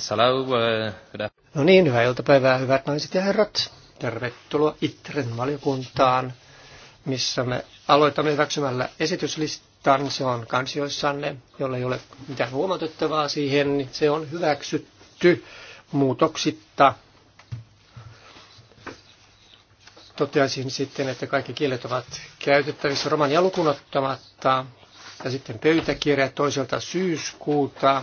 Yes, hello. Äh, good no niin, hyvää iltapäivää, hyvät naiset ja herrat. Tervetuloa ITREN valiokuntaan, missä me aloitamme hyväksymällä esityslistan. Se on kansioissanne, jolle ei ole mitään huomautettavaa siihen. Se on hyväksytty muutoksitta. Toteaisin sitten, että kaikki kielet ovat käytettävissä romania lukunottamatta. Ja sitten pöytäkirja toiselta syyskuuta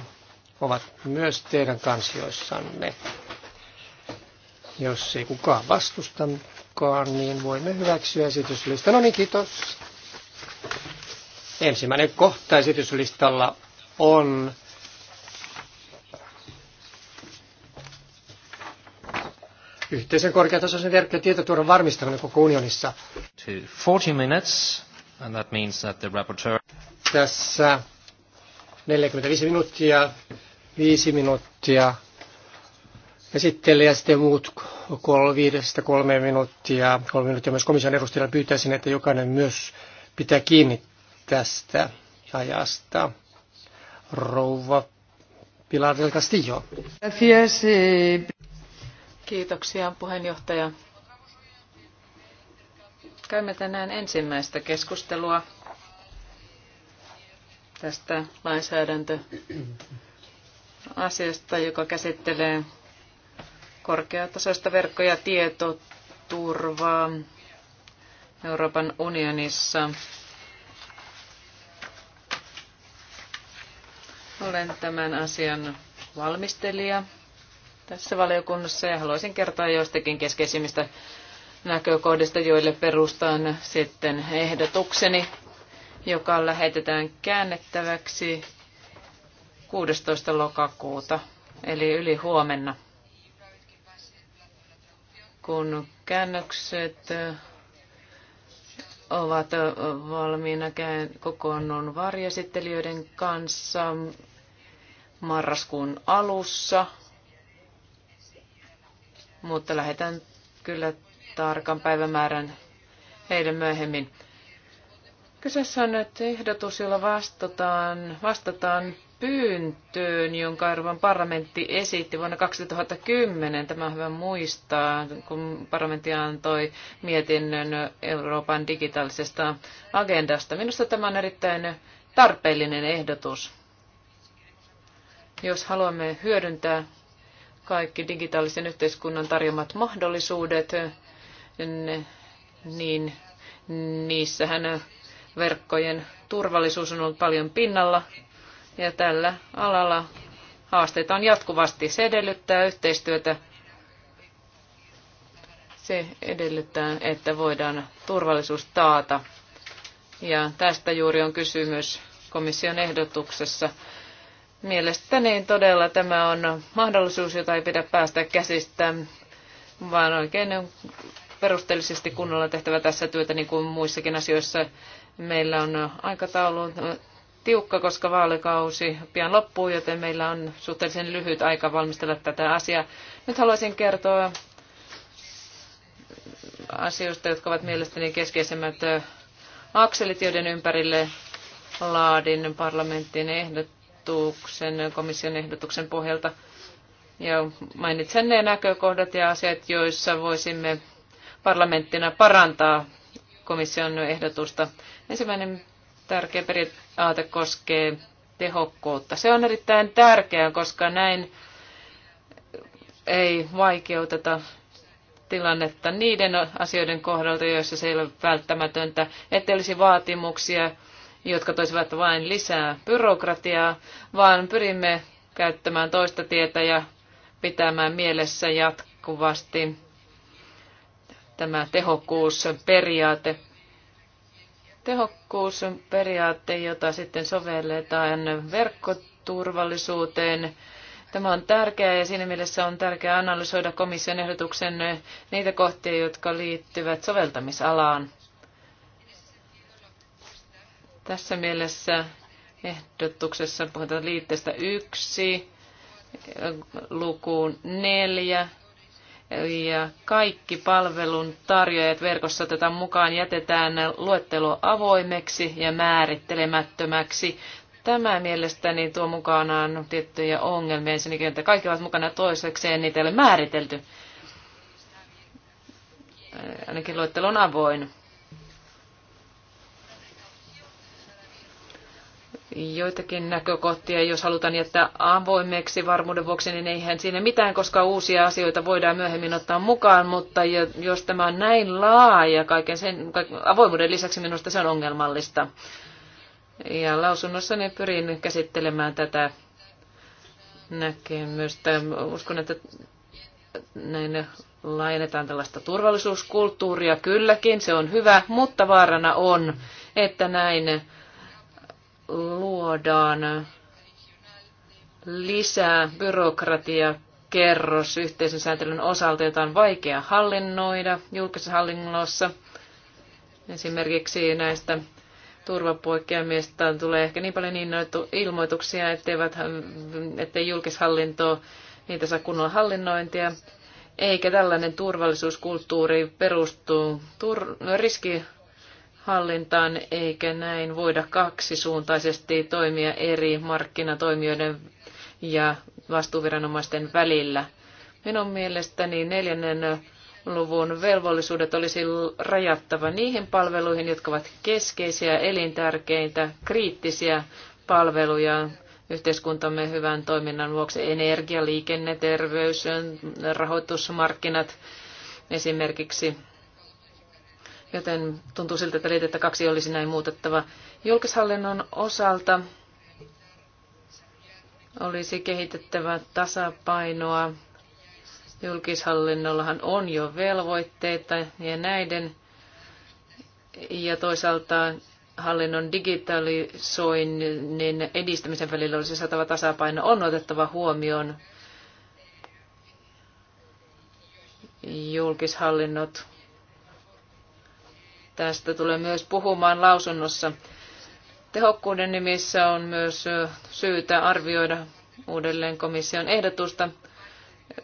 ovat myös teidän kansioissanne. Jos ei kukaan vastustakaan, niin voimme hyväksyä esityslistan. No niin, kiitos. Ensimmäinen kohta esityslistalla on yhteisen korkeatasoisen tietoturvan varmistaminen koko unionissa. To 40 minutes, and that means that the rapporteur... Tässä 45 minuuttia viisi minuuttia esittelijä, sitten muut kol, viidestä kolme minuuttia, kolme minuuttia myös komission edustajana pyytäisin, että jokainen myös pitää kiinni tästä ajasta. Rouva Pilar del Castillo. Eh. Kiitoksia puheenjohtaja. Käymme tänään ensimmäistä keskustelua tästä lainsäädäntö asiasta, joka käsittelee korkeatasoista verkko- ja tietoturvaa Euroopan unionissa. Olen tämän asian valmistelija tässä valiokunnassa ja haluaisin kertoa joistakin keskeisimmistä näkökohdista, joille perustan sitten ehdotukseni, joka lähetetään käännettäväksi 16. lokakuuta, eli yli huomenna, kun käännökset ovat valmiina kokoonnon varjesittelijöiden kanssa marraskuun alussa, mutta lähetän kyllä tarkan päivämäärän heille myöhemmin. Kyseessä on nyt ehdotus, jolla vastataan, vastataan pyyntöön, jonka Euroopan parlamentti esitti vuonna 2010. Tämä on hyvä muistaa, kun parlamentti antoi mietinnön Euroopan digitaalisesta agendasta. Minusta tämä on erittäin tarpeellinen ehdotus. Jos haluamme hyödyntää kaikki digitaalisen yhteiskunnan tarjomat mahdollisuudet, niin niissähän verkkojen turvallisuus on ollut paljon pinnalla ja tällä alalla haasteita on jatkuvasti. Se edellyttää yhteistyötä. Se edellyttää, että voidaan turvallisuus taata. Ja tästä juuri on kysymys komission ehdotuksessa. Mielestäni todella tämä on mahdollisuus, jota ei pidä päästä käsistä, vaan oikein perusteellisesti kunnolla tehtävä tässä työtä, niin kuin muissakin asioissa meillä on aikataulu tiukka, koska vaalikausi pian loppuu, joten meillä on suhteellisen lyhyt aika valmistella tätä asiaa. Nyt haluaisin kertoa asioista, jotka ovat mielestäni keskeisemmät akselit, joiden ympärille laadin parlamentin ehdotuksen, komission ehdotuksen pohjalta. Ja mainitsen ne näkökohdat ja asiat, joissa voisimme parlamenttina parantaa komission ehdotusta. Ensimmäinen tärkeä periaate koskee tehokkuutta. Se on erittäin tärkeää, koska näin ei vaikeuteta tilannetta niiden asioiden kohdalta, joissa se ei ole välttämätöntä, ettei olisi vaatimuksia, jotka toisivat vain lisää byrokratiaa, vaan pyrimme käyttämään toista tietä ja pitämään mielessä jatkuvasti tämä tehokkuusperiaate tehokkuusperiaate, jota sitten sovelletaan verkkoturvallisuuteen. Tämä on tärkeää ja siinä mielessä on tärkeää analysoida komission ehdotuksen niitä kohtia, jotka liittyvät soveltamisalaan. Tässä mielessä ehdotuksessa puhutaan liitteestä yksi, lukuun neljä ja kaikki palvelun tarjoajat verkossa otetaan mukaan, jätetään luettelo avoimeksi ja määrittelemättömäksi. Tämä mielestäni tuo mukanaan tiettyjä ongelmia ensinnäkin, että kaikki ovat mukana toisekseen, niitä ei ole määritelty. Ainakin luettelo on avoin. joitakin näkökohtia, jos halutaan jättää avoimeksi varmuuden vuoksi, niin eihän siinä mitään, koska uusia asioita voidaan myöhemmin ottaa mukaan, mutta jos tämä on näin laaja kaiken sen avoimuuden lisäksi, minusta se on ongelmallista. Ja lausunnossani pyrin käsittelemään tätä näkemystä. Uskon, että näin laajennetaan tällaista turvallisuuskulttuuria. Kylläkin se on hyvä, mutta vaarana on, että näin luodaan lisää byrokratia kerros yhteisen sääntelyn osalta, jota on vaikea hallinnoida julkisessa hallinnossa. Esimerkiksi näistä turvapoikkeamista tulee ehkä niin paljon niin ilmoituksia, etteivät, ettei julkishallinto niitä saa kunnolla hallinnointia. Eikä tällainen turvallisuuskulttuuri perustu tur- riski hallintaan, eikä näin voida kaksisuuntaisesti toimia eri markkinatoimijoiden ja vastuuviranomaisten välillä. Minun mielestäni neljännen luvun velvollisuudet olisi rajattava niihin palveluihin, jotka ovat keskeisiä, elintärkeitä, kriittisiä palveluja yhteiskuntamme hyvän toiminnan vuoksi. Energia, liikenne, terveys, rahoitusmarkkinat esimerkiksi joten tuntuu siltä, että liitettä kaksi olisi näin muutettava. Julkishallinnon osalta olisi kehitettävä tasapainoa. Julkishallinnollahan on jo velvoitteita ja näiden, ja toisaalta hallinnon digitalisoinnin edistämisen välillä olisi saatava tasapaino, on otettava huomioon julkishallinnot Tästä tulee myös puhumaan lausunnossa. Tehokkuuden nimissä on myös syytä arvioida uudelleen komission ehdotusta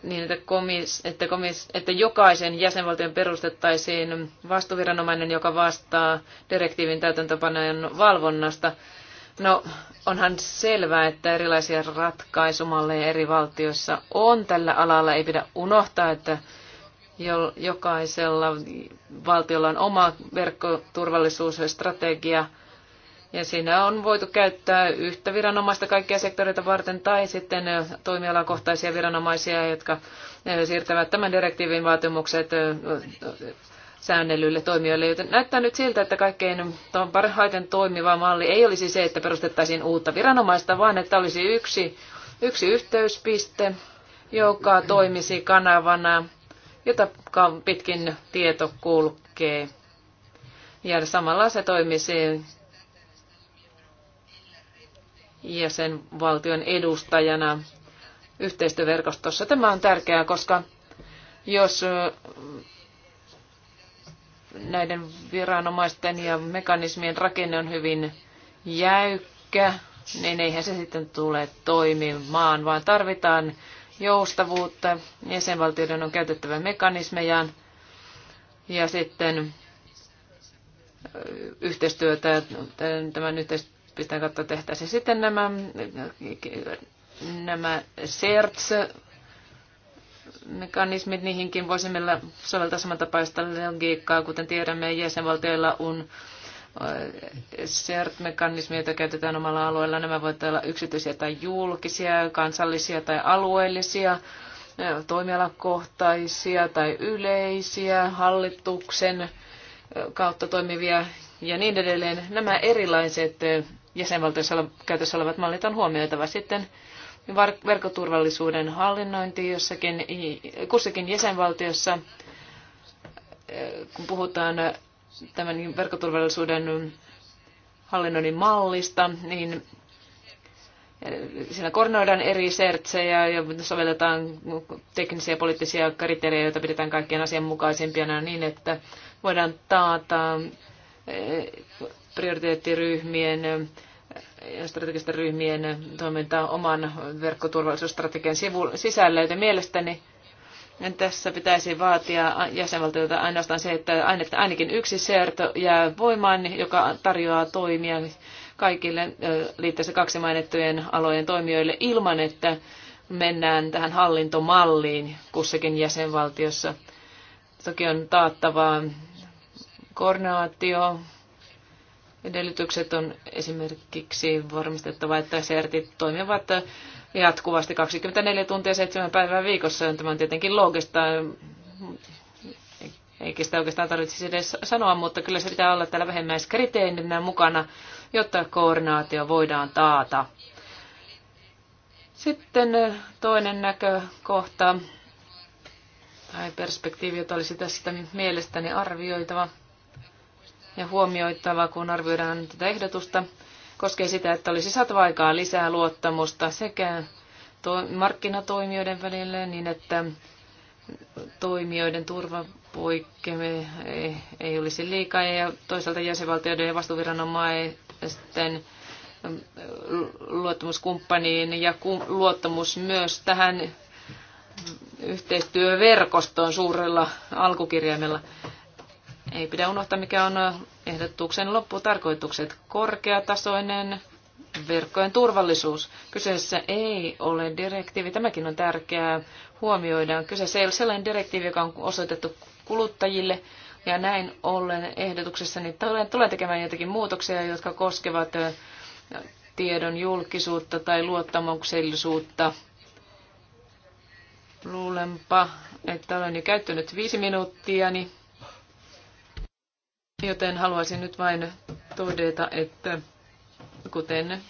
niin, että, komis, että, komis, että jokaisen jäsenvaltion perustettaisiin vastuviranomainen, joka vastaa direktiivin täytäntöpanojen valvonnasta. No, onhan selvää, että erilaisia ratkaisumalleja eri valtioissa on tällä alalla. Ei pidä unohtaa, että Jokaisella valtiolla on oma strategia. ja siinä on voitu käyttää yhtä viranomaista kaikkia sektoreita varten tai sitten toimialakohtaisia viranomaisia, jotka siirtävät tämän direktiivin vaatimukset säännellyille toimijoille, joten näyttää nyt siltä, että kaikkein parhaiten toimiva malli ei olisi se, että perustettaisiin uutta viranomaista, vaan että olisi yksi, yksi yhteyspiste, joka toimisi kanavana jota pitkin tieto kulkee. Ja samalla se toimisi jäsenvaltion edustajana yhteistyöverkostossa. Tämä on tärkeää, koska jos näiden viranomaisten ja mekanismien rakenne on hyvin jäykkä, niin eihän se sitten tule toimimaan, vaan tarvitaan joustavuutta. Jäsenvaltioiden on käytettävä mekanismejaan ja sitten yhteistyötä, tämän yhteistyön kautta tehtäisiin sitten nämä, nämä CERTS, mekanismit, niihinkin voisimme soveltaa samantapaista logiikkaa, kuten tiedämme, jäsenvaltioilla on CERT-mekanismi, jota käytetään omalla alueella. Nämä voivat olla yksityisiä tai julkisia, kansallisia tai alueellisia, toimialakohtaisia tai yleisiä, hallituksen kautta toimivia ja niin edelleen. Nämä erilaiset jäsenvaltioissa käytössä olevat mallit on huomioitava sitten verkkoturvallisuuden hallinnointi jossakin, kussakin jäsenvaltiossa, kun puhutaan tämän verkkoturvallisuuden hallinnoinnin mallista, niin eh, siinä koordinoidaan eri sertsejä ja sovelletaan teknisiä ja poliittisia kriteerejä, joita pidetään kaikkien asianmukaisimpina niin, että voidaan taata eh, prioriteettiryhmien ja eh, strategisten ryhmien toimintaa oman verkkoturvallisuusstrategian sisällä, joten mielestäni tässä pitäisi vaatia jäsenvaltioita ainoastaan se, että ainakin yksi seerto jää voimaan, joka tarjoaa toimia kaikille liitteessä kaksi mainittujen alojen toimijoille ilman, että mennään tähän hallintomalliin kussakin jäsenvaltiossa. Toki on taattavaa koordinaatio. Edellytykset on esimerkiksi varmistettava, että sertit toimivat jatkuvasti 24 tuntia 7 päivää viikossa. Tämä on tietenkin loogista. Eikä sitä oikeastaan tarvitsisi edes sanoa, mutta kyllä se pitää olla täällä vähemmäiskriteerinä mukana, jotta koordinaatio voidaan taata. Sitten toinen näkökohta tai perspektiivi, jota olisi tästä mielestäni arvioitava ja huomioitava, kun arvioidaan tätä ehdotusta, koskee sitä, että olisi saatu aikaa lisää luottamusta sekä markkinatoimijoiden välillä niin, että toimijoiden turvapoikkeamme ei, ei olisi liikaa ja toisaalta jäsenvaltioiden ja vastuviranomaisten luottamuskumppaniin ja luottamus myös tähän yhteistyöverkostoon suurella alkukirjaimella. Ei pidä unohtaa, mikä on ehdotuksen lopputarkoitukset. Korkeatasoinen verkkojen turvallisuus. Kyseessä ei ole direktiivi, tämäkin on tärkeää huomioida. Kyseessä ei ole sellainen direktiivi, joka on osoitettu kuluttajille, ja näin ollen ehdotuksessa niin tulee tekemään jotakin muutoksia, jotka koskevat tiedon julkisuutta tai luottamuksellisuutta. Luulenpa, että olen jo käyttänyt viisi minuuttia, niin Joten haluaisin nyt vain todeta, että kuten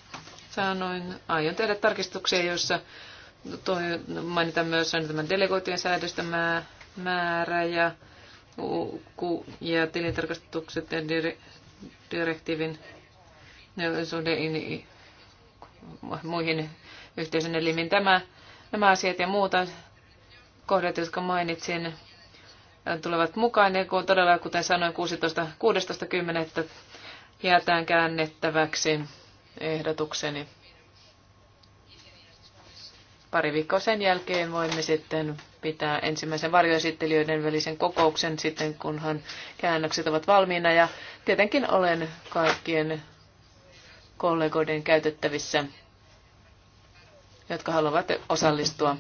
sanoin, aion tehdä tarkistuksia, joissa mainitaan myös tämän delegoitujen säädöstä määrä ja, ku, ja tilintarkastukset ja direktiivin suhde muihin yhteisön elimiin. Tämä, nämä asiat ja muuta kohdat, jotka mainitsin, tulevat mukaan. Ja kun todella, kuten sanoin, 16.10. jäätään käännettäväksi ehdotukseni. Pari viikkoa sen jälkeen voimme sitten pitää ensimmäisen varjoesittelijöiden välisen kokouksen sitten, kunhan käännökset ovat valmiina. Ja tietenkin olen kaikkien kollegoiden käytettävissä, jotka haluavat osallistua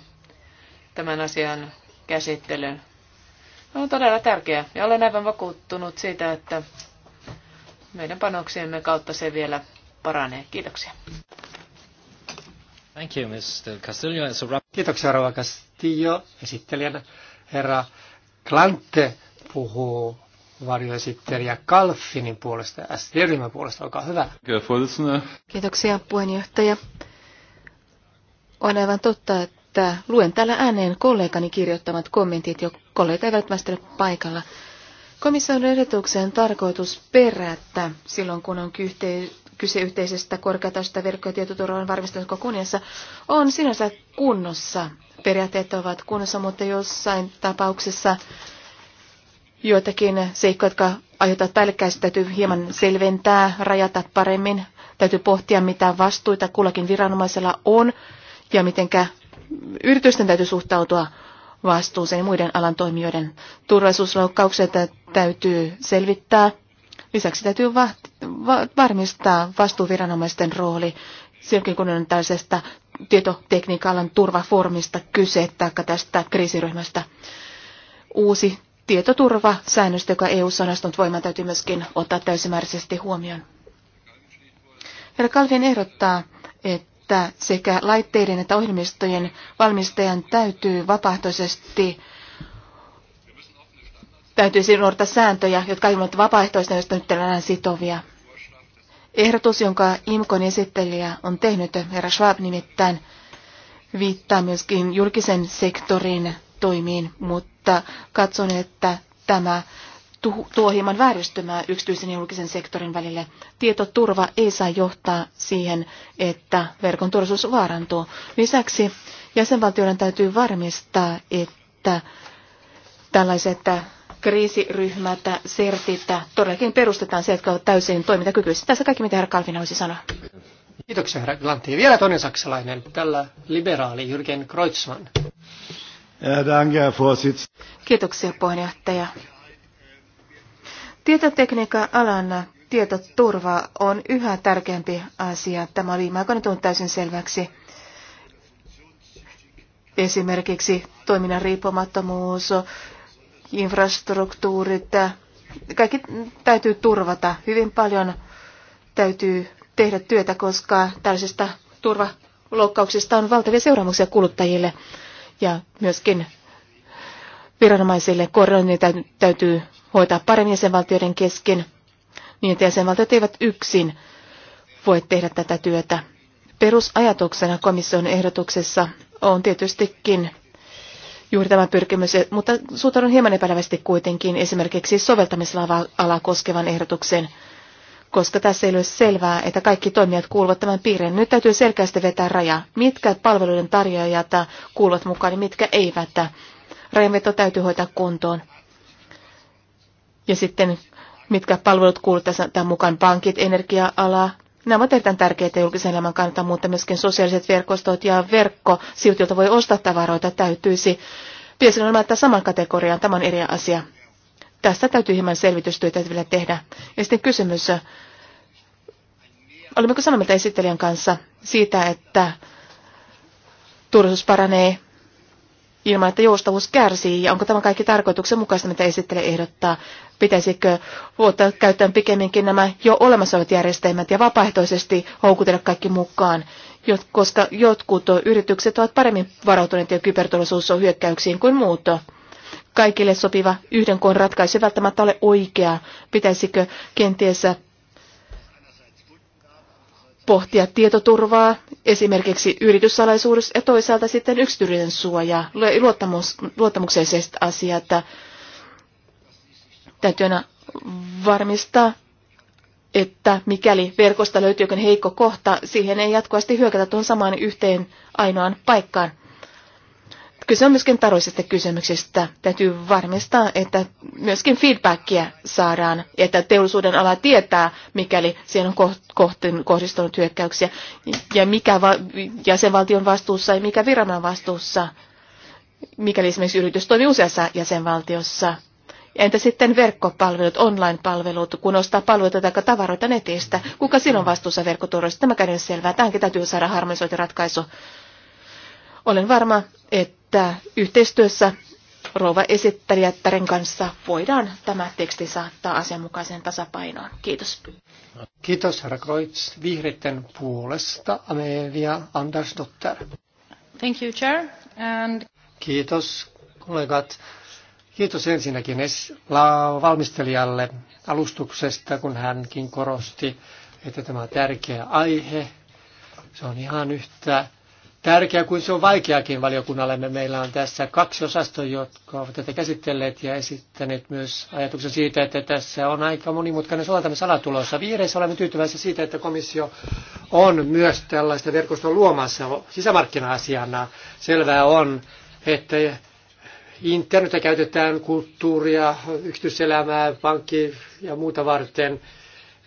tämän asian käsittelyyn. No, on todella tärkeä ja olen aivan vakuuttunut siitä, että meidän panoksiemme kautta se vielä paranee. Kiitoksia. Thank you, Mr. Castillo. Kiitoksia, Rova Castillo, esittelijänä. Herra Klante puhuu varjoesittelijä Kalfinin puolesta ja SD-ryhmän puolesta. Olkaa hyvä. Kiitoksia, puheenjohtaja. On aivan totta, että luen täällä ääneen kollegani kirjoittamat kommentit, kollega eivät välttämättä paikalla. Komission ehdotuksen tarkoitus perättä silloin, kun on kyse yhteisestä korkeatasosta verkko- ja tietoturvan varmistamisesta kunniassa, on sinänsä kunnossa. Periaatteet ovat kunnossa, mutta jossain tapauksessa joitakin seikkoja, jotka aiheuttavat päällekkäistä, täytyy hieman selventää, rajata paremmin. Täytyy pohtia, mitä vastuita kullakin viranomaisella on ja mitenkä yritysten täytyy suhtautua vastuuseen ja muiden alan toimijoiden turvallisuusloukkaukset täytyy selvittää. Lisäksi täytyy va- va- varmistaa vastuuviranomaisten rooli silloin, kun on tällaisesta tietotekniikan turvaformista kyse tai tästä kriisiryhmästä. Uusi tietoturvasäännöstö, joka eu on astunut voimaan, täytyy myöskin ottaa täysimääräisesti huomioon. Herra Kalvin ehdottaa, että että sekä laitteiden että ohjelmistojen valmistajan täytyy vapaaehtoisesti täytyy siis noudattaa sääntöjä, jotka ovat vapaaehtoisia, joista nyt tällään sitovia. Ehdotus, jonka IMKON esittelijä on tehnyt, herra Schwab nimittäin, viittaa myöskin julkisen sektorin toimiin, mutta katson, että tämä tuo hieman vääristymää yksityisen ja julkisen sektorin välille. Tietoturva ei saa johtaa siihen, että verkon turvallisuus vaarantuu. Lisäksi jäsenvaltioiden täytyy varmistaa, että tällaiset kriisiryhmät, sertit todellakin perustetaan se, jotka ovat täysin toimintakykyisiä. Tässä kaikki, mitä herra Kalvin olisi sanoa. Kiitoksia herra Glantti. Vielä toinen saksalainen, tällä liberaali Jürgen Kreutzmann. Ja, danke, Kiitoksia puheenjohtaja. Tietotekniikan alan tietoturva on yhä tärkeämpi asia. Tämä oli viime aikoina tullut täysin selväksi. Esimerkiksi toiminnan riippumattomuus, infrastruktuurit, kaikki täytyy turvata. Hyvin paljon täytyy tehdä työtä, koska tällaisista turvaloukkauksista on valtavia seuraamuksia kuluttajille ja myöskin viranomaisille. Koordinoinnin täytyy hoitaa paremmin jäsenvaltioiden kesken, niin että jäsenvaltiot eivät yksin voi tehdä tätä työtä. Perusajatuksena komission ehdotuksessa on tietystikin juuri tämä pyrkimys, mutta suhtaudun hieman epäilevästi kuitenkin esimerkiksi soveltamisalaa koskevan ehdotuksen, koska tässä ei ole selvää, että kaikki toimijat kuuluvat tämän piirin. Nyt täytyy selkeästi vetää raja, mitkä palveluiden tarjoajat kuuluvat mukaan ja mitkä eivät. Rajanveto täytyy hoitaa kuntoon. Ja sitten mitkä palvelut kuuluvat tässä, tämän mukaan, pankit, energia-ala. Nämä ovat erittäin tärkeitä julkisen elämän kannalta, mutta myöskin sosiaaliset verkostot ja verkko, joilta voi ostaa tavaroita, täytyisi pitäisi laittaa saman kategoriaan. Tämä on eri asia. Tästä täytyy hieman selvitystyötä vielä tehdä. Ja sitten kysymys. olimmeko samaa mieltä esittelijän kanssa siitä, että turvallisuus paranee ilman, että joustavuus kärsii, ja onko tämä kaikki tarkoituksenmukaista, mitä esittelee ehdottaa? Pitäisikö ottaa käyttöön pikemminkin nämä jo olemassa olevat järjestelmät ja vapaaehtoisesti houkutella kaikki mukaan, koska jotkut yritykset ovat paremmin varautuneet ja hyökkäyksiin kuin muut. Kaikille sopiva yhden koon ratkaisu ei välttämättä ole oikea. Pitäisikö kenties pohtia tietoturvaa, esimerkiksi yrityssalaisuus ja toisaalta sitten yksityinen suoja, luottamus, luottamukselliset että Täytyy aina varmistaa, että mikäli verkosta löytyy jokin heikko kohta, siihen ei jatkuvasti hyökätä tuon samaan yhteen ainoaan paikkaan. Kyse on myöskin taroisista kysymyksistä. Täytyy varmistaa, että myöskin feedbackia saadaan, että teollisuuden ala tietää, mikäli siihen on kohtin kohdistunut hyökkäyksiä, ja mikä va- jäsenvaltion vastuussa ja mikä viranomainen vastuussa, mikäli esimerkiksi yritys toimii useassa jäsenvaltiossa. Entä sitten verkkopalvelut, online-palvelut, kun ostaa palveluita tai tavaroita netistä? Kuka silloin vastuussa verkkoturvallisuudesta? Tämä käy selvää. Tähänkin täytyy saada harmonisoitu ratkaisu. Olen varma, että että yhteistyössä rouva esittelijättären kanssa voidaan tämä teksti saattaa asianmukaiseen tasapainoon. Kiitos. Kiitos, herra Kreutz. Vihreiden puolesta Amelia Andersdotter. Thank you, Chair. And... Kiitos, kollegat. Kiitos ensinnäkin valmistelijalle alustuksesta, kun hänkin korosti, että tämä on tärkeä aihe. Se on ihan yhtä tärkeä kuin se on vaikeakin valiokunnallemme. Meillä on tässä kaksi osastoa, jotka ovat tätä käsitelleet ja esittäneet myös ajatuksen siitä, että tässä on aika monimutkainen soveltamisala tulossa. Viireissä olemme tyytyväisiä siitä, että komissio on myös tällaista verkostoa luomassa sisämarkkina-asiana. Selvää on, että internetä käytetään kulttuuria, yksityiselämää, pankki ja muuta varten,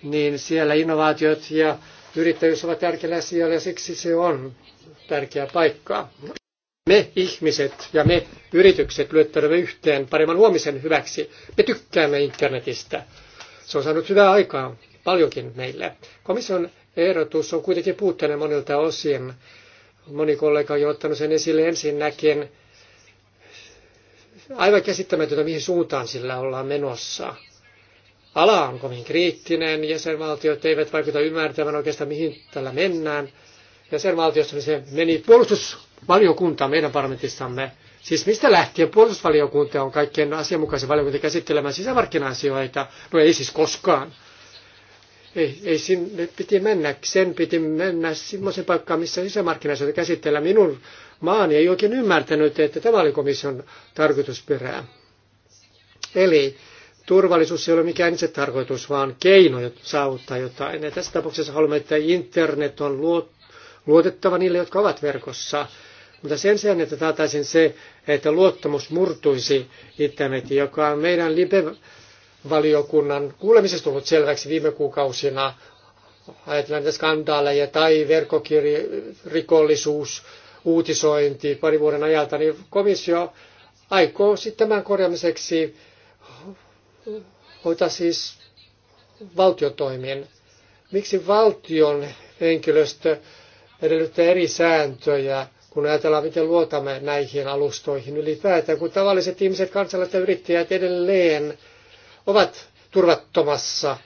niin siellä innovaatiot ja Yrittäjyys ovat tärkeä siellä, ja siksi se on tärkeä paikka. Me ihmiset ja me yritykset lyöttäydymme yhteen paremman huomisen hyväksi. Me tykkäämme internetistä. Se on saanut hyvää aikaa paljonkin meille. Komission ehdotus on kuitenkin puutteinen monilta osin. Moni kollega on jo ottanut sen esille ensinnäkin. Aivan käsittämätöntä, mihin suuntaan sillä ollaan menossa ala on kovin kriittinen, jäsenvaltiot eivät vaikuta ymmärtävän oikeastaan mihin tällä mennään. Jäsenvaltiossa se meni puolustusvaliokuntaan meidän parlamentissamme. Siis mistä lähtien puolustusvaliokunta on kaikkien asianmukaisen valiokunta käsittelemään sisämarkkina-asioita? No ei siis koskaan. Ei, ei sinne piti mennä. Sen piti mennä semmoisen paikkaan, missä sisämarkkina-asioita käsitellään. Minun maani ei oikein ymmärtänyt, että tämä oli komission tarkoitusperää. Eli Turvallisuus ei ole mikään itse tarkoitus, vaan keino saavuttaa jotain. Ja tässä tapauksessa haluamme, että internet on luotettava niille, jotka ovat verkossa. Mutta sen sijaan, että taataisin se, että luottamus murtuisi internetiin, joka on meidän LIBE-valiokunnan kuulemisessa tullut selväksi viime kuukausina, ajatellaan näitä skandaaleja tai verkkokirjarikollisuus, uutisointi pari vuoden ajalta, niin komissio aikoo sitten tämän korjaamiseksi hoitaa siis valtiotoimien. Miksi valtion henkilöstö edellyttää eri sääntöjä, kun ajatellaan, miten luotamme näihin alustoihin ylipäätään, kun tavalliset ihmiset, kansalaiset ja yrittäjät edelleen ovat turvattomassa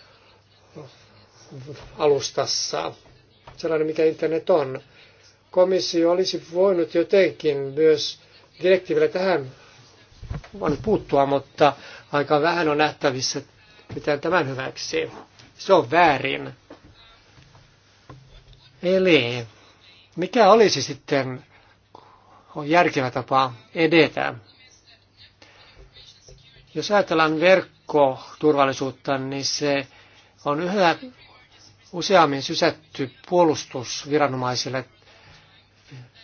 alustassa, sellainen mikä internet on. Komissio olisi voinut jotenkin myös direktiivillä tähän voinut puuttua, mutta aika vähän on nähtävissä miten tämän hyväksi. Se on väärin. Eli mikä olisi sitten järkevä tapa edetä? Jos ajatellaan verkkoturvallisuutta, niin se on yhä useammin sysätty puolustusviranomaisille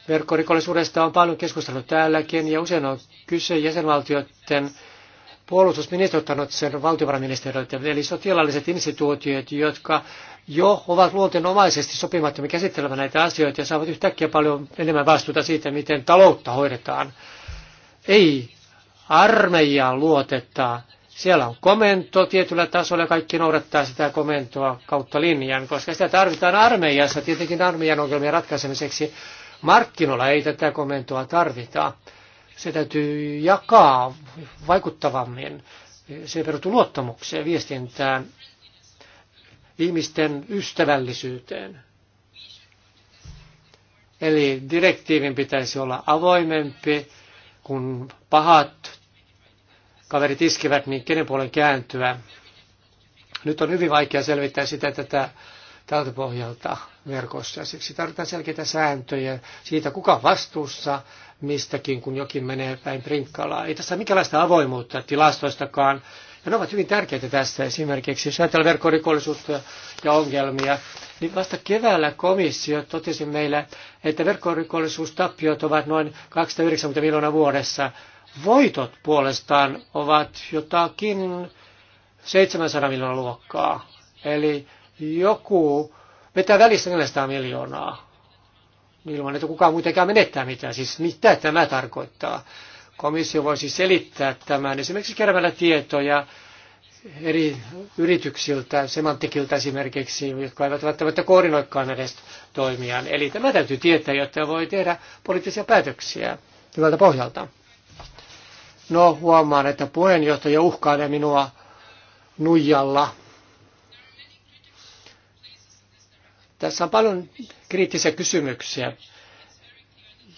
Verkkorikollisuudesta on paljon keskusteltu täälläkin ja usein on kyse jäsenvaltioiden puolustusministeri ottanut sen valtiovarainministeriöitä, eli sotilaalliset instituutiot, jotka jo ovat luonteenomaisesti sopimattomia käsittelemään näitä asioita ja saavat yhtäkkiä paljon enemmän vastuuta siitä, miten taloutta hoidetaan. Ei armeijaa luoteta. Siellä on komento tietyllä tasolla ja kaikki noudattaa sitä komentoa kautta linjan, koska sitä tarvitaan armeijassa, tietenkin armeijan ongelmien ratkaisemiseksi, Markkinoilla ei tätä komentoa tarvita. Se täytyy jakaa vaikuttavammin. Se perustuu luottamukseen, viestintään, ihmisten ystävällisyyteen. Eli direktiivin pitäisi olla avoimempi, kun pahat kaverit iskevät, niin kenen puolen kääntyä. Nyt on hyvin vaikea selvittää sitä, että tämä tältä pohjalta verkossa. siksi tarvitaan selkeitä sääntöjä siitä, kuka on vastuussa mistäkin, kun jokin menee päin prinkkalaa. Ei tässä ole mikäänlaista avoimuutta tilastoistakaan. Ja ne ovat hyvin tärkeitä tässä esimerkiksi, jos ajatellaan verkkorikollisuutta ja ongelmia, niin vasta keväällä komissio totesi meille, että verkkorikollisuustappiot ovat noin 290 miljoonaa vuodessa. Voitot puolestaan ovat jotakin 700 miljoonaa luokkaa. Eli joku vetää välissä 400 miljoonaa ilman, että kukaan muutenkaan menettää mitään. Siis mitä tämä tarkoittaa? Komissio voisi selittää tämän esimerkiksi keräämällä tietoja eri yrityksiltä, semanttikilta esimerkiksi, jotka eivät välttämättä koordinoikaan edes toimiaan. Eli tämä täytyy tietää, jotta voi tehdä poliittisia päätöksiä hyvältä pohjalta. No huomaan, että puheenjohtaja uhkailee minua nuijalla. Tässä on paljon kriittisiä kysymyksiä.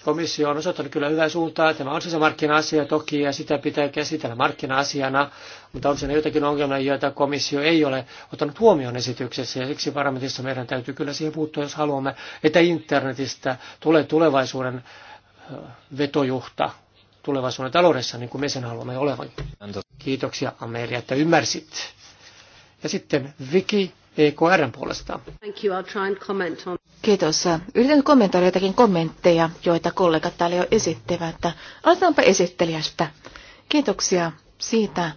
Komissio on osoittanut kyllä hyvää suuntaa. Tämä on siis markkina asia toki ja sitä pitää käsitellä markkina-asiana, mutta on siinä jotakin ongelmia, joita komissio ei ole ottanut huomioon esityksessä ja siksi parlamentissa meidän täytyy kyllä siihen puuttua, jos haluamme, että internetistä tulee tulevaisuuden vetojuhta tulevaisuuden taloudessa, niin kuin me sen haluamme olevan. Kiitoksia Amelia, että ymmärsit. Ja sitten Viki EKRn puolesta. Thank you. I'll try and comment on. Kiitos. Yritän kommentoida jotakin kommentteja, joita kollegat täällä jo esittävät. Aloitetaanpa esittelijästä. Kiitoksia siitä,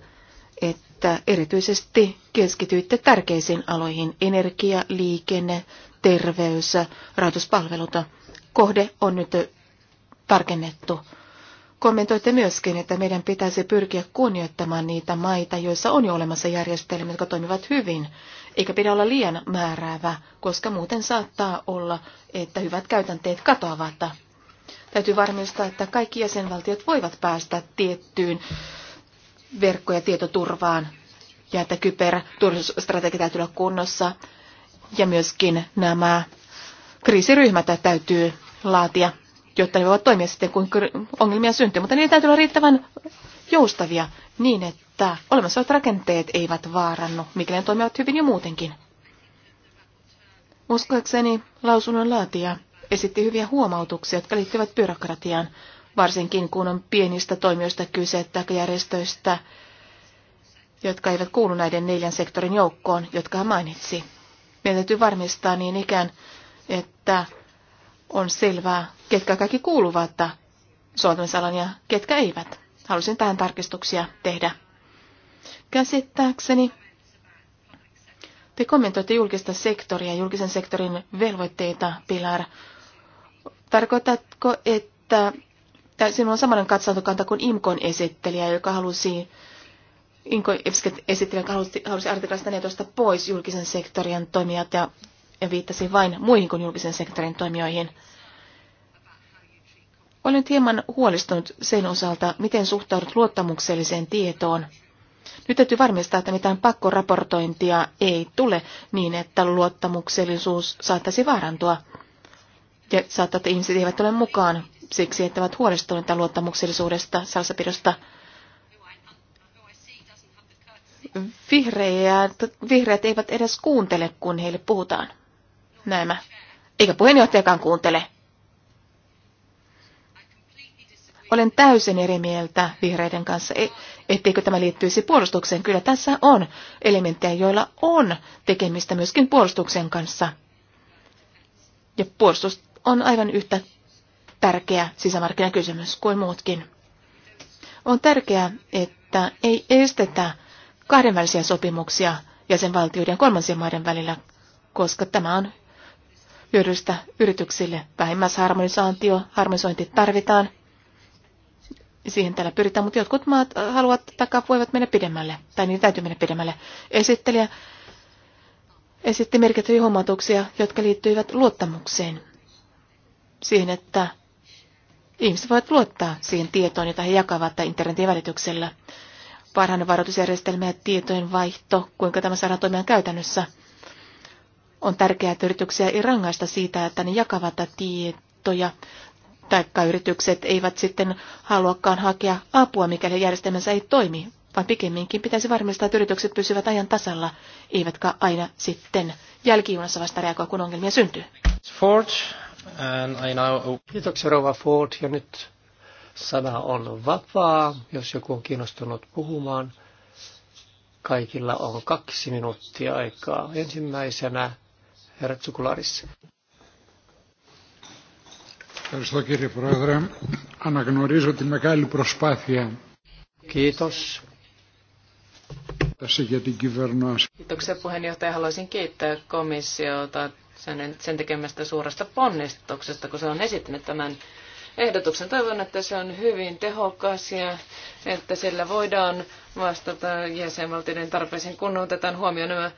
että erityisesti keskityitte tärkeisiin aloihin energia, liikenne, terveys, rahoituspalvelut. Kohde on nyt tarkennettu. Kommentoitte myöskin, että meidän pitäisi pyrkiä kunnioittamaan niitä maita, joissa on jo olemassa järjestelmiä, jotka toimivat hyvin eikä pidä olla liian määräävä, koska muuten saattaa olla, että hyvät käytänteet katoavat. Täytyy varmistaa, että kaikki jäsenvaltiot voivat päästä tiettyyn verkko- ja tietoturvaan ja että kyberturvallisuusstrategia täytyy olla kunnossa ja myöskin nämä kriisiryhmät täytyy laatia, jotta ne voivat toimia sitten, kun ongelmia syntyy. Mutta niitä täytyy olla riittävän joustavia niin, että että olemassa olevat rakenteet eivät vaarannu, mikäli ne toimivat hyvin jo muutenkin. Uskoakseni lausunnon laatija esitti hyviä huomautuksia, jotka liittyvät byrokratiaan, varsinkin kun on pienistä toimijoista kyse tai järjestöistä, jotka eivät kuulu näiden neljän sektorin joukkoon, jotka hän mainitsi. Meidän täytyy varmistaa niin ikään, että on selvää, ketkä kaikki kuuluvat soveltamisalan ja ketkä eivät. Halusin tähän tarkistuksia tehdä. Käsittääkseni te kommentoitte julkista sektoria, julkisen sektorin velvoitteita, Pilar. Tarkoitatko, että sinulla on samanlainen katsantokanta kuin IMKon esittelijä, joka halusi Imkon esittelijä, joka halusi, halusi artiklasta 14 pois julkisen sektorin toimijat ja, ja viittasi vain muihin kuin julkisen sektorin toimijoihin. Olen hieman huolestunut sen osalta, miten suhtaudut luottamukselliseen tietoon nyt täytyy varmistaa, että mitään pakkoraportointia ei tule niin, että luottamuksellisuus saattaisi vaarantua. Ja saattaa, että ihmiset eivät ole mukaan siksi, että ovat huolestuneita luottamuksellisuudesta, salsapidosta. Vihreät, vihreät eivät edes kuuntele, kun heille puhutaan. Näemä. Eikä puheenjohtajakaan kuuntele. Olen täysin eri mieltä vihreiden kanssa, e- etteikö tämä liittyisi puolustukseen. Kyllä tässä on elementtejä, joilla on tekemistä myöskin puolustuksen kanssa. Ja puolustus on aivan yhtä tärkeä sisämarkkinakysymys kuin muutkin. On tärkeää, että ei estetä kahdenvälisiä sopimuksia jäsenvaltioiden ja kolmansien maiden välillä, koska tämä on hyödyllistä yrityksille. Vähimmäisharmonisaatio, harmonisointi tarvitaan – siihen täällä pyritään, mutta jotkut maat äh, haluavat takaa voivat mennä pidemmälle, tai niin täytyy mennä pidemmälle. Esittelijä esitti merkittäviä huomautuksia, jotka liittyivät luottamukseen. Siihen, että ihmiset voivat luottaa siihen tietoon, jota he jakavat internetin välityksellä. Parhainen varoitusjärjestelmä ja tietojen vaihto, kuinka tämä saadaan toimia käytännössä. On tärkeää, että yrityksiä ei rangaista siitä, että ne jakavat tietoja taikka yritykset eivät sitten haluakaan hakea apua, mikäli järjestelmänsä ei toimi, vaan pikemminkin pitäisi varmistaa, että yritykset pysyvät ajan tasalla, eivätkä aina sitten jälkijunassa vasta reagoi, kun ongelmia syntyy. Ford, and I now... Kiitoksia Rova Ford, ja nyt sana on vapaa, jos joku on kiinnostunut puhumaan. Kaikilla on kaksi minuuttia aikaa. Ensimmäisenä herra Tsukularis. Ευχαριστώ κύριε Πρόεδρε. Αναγνωρίζω τη μεγάλη προσπάθεια. Kiitos. Tässä για την κυβερνάση. Kiitoksia puheenjohtaja. Haluaisin kiittää komissiota sen tekemästä suuresta ponnistuksesta, kun se on esittänyt tämän ehdotuksen. Toivon, että se on hyvin tehokas ja että sillä voidaan vastata jäsenvaltioiden tarpeisiin, kun otetaan huomioon nämä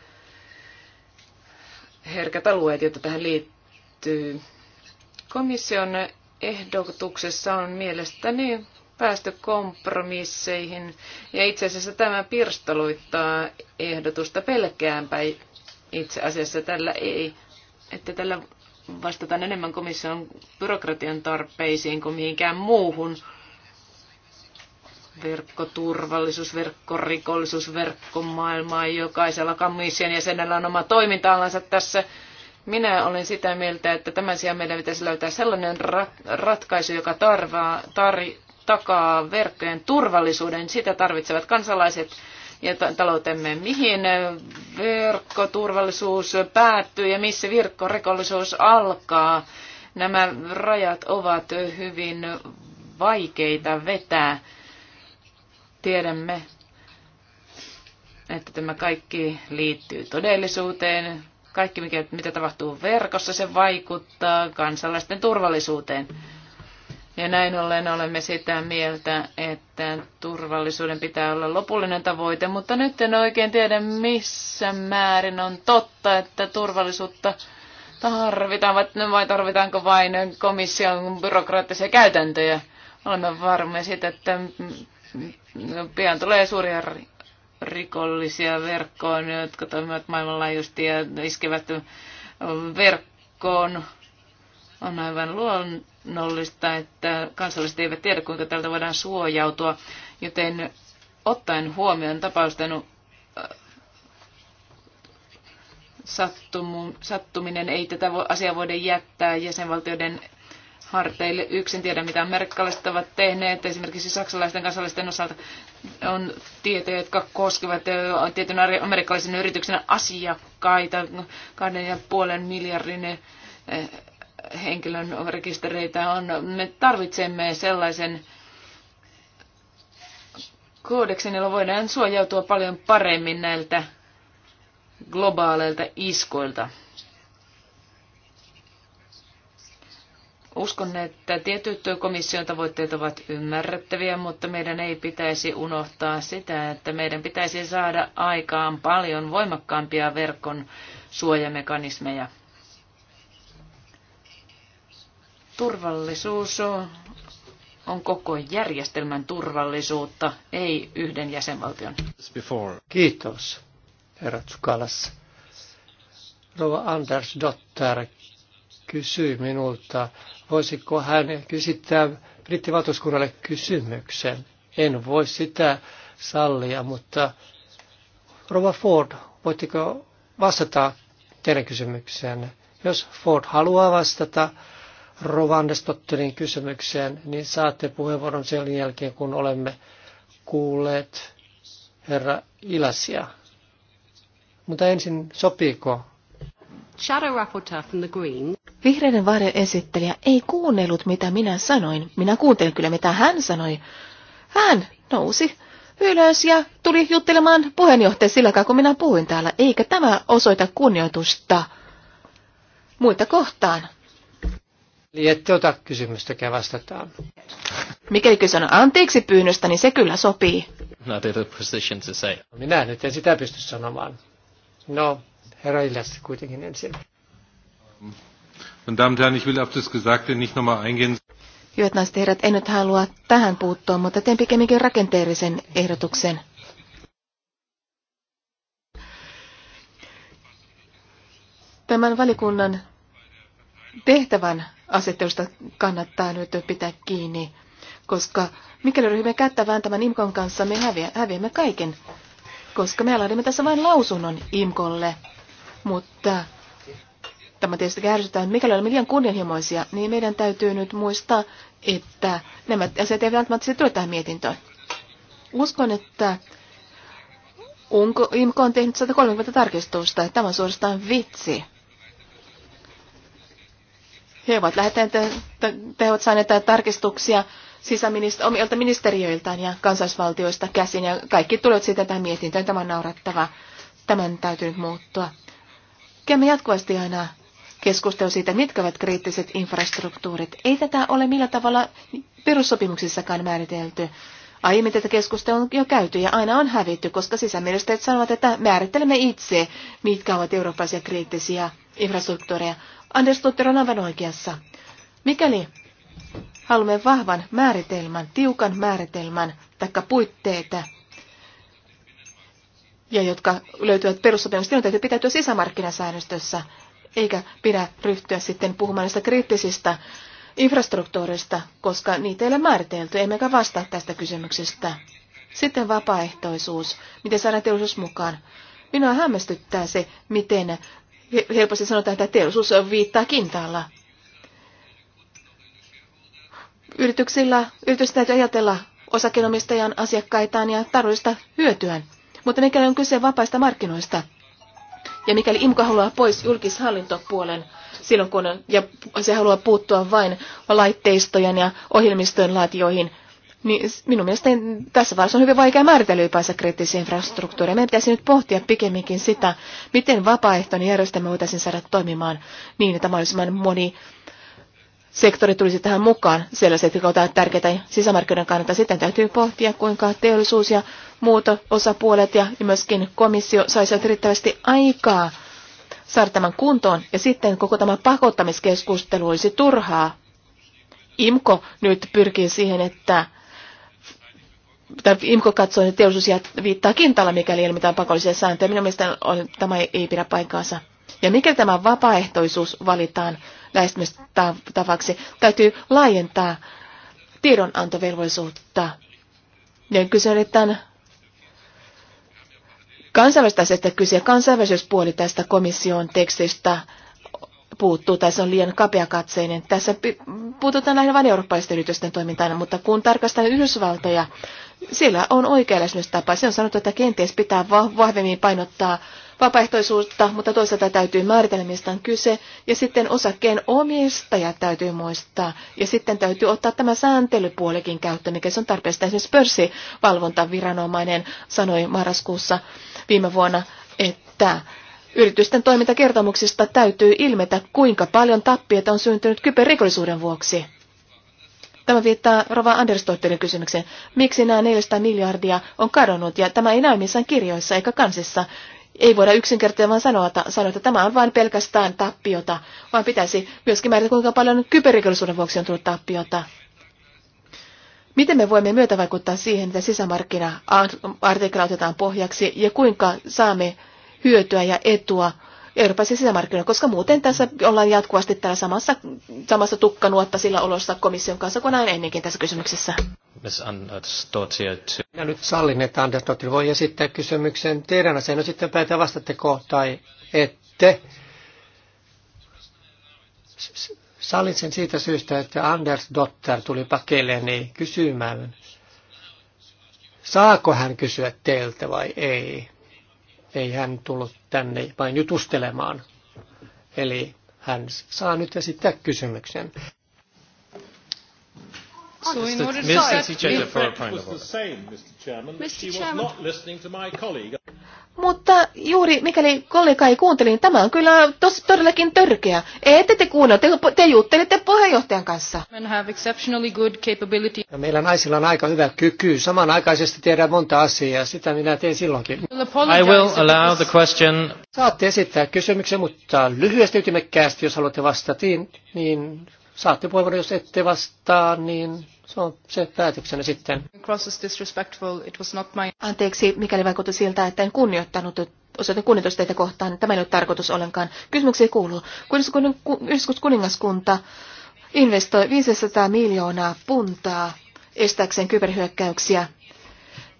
herkät alueet, joita tähän liittyy. Komission ehdotuksessa on mielestäni päästy kompromisseihin ja itse asiassa tämä pirstaloittaa ehdotusta pelkäänpä itse asiassa tällä ei, että tällä vastataan enemmän komission byrokratian tarpeisiin kuin mihinkään muuhun. Verkkoturvallisuus, verkkorikollisuus, verkkomaailma, jokaisella komission jäsenellä on oma toiminta tässä minä olen sitä mieltä, että tämän sijaan meidän pitäisi löytää sellainen ratkaisu, joka tarvaa, tar- takaa verkkojen turvallisuuden. Sitä tarvitsevat kansalaiset ja taloutemme. Mihin verkkoturvallisuus päättyy ja missä virkkorekollisuus alkaa? Nämä rajat ovat hyvin vaikeita vetää. Tiedämme, että tämä kaikki liittyy todellisuuteen, kaikki, mikä, mitä tapahtuu verkossa, se vaikuttaa kansalaisten turvallisuuteen. Ja näin ollen olemme sitä mieltä, että turvallisuuden pitää olla lopullinen tavoite, mutta nyt en oikein tiedä, missä määrin on totta, että turvallisuutta tarvitaan, vai tarvitaanko vain komission byrokraattisia käytäntöjä. Olemme varmoja siitä, että pian tulee suuria rikollisia verkkoon, jotka toimivat maailmanlaajuisesti ja iskevät verkkoon. On aivan luonnollista, että kansalaiset eivät tiedä, kuinka tältä voidaan suojautua, joten ottaen huomioon tapausten sattumu, sattuminen, ei tätä asiaa voida jättää jäsenvaltioiden harteille yksin. Tiedä, mitä amerikkalaiset ovat tehneet. Esimerkiksi saksalaisten kansalaisten osalta on tietoja, jotka koskevat tietyn amerikkalaisen yrityksen asiakkaita, kahden ja puolen miljardin henkilön rekistereitä on. Me tarvitsemme sellaisen koodeksen, jolla voidaan suojautua paljon paremmin näiltä globaaleilta iskoilta. Uskon, että tietyt komission tavoitteet ovat ymmärrettäviä, mutta meidän ei pitäisi unohtaa sitä, että meidän pitäisi saada aikaan paljon voimakkaampia verkon suojamekanismeja. Turvallisuus on koko järjestelmän turvallisuutta, ei yhden jäsenvaltion. Kiitos, herra Tsukalas. Rova Anders Dotter kysyi minulta, voisiko hän kysyttää brittivaltuuskunnalle kysymyksen. En voi sitä sallia, mutta Rova Ford, voitteko vastata teidän kysymykseen? Jos Ford haluaa vastata Rovandestottelin kysymykseen, niin saatte puheenvuoron sen jälkeen, kun olemme kuulleet herra Ilasia. Mutta ensin sopiiko Shadow Rapporteur from the Green. Vihreiden varjoesittelijä ei kuunnellut, mitä minä sanoin. Minä kuuntelin kyllä, mitä hän sanoi. Hän nousi ylös ja tuli juttelemaan puheenjohtaja kai, kun minä puhuin täällä. Eikä tämä osoita kunnioitusta muita kohtaan. Eli ette ota kysymystäkään vastataan. Mikäli kyse on anteeksi pyynnöstä, niin se kyllä sopii. Not in a position to say. No minä nyt en sitä pysty sanomaan. No, kuitenkin ensin. Hyvät naiset herrat, en nyt halua tähän puuttua, mutta teen pikemminkin rakenteellisen ehdotuksen. Tämän valikunnan tehtävän asettelusta kannattaa nyt pitää kiinni, koska mikäli ryhmä kättä tämän IMKon kanssa, me häviämme kaiken, koska me laadimme tässä vain lausunnon IMKolle mutta tämä tietysti kärsytään. Mikäli olemme liian kunnianhimoisia, niin meidän täytyy nyt muistaa, että nämä asiat eivät välttämättä tule tähän mietintöön. Uskon, että Unko, on tehnyt 130 tarkistusta. Tämä on suorastaan vitsi. He ovat lähettäneet, he ovat saaneet tarkistuksia sisäministeri- omilta ministeriöiltään ja kansallisvaltioista käsin, ja kaikki tulevat siitä tähän mietintöön. Tämä on naurattava. Tämän täytyy nyt muuttua. Käymme jatkuvasti aina keskustelu siitä, mitkä ovat kriittiset infrastruktuurit. Ei tätä ole millä tavalla perussopimuksissakaan määritelty. Aiemmin tätä keskustelua on jo käyty ja aina on hävitty, koska sisäministeriöt sanovat, että määrittelemme itse, mitkä ovat eurooppalaisia kriittisiä infrastruktuureja. Anders Tutter on aivan oikeassa. Mikäli haluamme vahvan määritelmän, tiukan määritelmän, taikka puitteita ja jotka löytyvät perussopimuksesta, niin täytyy pitäytyä sisämarkkinasäännöstössä, eikä pidä ryhtyä sitten puhumaan näistä kriittisistä infrastruktuurista, koska niitä ei ole määritelty, emmekä vastaa tästä kysymyksestä. Sitten vapaaehtoisuus, miten saadaan teollisuus mukaan. Minua hämmästyttää se, miten helposti sanotaan, että teollisuus on viittaa kintaalla. Yrityksillä, yritys täytyy ajatella osakkeenomistajan asiakkaitaan ja tarvista hyötyään. Mutta mikäli on kyse vapaista markkinoista, ja mikäli IMKA haluaa pois julkishallintopuolen silloin, kun on, ja se haluaa puuttua vain laitteistojen ja ohjelmistojen laatioihin, niin minun mielestäni tässä vaiheessa on hyvin vaikea määritellä ylipäänsä kriittisiä infrastruktuureja. Meidän pitäisi nyt pohtia pikemminkin sitä, miten vapaaehtoinen järjestelmä voitaisiin saada toimimaan niin, että mahdollisimman moni sektori tulisi tähän mukaan. Sellaiset, jotka ovat tärkeitä sisämarkkinoiden kannalta, sitten täytyy pohtia, kuinka teollisuus ja muut osapuolet ja myöskin komissio saisivat riittävästi aikaa saada tämän kuntoon. Ja sitten koko tämä pakottamiskeskustelu olisi turhaa. IMKO nyt pyrkii siihen, että tai IMKO katsoo, että teollisuus viittaa kintalla, mikäli ei ole mitään pakollisia sääntöjä. Minun mielestäni on, tämä ei pidä paikkaansa. Ja mikäli tämä vapaaehtoisuus valitaan lähestymistavaksi, täytyy laajentaa tiedonantovelvollisuutta. Ja kyse on että Kansainvälisestä asiasta kyse, kansainvälisyyspuoli tästä komission tekstistä puuttuu tai se on liian kapeakatseinen. Tässä puututaan lähinnä vain eurooppalaisten yritysten toimintaan, mutta kun tarkastan Yhdysvaltoja, siellä on oikea tapa. Se on sanottu, että kenties pitää vahvemmin painottaa vapaaehtoisuutta, mutta toisaalta täytyy määritellä, mistä on kyse. Ja sitten osakkeen omistajat täytyy muistaa. Ja sitten täytyy ottaa tämä sääntelypuolikin käyttö, mikä se on tarpeesta. Esimerkiksi pörssivalvontaviranomainen sanoi marraskuussa viime vuonna, että yritysten toimintakertomuksista täytyy ilmetä, kuinka paljon tappiota on syntynyt kyberrikollisuuden vuoksi. Tämä viittaa Rova Andersdotterin kysymykseen. Miksi nämä 400 miljardia on kadonnut ja tämä ei näy missään kirjoissa eikä kansissa? ei voida yksinkertaisesti vaan sanoa, että, sanoa, että tämä on vain pelkästään tappiota, vaan pitäisi myöskin määritellä, kuinka paljon kyberrikollisuuden vuoksi on tullut tappiota. Miten me voimme myötävaikuttaa siihen, että sisämarkkina-artikla otetaan pohjaksi ja kuinka saamme hyötyä ja etua Euroopan sisämarkkinoilla, koska muuten tässä ollaan jatkuvasti täällä samassa, samassa sillä olossa komission kanssa kuin aina ennenkin tässä kysymyksessä. Ja nyt sallin, että Anders Dottir voi esittää kysymyksen teidän asiaan, no sitten päätä vastatteko tai ette. Sallin sen siitä syystä, että Anders Dotter tuli pakeleeni kysymään, saako hän kysyä teiltä vai ei. Ei hän tullut tänne vain jutustelemaan. Eli hän saa nyt esittää kysymyksen. So in order to Mr. Chichester for a point of order. Mr. Chairman, she was not listening to my colleague. Mutta juuri mikäli kollega ei kuuntele, niin tämä on kyllä tos, todellakin törkeä. Ette te kuunnella, te, te juttelitte puheenjohtajan kanssa. Ja meillä naisilla on aika hyvä kyky. Samanaikaisesti tehdään monta asiaa. Sitä minä teen silloinkin. I will allow the question. Saatte esittää kysymyksen, mutta lyhyesti ytimekkäästi, jos haluatte vastata, niin, niin saatte puheenvuoron. Jos ette vastaa, niin se on se päätöksenä sitten. Anteeksi, mikäli vaikutti siltä, että en kunnioittanut osoitan kunnioitusta teitä kohtaan. Niin tämä ei ole tarkoitus ollenkaan. Kysymyksiä kuuluu. kuningaskunta investoi 500 miljoonaa puntaa estääkseen kyberhyökkäyksiä.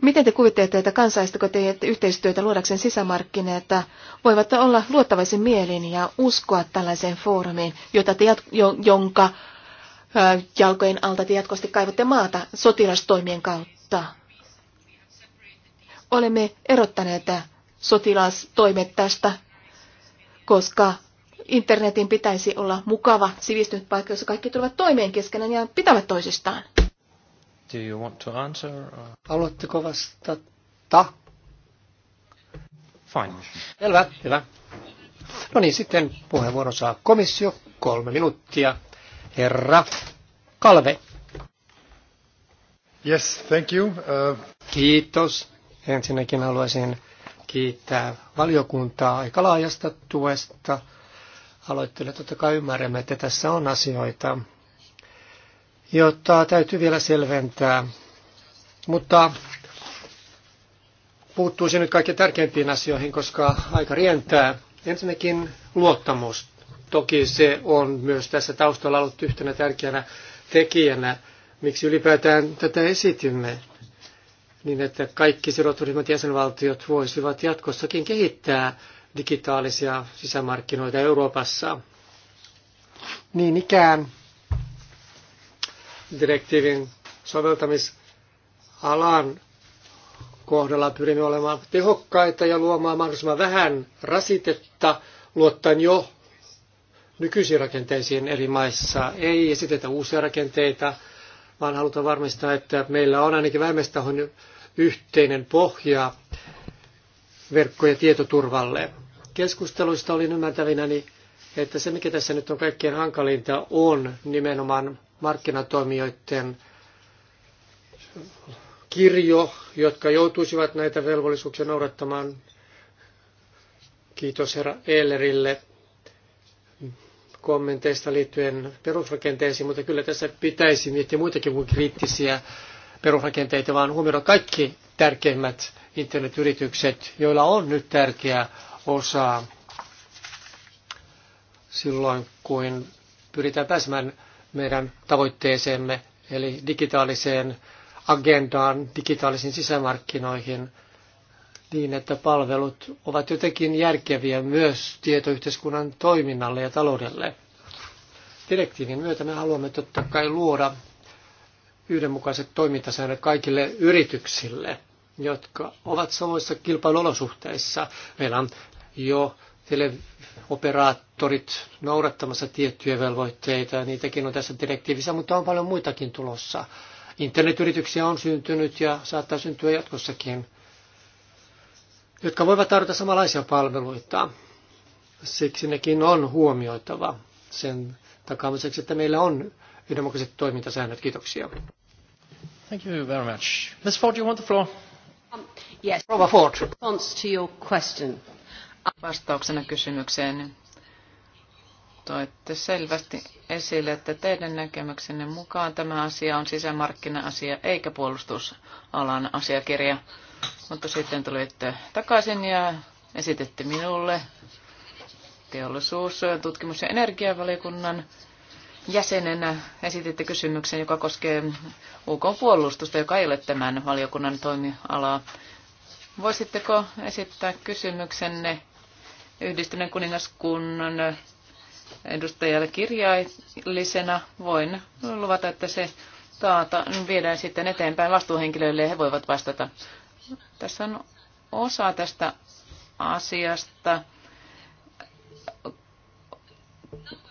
Miten te kuvittelette, että kansalaisetko teet yhteistyötä luodakseen sisämarkkineita voivat olla luottavaisin mielin ja uskoa tällaiseen foorumiin, jota te, jonka jalkojen alta te jatkuvasti kaivatte maata sotilastoimien kautta. Olemme erottaneet sotilastoimet tästä, koska internetin pitäisi olla mukava sivistynyt paikka, jossa kaikki tulevat toimeen keskenään ja pitävät toisistaan. Do you want to answer? Haluatteko vastata? Fine. Selvä, hyvä. No niin, sitten puheenvuoro saa komissio, kolme minuuttia herra Kalve. Yes, thank you. Uh... Kiitos. Ensinnäkin haluaisin kiittää valiokuntaa aika laajasta tuesta aloitteelle. Totta kai ymmärrämme, että tässä on asioita, jotta täytyy vielä selventää. Mutta puuttuisin nyt kaikkein tärkeimpiin asioihin, koska aika rientää. Ensinnäkin luottamus. Toki se on myös tässä taustalla ollut yhtenä tärkeänä tekijänä, miksi ylipäätään tätä esitimme, niin että kaikki sidotturyhmät jäsenvaltiot voisivat jatkossakin kehittää digitaalisia sisämarkkinoita Euroopassa. Niin ikään direktiivin soveltamisalan kohdalla pyrimme olemaan tehokkaita ja luomaan mahdollisimman vähän rasitetta, luottaen jo nykyisiin rakenteisiin eri maissa. Ei esitetä uusia rakenteita, vaan halutaan varmistaa, että meillä on ainakin vähemmästahon yhteinen pohja verkko- ja tietoturvalle. Keskusteluista olin ymmärtävinäni, että se mikä tässä nyt on kaikkein hankalinta on nimenomaan markkinatoimijoiden kirjo, jotka joutuisivat näitä velvollisuuksia noudattamaan. Kiitos herra Ehlerille kommenteista liittyen perusrakenteisiin, mutta kyllä tässä pitäisi miettiä muitakin kuin kriittisiä perusrakenteita, vaan huomioida kaikki tärkeimmät internetyritykset, joilla on nyt tärkeä osa silloin, kun pyritään pääsemään meidän tavoitteeseemme, eli digitaaliseen agendaan, digitaalisiin sisämarkkinoihin – niin, että palvelut ovat jotenkin järkeviä myös tietoyhteiskunnan toiminnalle ja taloudelle. Direktiivin myötä me haluamme totta kai luoda yhdenmukaiset toimintasäännöt kaikille yrityksille, jotka ovat samoissa kilpailuolosuhteissa. Meillä on jo teleoperaattorit noudattamassa tiettyjä velvoitteita, niitäkin on tässä direktiivissä, mutta on paljon muitakin tulossa. Internetyrityksiä on syntynyt ja saattaa syntyä jatkossakin jotka voivat tarjota samanlaisia palveluita. Siksi nekin on huomioitava sen takaamiseksi, että meillä on yhdenmukaiset toimintasäännöt. Kiitoksia. Thank you very much. Ms. Ford, you want the floor? Um, yes. Rova Ford. Response to your question. Vastauksena kysymykseen toitte selvästi esille, että teidän näkemyksenne mukaan tämä asia on sisämarkkina-asia eikä puolustusalan asiakirja. Mutta sitten tulitte takaisin ja esitette minulle teollisuus-, tutkimus- ja energiavaliokunnan jäsenenä esititte kysymyksen, joka koskee UK-puolustusta, joka ei ole tämän valiokunnan toimialaa. Voisitteko esittää kysymyksenne yhdistyneen kuningaskunnan edustajalle kirjaillisena. Voin luvata, että se taata viedään sitten eteenpäin vastuuhenkilöille ja he voivat vastata. Tässä on osa tästä asiasta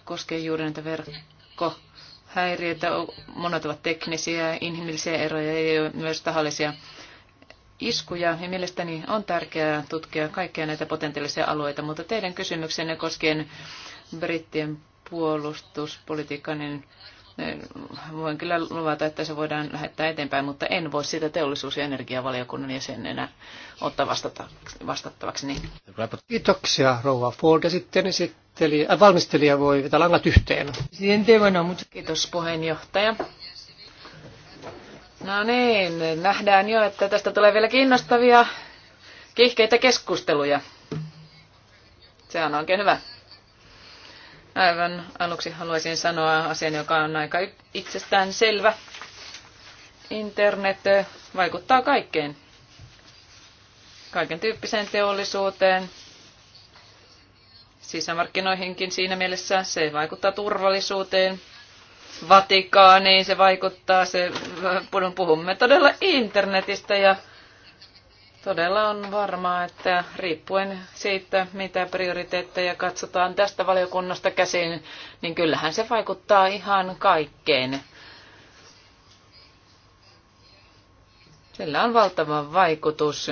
koskee juuri näitä verkkohäiriöitä. Monet ovat teknisiä, inhimillisiä eroja ja myös tahallisia iskuja. Ja mielestäni on tärkeää tutkia kaikkia näitä potentiaalisia alueita, mutta teidän kysymyksenne koskien brittien puolustuspolitiikka, niin, niin voin kyllä luvata, että se voidaan lähettää eteenpäin, mutta en voi sitä teollisuus- ja energiavaliokunnan jäsenenä ottaa vastattavaksi. niin. Kiitoksia, rouva Ford. Ja sitten esitteli, äh, valmistelija voi vetää langat yhteen. Kiitos puheenjohtaja. No niin, nähdään jo, että tästä tulee vielä kiinnostavia, kiihkeitä keskusteluja. Se on oikein hyvä. Aivan aluksi haluaisin sanoa asian, joka on aika itsestään selvä. Internet vaikuttaa kaikkeen. Kaiken tyyppiseen teollisuuteen, sisämarkkinoihinkin siinä mielessä. Se vaikuttaa turvallisuuteen, Vatikaaniin se vaikuttaa. Se, puhumme todella internetistä ja Todella on varmaa, että riippuen siitä, mitä prioriteetteja katsotaan tästä valiokunnasta käsin, niin kyllähän se vaikuttaa ihan kaikkeen. Sillä on valtava vaikutus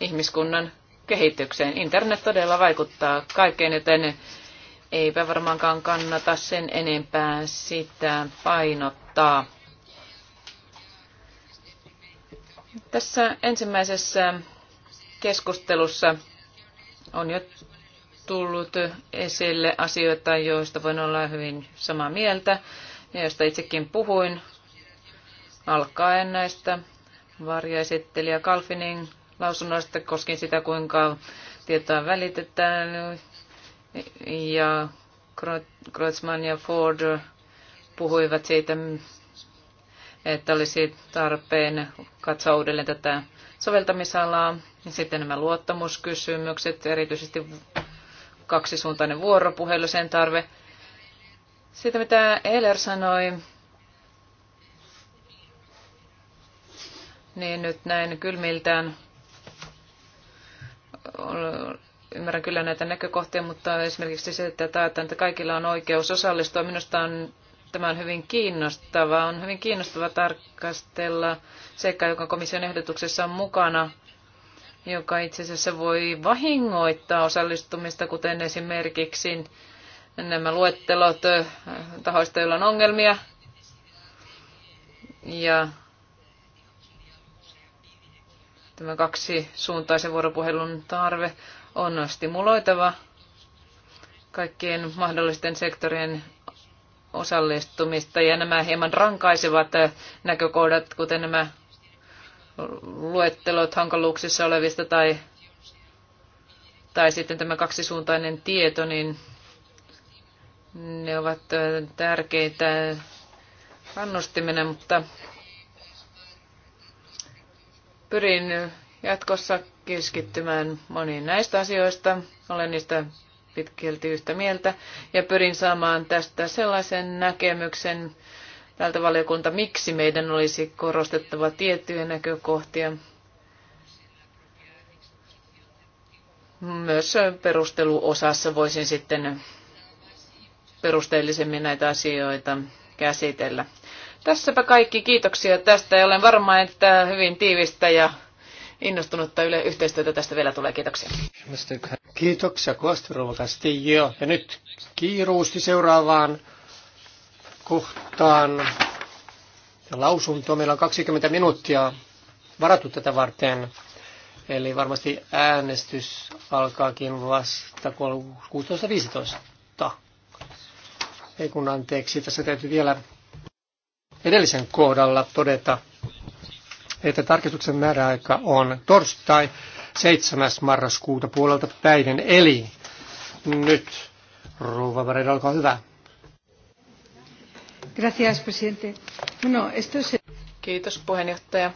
ihmiskunnan kehitykseen. Internet todella vaikuttaa kaikkeen, joten eipä varmaankaan kannata sen enempää sitä painottaa. Tässä ensimmäisessä keskustelussa on jo tullut esille asioita, joista voin olla hyvin samaa mieltä ja joista itsekin puhuin alkaen näistä varjaesittelijä Kalfinin lausunnoista koskien sitä, kuinka tietoa välitetään ja Kreutzmann ja Ford puhuivat siitä, että olisi tarpeen katsoa uudelleen tätä soveltamisalaa. Ja sitten nämä luottamuskysymykset, erityisesti kaksisuuntainen vuoropuhelu, sen tarve. Siitä mitä Eiler sanoi, niin nyt näin kylmiltään ymmärrän kyllä näitä näkökohtia, mutta esimerkiksi se, että taitan, että kaikilla on oikeus osallistua, minusta on Tämä on hyvin kiinnostavaa. On hyvin kiinnostava tarkastella sekä joka komission ehdotuksessa on mukana, joka itse asiassa voi vahingoittaa osallistumista, kuten esimerkiksi nämä luettelot tahoista, joilla on ongelmia. Ja tämä kaksi suuntaisen vuoropuhelun tarve on stimuloitava kaikkien mahdollisten sektorien osallistumista ja nämä hieman rankaisevat äh, näkökohdat, kuten nämä luettelot hankaluuksissa olevista tai, tai sitten tämä kaksisuuntainen tieto, niin ne ovat äh, tärkeitä kannustimena, mutta pyrin jatkossa keskittymään moniin näistä asioista. Olen niistä pitkälti yhtä mieltä ja pyrin saamaan tästä sellaisen näkemyksen tältä valiokunta, miksi meidän olisi korostettava tiettyjä näkökohtia. Myös perusteluosassa voisin sitten perusteellisemmin näitä asioita käsitellä. Tässäpä kaikki. Kiitoksia tästä. Olen varma, että hyvin tiivistä ja innostunutta yle yhteistyötä tästä vielä tulee. Kiitoksia. Kiitoksia Kosterova Castillo. Ja nyt kiiruusti seuraavaan kohtaan. Ja lausunto. Meillä on 20 minuuttia varattu tätä varten. Eli varmasti äänestys alkaakin vasta 16.15. Ei kun anteeksi, tässä täytyy vielä edellisen kohdalla todeta, että tarkistuksen määräaika on torstai 7. marraskuuta puolelta päivän. Eli nyt, Rouva Varela, olkaa hyvä. Gracias, presidente. No, esto es... Kiitos, puheenjohtaja.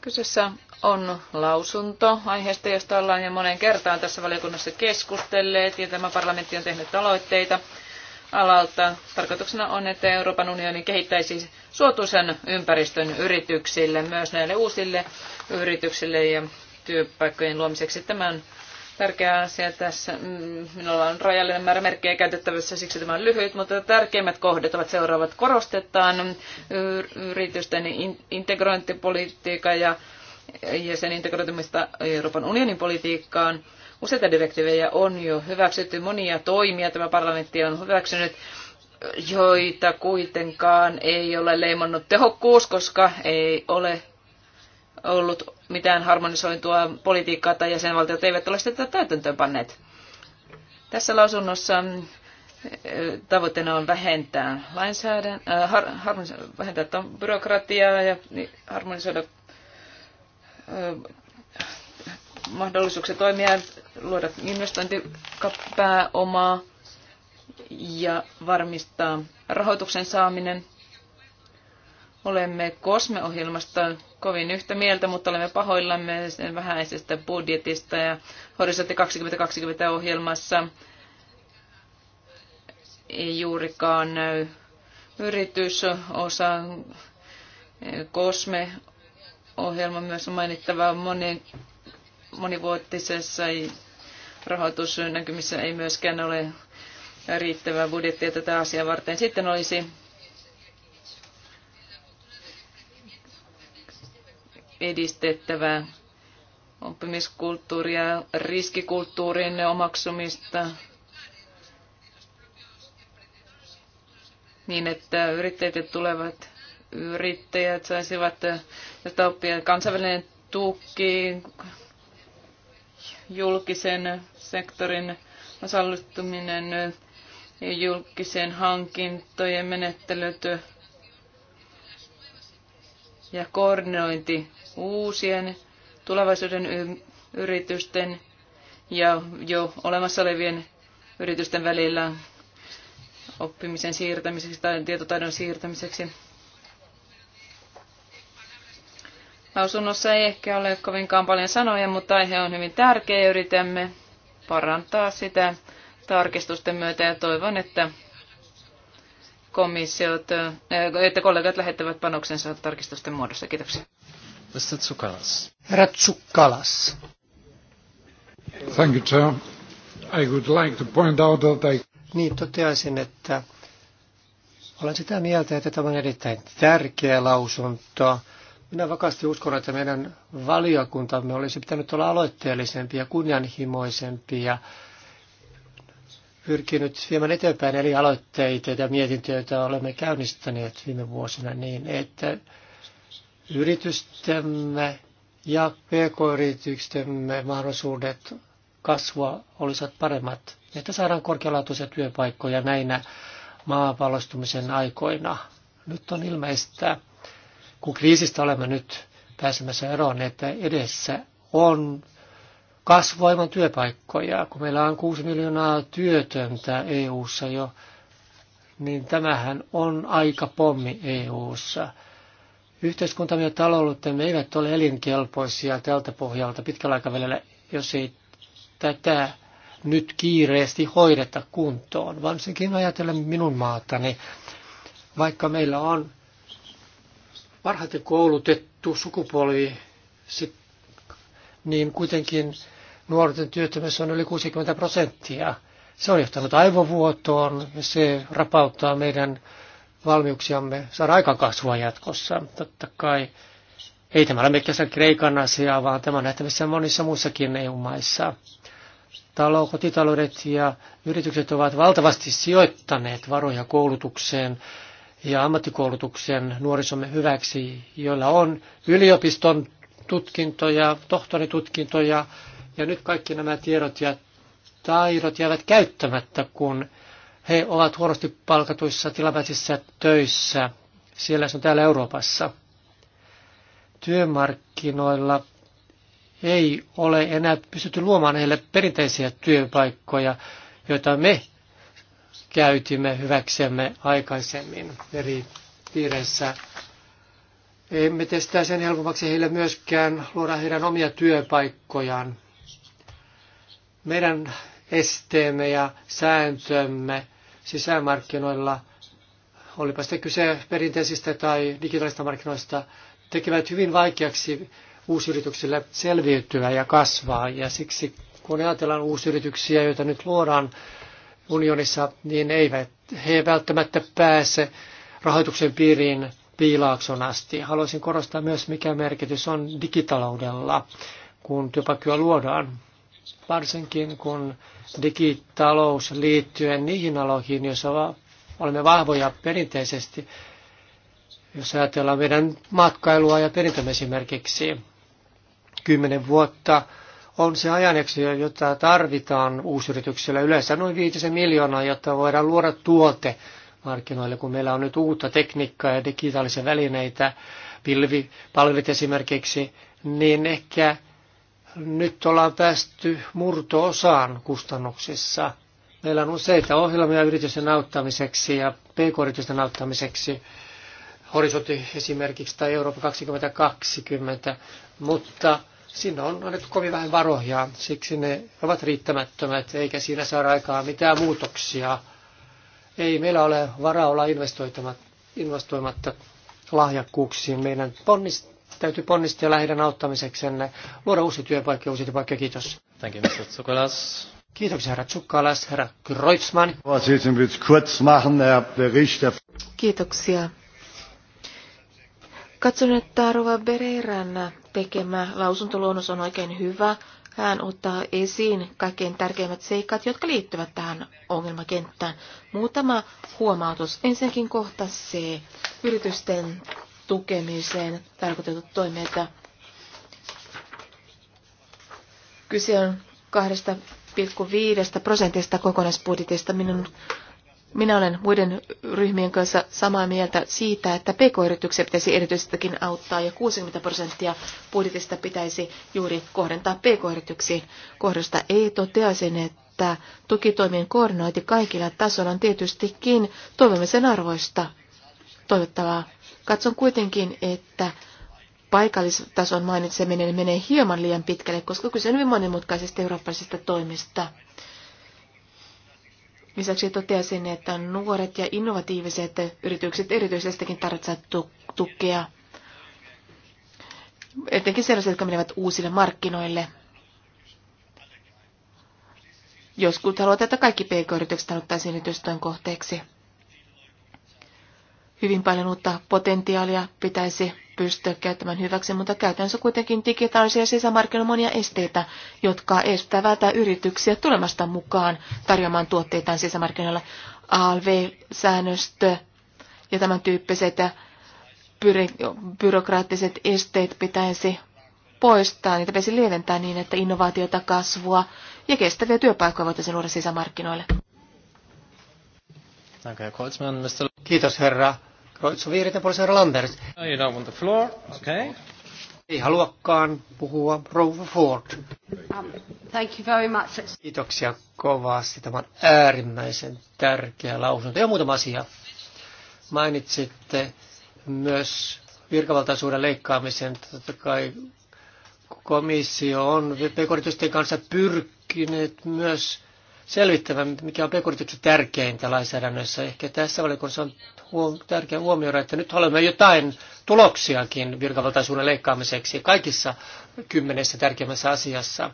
Kyseessä on lausunto aiheesta, josta ollaan jo monen kertaan tässä valiokunnassa keskustelleet, ja tämä parlamentti on tehnyt aloitteita alalta. Tarkoituksena on, että Euroopan unioni kehittäisi suotuisen ympäristön yrityksille, myös näille uusille yrityksille ja työpaikkojen luomiseksi. Tämä on tärkeä asia tässä. Minulla on rajallinen määrä merkkejä käytettävissä, siksi tämä on lyhyt, mutta tärkeimmät kohdat ovat seuraavat. Korostetaan yritysten integrointipolitiikkaa ja, ja sen integroitumista Euroopan unionin politiikkaan – Useita direktiivejä on jo hyväksytty, monia toimia tämä parlamentti on hyväksynyt, joita kuitenkaan ei ole leimannut tehokkuus, koska ei ole ollut mitään harmonisointua politiikkaa tai jäsenvaltiot eivät ole sitä täytäntöön panneet. Tässä lausunnossa äh, tavoitteena on vähentää lainsäädän, äh, har, vähentää byrokratiaa ja harmonisoida äh, mahdollisuuksia toimia, luoda investointipääomaa ja varmistaa rahoituksen saaminen. Olemme kosmeohjelmasta ohjelmasta kovin yhtä mieltä, mutta olemme pahoillamme sen vähäisestä budjetista ja Horisontti 2020-ohjelmassa ei juurikaan näy yritysosa. kosme ohjelma myös on mainittava monen monivuotisessa rahoitusnäkymissä ei myöskään ole riittävää budjettia tätä asiaa varten. Sitten olisi edistettävää oppimiskulttuuria, riskikulttuurin omaksumista, niin että yrittäjät ja tulevat yrittäjät saisivat oppia. Kansainvälinen tuki, julkisen sektorin osallistuminen, julkisen hankintojen menettelyt ja koordinointi uusien tulevaisuuden yritysten ja jo olemassa olevien yritysten välillä oppimisen siirtämiseksi tai tietotaidon siirtämiseksi. Lausunnossa ei ehkä ole kovinkaan paljon sanoja, mutta aihe on hyvin tärkeä ja yritämme parantaa sitä tarkistusten myötä ja toivon, että komissiot, äh, että kollegat lähettävät panoksensa tarkistusten muodossa. Kiitoksia. Mr. Tsukalas. Herra Tsukalas. Thank you, Chair. I would like to point out that I... Niin, toteaisin, että olen sitä mieltä, että tämä on erittäin tärkeä lausunto. Minä vakaasti uskon, että meidän valiokuntamme olisi pitänyt olla aloitteellisempi ja kunnianhimoisempi ja pyrkinyt viemään eteenpäin eri aloitteita ja mietintöjä, joita olemme käynnistäneet viime vuosina niin, että yritystemme ja pk-yritystemme mahdollisuudet kasvua olisivat paremmat, että saadaan korkealaatuisia työpaikkoja näinä maapallostumisen aikoina. Nyt on ilmeistä, kun kriisistä olemme nyt pääsemässä eroon, niin että edessä on kasvoivan työpaikkoja. Kun meillä on 6 miljoonaa työtöntä EU-ssa jo, niin tämähän on aika pommi EU-ssa. Yhteiskuntamme ja taloutemme eivät ole elinkelpoisia tältä pohjalta pitkällä aikavälillä, jos ei tätä nyt kiireesti hoideta kuntoon. Varsinkin ajatellen minun maatani, vaikka meillä on parhaiten koulutettu sukupolvi, niin kuitenkin nuorten työttömyys on yli 60 prosenttia. Se on johtanut aivovuotoon ja se rapauttaa meidän valmiuksiamme saada aikakasvua jatkossa. Totta kai ei tämä ole mikään Kreikan asia, vaan tämä on nähtävissä monissa muissakin EU-maissa. Talo, kotitaloudet ja yritykset ovat valtavasti sijoittaneet varoja koulutukseen ja ammattikoulutuksen nuorisomme hyväksi, joilla on yliopiston tutkintoja, tohtoritutkintoja, ja nyt kaikki nämä tiedot ja taidot jäävät käyttämättä, kun he ovat huonosti palkatuissa tilapäisissä töissä, siellä se on täällä Euroopassa. Työmarkkinoilla ei ole enää pystytty luomaan heille perinteisiä työpaikkoja, joita me käytimme hyväksemme aikaisemmin eri piirissä. Emme tee sitä sen helpommaksi heille myöskään luoda heidän omia työpaikkojaan. Meidän esteemme ja sääntömme sisämarkkinoilla, olipa sitten kyse perinteisistä tai digitaalista markkinoista, tekevät hyvin vaikeaksi uusyrityksille selviytyä ja kasvaa. Ja siksi kun ajatellaan uusyrityksiä, joita nyt luodaan, unionissa, niin eivät he välttämättä pääse rahoituksen piiriin piilaakson asti. Haluaisin korostaa myös, mikä merkitys on digitaloudella, kun työpaikkoja luodaan. Varsinkin kun digitalous liittyen niihin aloihin, joissa olemme vahvoja perinteisesti, jos ajatellaan meidän matkailua ja perintömme esimerkiksi. Kymmenen vuotta on se ajaneksi, jota tarvitaan uusyrityksellä yleensä noin viitisen miljoonaa, jotta voidaan luoda tuote markkinoille, kun meillä on nyt uutta tekniikkaa ja digitaalisia välineitä, pilvipalvelut esimerkiksi, niin ehkä nyt ollaan päästy murto-osaan kustannuksissa. Meillä on useita ohjelmia yritysten auttamiseksi ja pk-yritysten auttamiseksi, horisontti esimerkiksi tai Eurooppa 2020, mutta Sinne on annettu kovin vähän varoja, siksi ne ovat riittämättömät, eikä siinä saada aikaa mitään muutoksia. Ei meillä ole varaa olla investoimatta lahjakkuuksiin. Meidän ponnist, täytyy ponnistella heidän auttamiseksenne, luoda uusi työpaikka, uusi työpaikka. Kiitos. Thank you, Mr. Kiitoksia, herra Tsukkalas, herra Kreutzmann. Kiitoksia, Katson, että Rova Bereran tekemä lausuntoluonnos on oikein hyvä. Hän ottaa esiin kaikkein tärkeimmät seikat, jotka liittyvät tähän ongelmakenttään. Muutama huomautus. Ensinnäkin kohta C. Yritysten tukemiseen tarkoitetut toimet. Kyse on 2,5 prosentista kokonaisbudjetista. Minun minä olen muiden ryhmien kanssa samaa mieltä siitä, että pk-yrityksiä pitäisi erityisestikin auttaa ja 60 prosenttia budjetista pitäisi juuri kohdentaa pk-yrityksiin. Kohdasta ei toteaisin, että tukitoimien koordinointi kaikilla tasolla on tietystikin toivomisen arvoista toivottavaa. Katson kuitenkin, että paikallistason mainitseminen menee hieman liian pitkälle, koska kyse on hyvin monimutkaisesta eurooppalaisesta toimista. Lisäksi toteaisin, että nuoret ja innovatiiviset yritykset erityisestikin tarvitsevat tukea, etenkin sellaiset, jotka menevät uusille markkinoille. Joskus haluat, että kaikki pk-yritykset haluttaisiin yritystoin kohteeksi hyvin paljon uutta potentiaalia pitäisi pystyä käyttämään hyväksi, mutta käytännössä kuitenkin digitaalisia sisämarkkinoilla monia esteitä, jotka estävät yrityksiä tulemasta mukaan tarjoamaan tuotteitaan sisämarkkinoilla. ALV-säännöstö ja tämän tyyppiset byrokraattiset esteet pitäisi poistaa, niitä pitäisi lieventää niin, että innovaatiota, kasvua ja kestäviä työpaikkoja voitaisiin luoda sisämarkkinoille. Kiitos herra Kreutzovir ja professori Lambert. don't want the floor. Okay. Ei haluakaan puhua Rova Ford. Um, thank you very much. Kiitoksia kovasti. Tämä on äärimmäisen tärkeä lausunto. Ja muutama asia. Mainitsitte myös virkavaltaisuuden leikkaamisen. Totta kai komissio on pk kanssa pyrkinyt myös selvittämään, mikä on pk tärkeintä lainsäädännössä. Ehkä tässä valiokunnassa on huom- tärkeää huomioida, että nyt haluamme jotain tuloksiakin virkavaltaisuuden leikkaamiseksi kaikissa kymmenessä tärkeimmässä asiassa.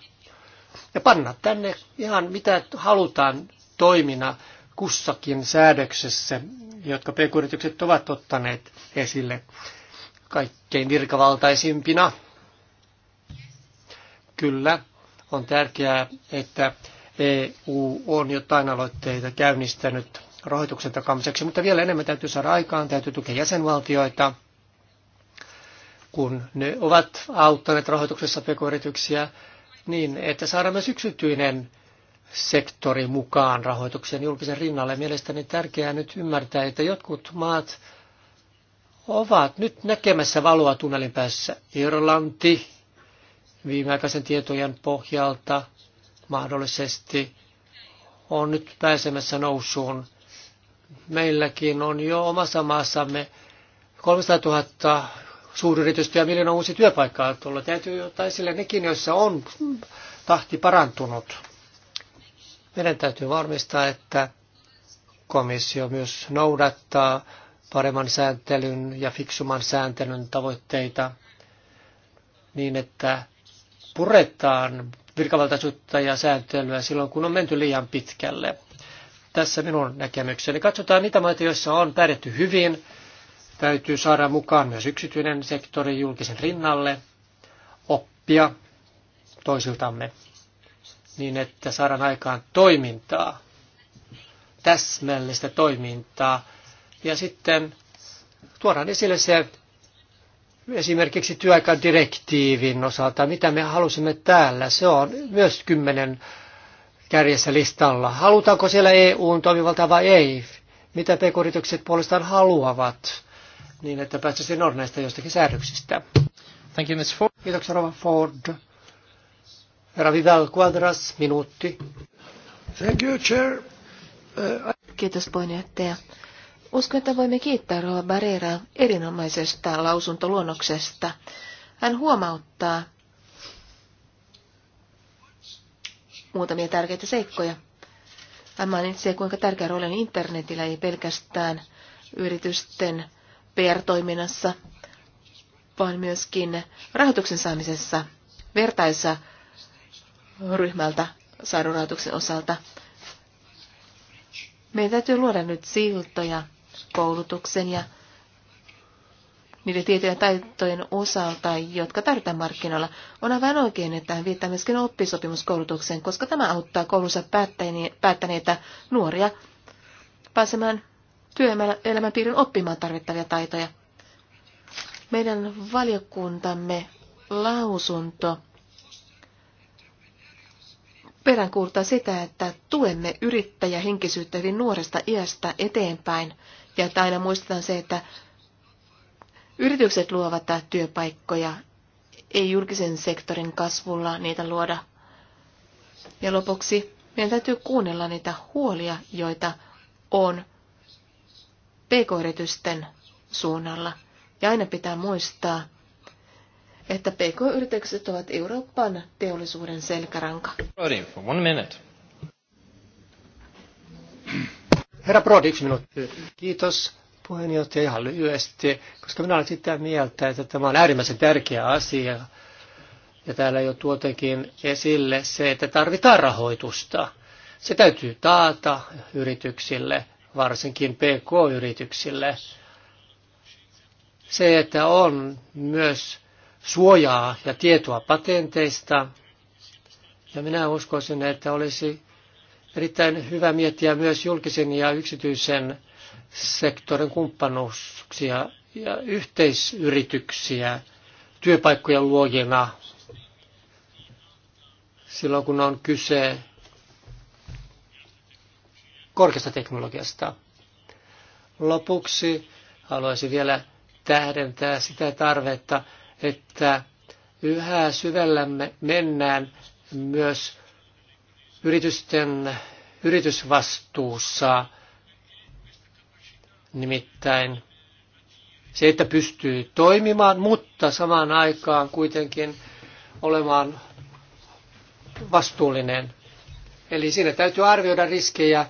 Ja panna tänne ihan mitä halutaan toimina kussakin säädöksessä, jotka pk ovat ottaneet esille kaikkein virkavaltaisimpina. Kyllä, on tärkeää, että EU on jotain aloitteita käynnistänyt rahoituksen takaamiseksi, mutta vielä enemmän täytyy saada aikaan, täytyy tukea jäsenvaltioita, kun ne ovat auttaneet rahoituksessa pk-yrityksiä, niin että saadaan myös yksityinen sektori mukaan rahoituksen julkisen rinnalle. Mielestäni tärkeää nyt ymmärtää, että jotkut maat ovat nyt näkemässä valoa tunnelin päässä. Irlanti viimeaikaisen tietojen pohjalta – mahdollisesti on nyt pääsemässä nousuun. Meilläkin on jo omassa maassamme 300 000 suuryritystä ja miljoona uusi työpaikkaa tulla. Täytyy ottaa esille nekin, joissa on tahti parantunut. Meidän täytyy varmistaa, että komissio myös noudattaa paremman sääntelyn ja fiksuman sääntelyn tavoitteita niin, että puretaan virkavaltaisuutta ja sääntelyä silloin, kun on menty liian pitkälle. Tässä minun näkemykseni. Katsotaan niitä maita, joissa on pärjätty hyvin. Täytyy saada mukaan myös yksityinen sektori julkisen rinnalle, oppia toisiltamme niin, että saadaan aikaan toimintaa, täsmällistä toimintaa. Ja sitten tuodaan esille se esimerkiksi työaikadirektiivin osalta, mitä me halusimme täällä. Se on myös kymmenen kärjessä listalla. Halutaanko siellä EUn toimivalta vai ei? Mitä pk-yritykset puolestaan haluavat, niin että päästäisiin normeista jostakin säädöksistä? Thank you, Ms. Ford. Kiitoksia, Rova Ford. Herra Vidal Quadras, minuutti. Thank you, Chair. Uh, I... Kiitos, puheenjohtaja. Uskon, että voimme kiittää Roa Barreraa erinomaisesta lausuntoluonnoksesta. Hän huomauttaa muutamia tärkeitä seikkoja. Hän mainitsee, kuinka tärkeä rooli on internetillä, ei pelkästään yritysten PR-toiminnassa, vaan myöskin rahoituksen saamisessa vertaisa ryhmältä saadun rahoituksen osalta. Meidän täytyy luoda nyt siltoja koulutuksen ja niiden tietojen taitojen osalta, jotka tarvitaan markkinoilla. On aivan oikein, että hän viittaa myöskin oppisopimuskoulutukseen, koska tämä auttaa koulunsa päättäneitä nuoria pääsemään työelämän piirin oppimaan tarvittavia taitoja. Meidän valiokuntamme lausunto peräänkuuluttaa sitä, että tuemme yrittäjähenkisyyttä hyvin nuoresta iästä eteenpäin – ja että aina muistetaan se, että yritykset luovat työpaikkoja, ei julkisen sektorin kasvulla niitä luoda. Ja lopuksi meidän täytyy kuunnella niitä huolia, joita on pk-yritysten suunnalla. Ja aina pitää muistaa, että pk-yritykset ovat Euroopan teollisuuden selkäranka. Ready for one minute. Herra Brod, yksi minuutti. Kiitos puheenjohtaja ihan lyhyesti, koska minä olen sitä mieltä, että tämä on äärimmäisen tärkeä asia. Ja täällä jo tuotekin esille se, että tarvitaan rahoitusta. Se täytyy taata yrityksille, varsinkin PK-yrityksille. Se, että on myös suojaa ja tietoa patenteista. Ja minä uskoisin, että olisi erittäin hyvä miettiä myös julkisen ja yksityisen sektorin kumppanuuksia ja yhteisyrityksiä työpaikkojen luojina silloin, kun on kyse korkeasta teknologiasta. Lopuksi haluaisin vielä tähdentää sitä tarvetta, että yhä syvällämme mennään myös yritysten yritysvastuussa. Nimittäin se, että pystyy toimimaan, mutta samaan aikaan kuitenkin olemaan vastuullinen. Eli siinä täytyy arvioida riskejä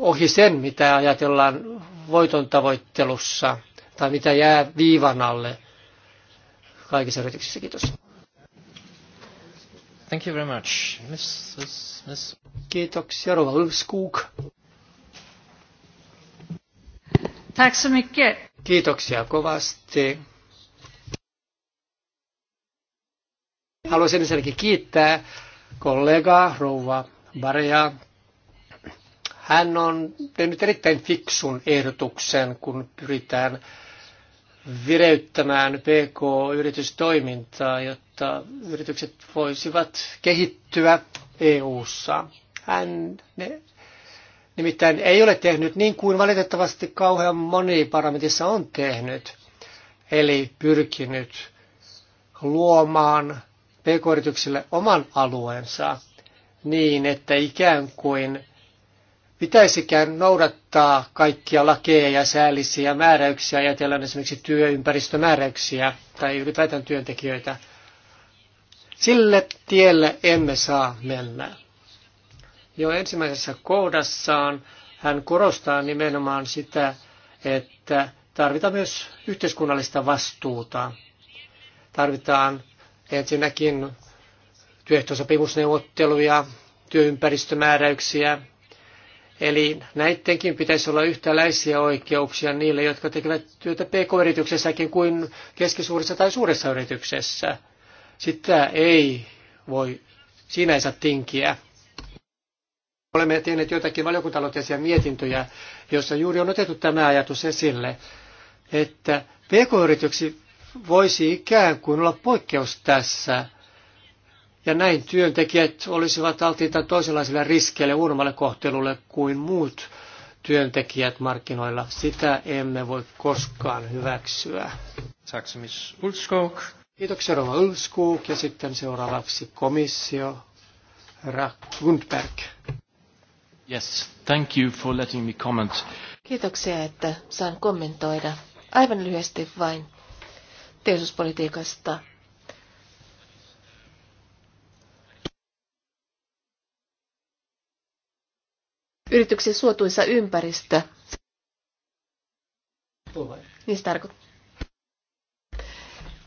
ohi sen, mitä ajatellaan voiton tavoittelussa tai mitä jää viivan alle kaikissa yrityksissä. Kiitos. Thank you very much. miss, Kiitoksia, Rova Tack så mycket. Kiitoksia kovasti. Haluaisin ensinnäkin kiittää kollegaa, rouva Barea. Hän on tehnyt erittäin fiksun ehdotuksen, kun pyritään vireyttämään PK-yritystoimintaa, jotta jotta yritykset voisivat kehittyä EU-ssa. Hän ne, nimittäin ei ole tehnyt niin kuin valitettavasti kauhean moni parlamentissa on tehnyt, eli pyrkinyt luomaan pk-yrityksille oman alueensa niin, että ikään kuin pitäisikään noudattaa kaikkia lakeja ja säällisiä määräyksiä, ajatellaan esimerkiksi työympäristömääräyksiä tai ylipäätään työntekijöitä – Sille tielle emme saa mennä. Jo ensimmäisessä kohdassaan hän korostaa nimenomaan sitä, että tarvitaan myös yhteiskunnallista vastuuta. Tarvitaan ensinnäkin työehtosopimusneuvotteluja, työympäristömääräyksiä. Eli näidenkin pitäisi olla yhtäläisiä oikeuksia niille, jotka tekevät työtä pk-yrityksessäkin kuin keskisuurissa tai suuressa yrityksessä – sitä ei voi, sinänsä tinkiä. Olemme tehneet joitakin valiokuntaloitteisia mietintöjä, joissa juuri on otettu tämä ajatus esille, että pk-yrityksi voisi ikään kuin olla poikkeus tässä. Ja näin työntekijät olisivat alttiita toisenlaisille riskeille, uudemmalle kohtelulle kuin muut työntekijät markkinoilla. Sitä emme voi koskaan hyväksyä. Kiitoksia Rova Ulskuk ja sitten seuraavaksi komissio, herra Gundberg. Yes, thank you for letting me comment. Kiitoksia, että saan kommentoida. Aivan lyhyesti vain teollisuuspolitiikasta. Yrityksen suotuisa ympäristö. Niin se tarkoittaa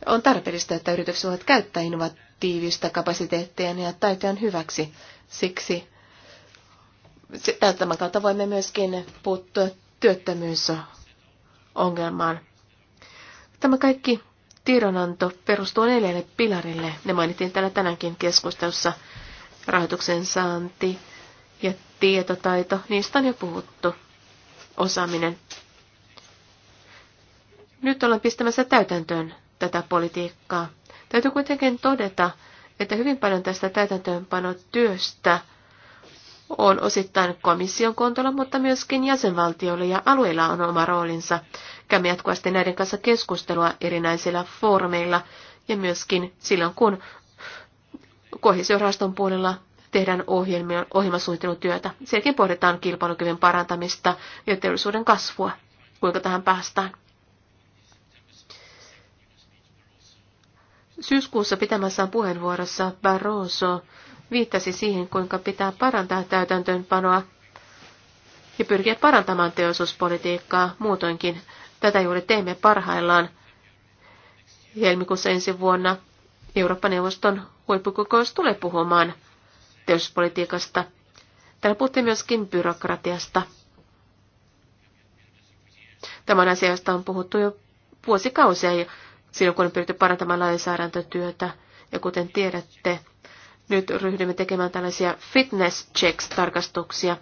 on tarpeellista, että yritykset voivat käyttää innovatiivista kapasiteettia ja taiteen hyväksi. Siksi tämän kautta voimme myöskin puuttua työttömyysongelmaan. Tämä kaikki tiedonanto perustuu neljälle pilarille. Ne mainittiin täällä tänäänkin keskustelussa. Rahoituksen saanti ja tietotaito, niistä on jo puhuttu. Osaaminen. Nyt ollaan pistämässä täytäntöön tätä politiikkaa. Täytyy kuitenkin todeta, että hyvin paljon tästä täytäntöönpanotyöstä on osittain komission kontolla, mutta myöskin jäsenvaltioilla ja alueilla on oma roolinsa. Käymme jatkuvasti näiden kanssa keskustelua erinäisillä foorumeilla ja myöskin silloin, kun kohdisjohdaston puolella tehdään ohjelmasuunnittelutyötä. Sielläkin pohditaan kilpailukyvyn parantamista ja teollisuuden kasvua, kuinka tähän päästään. Syyskuussa pitämässään puheenvuorossa Barroso viittasi siihen, kuinka pitää parantaa täytäntöönpanoa ja pyrkiä parantamaan teollisuuspolitiikkaa muutoinkin. Tätä juuri teemme parhaillaan helmikuussa ensi vuonna. Eurooppa-neuvoston huippukokous tulee puhumaan teollisuuspolitiikasta. Täällä puhuttiin myöskin byrokratiasta. Tämän asiasta on puhuttu jo vuosikausia ja silloin, kun on pyritty parantamaan lainsäädäntötyötä. Ja kuten tiedätte, nyt ryhdymme tekemään tällaisia fitness checks-tarkastuksia,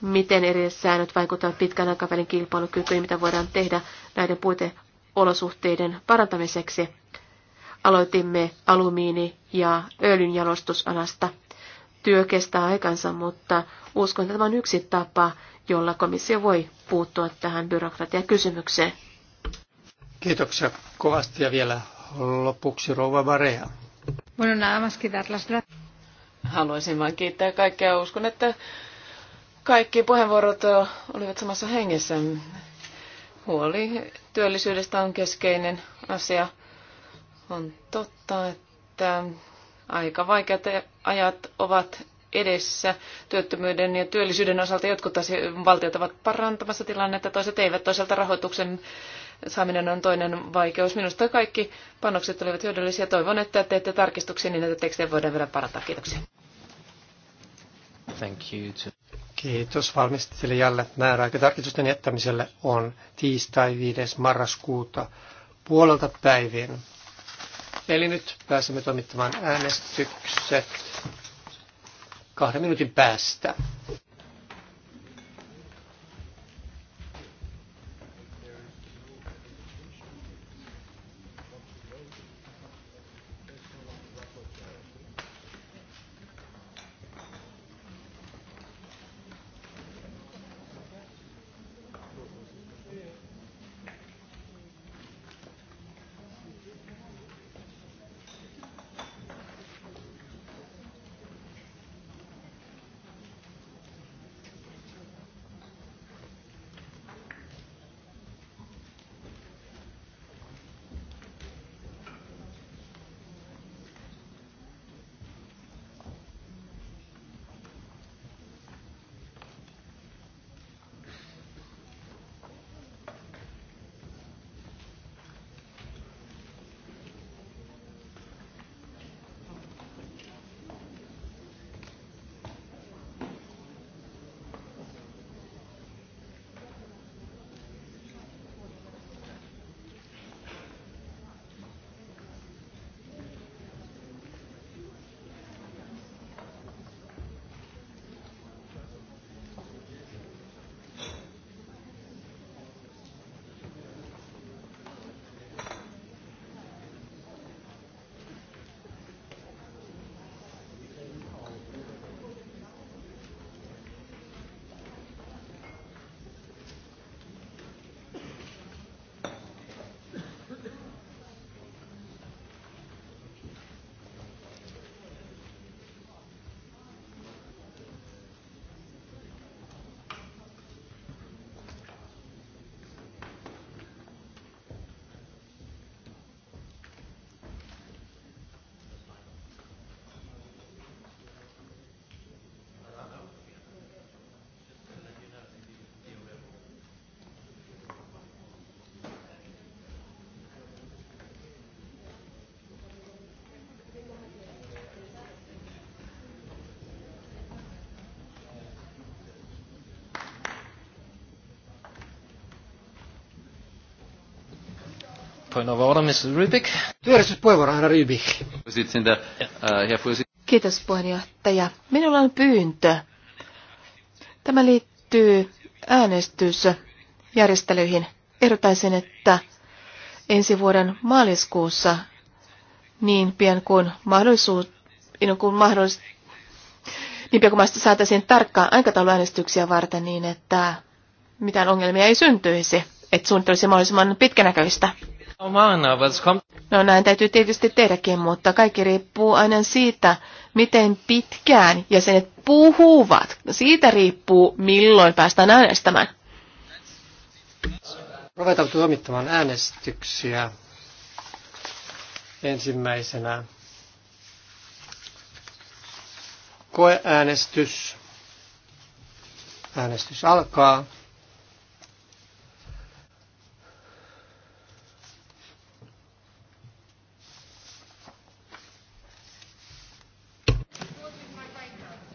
miten eri säännöt vaikuttavat pitkän aikavälin kilpailukykyyn, mitä voidaan tehdä näiden puiteolosuhteiden parantamiseksi. Aloitimme alumiini- ja öljynjalostusalasta. Työ kestää aikansa, mutta uskon, että tämä on yksi tapa, jolla komissio voi puuttua tähän byrokratiakysymykseen. kysymykseen. Kiitoksia kovasti ja vielä lopuksi Rouva Barea. Bueno, nada más que dar las gracias. Haluaisin vain kiittää kaikkia. Uskon, että kaikki puheenvuorot olivat samassa hengessä. Huoli työllisyydestä on keskeinen asia. On totta, että aika vaikeat ajat ovat edessä työttömyyden ja työllisyyden osalta. Jotkut valtiot ovat parantamassa tilannetta, toiset eivät. Toisaalta rahoituksen saaminen on toinen vaikeus. Minusta kaikki panokset olivat hyödyllisiä. Toivon, että teette tarkistuksia niin, että tekstejä voidaan vielä parantaa. Kiitoksia. Thank you to... Kiitos valmistelijalle. Määräaika tarkistusten jättämiselle on tiistai 5. marraskuuta puolelta päivin. Eli nyt pääsemme toimittamaan äänestykset kahden minuutin päästä. puheenvuoro, Mr. Rybik. Työllisyyspuheenvuoro, Anna Rybik. Uh, uh, Kiitos puheenjohtaja. Minulla on pyyntö. Tämä liittyy äänestysjärjestelyihin. Ehdotaisin, että ensi vuoden maaliskuussa niin pian kuin mahdollisuus, niin kuin mahdollis, niin pian kuin saataisiin tarkkaan aikatauluäänestyksiä varten niin, että mitään ongelmia ei syntyisi, että suunnittelisi mahdollisimman pitkänäköistä. No näin täytyy tietysti tehdäkin, mutta kaikki riippuu aina siitä, miten pitkään jäsenet puhuvat. Siitä riippuu, milloin päästään äänestämään. Ruvetaan tuomittamaan äänestyksiä ensimmäisenä. Koeäänestys. Äänestys alkaa.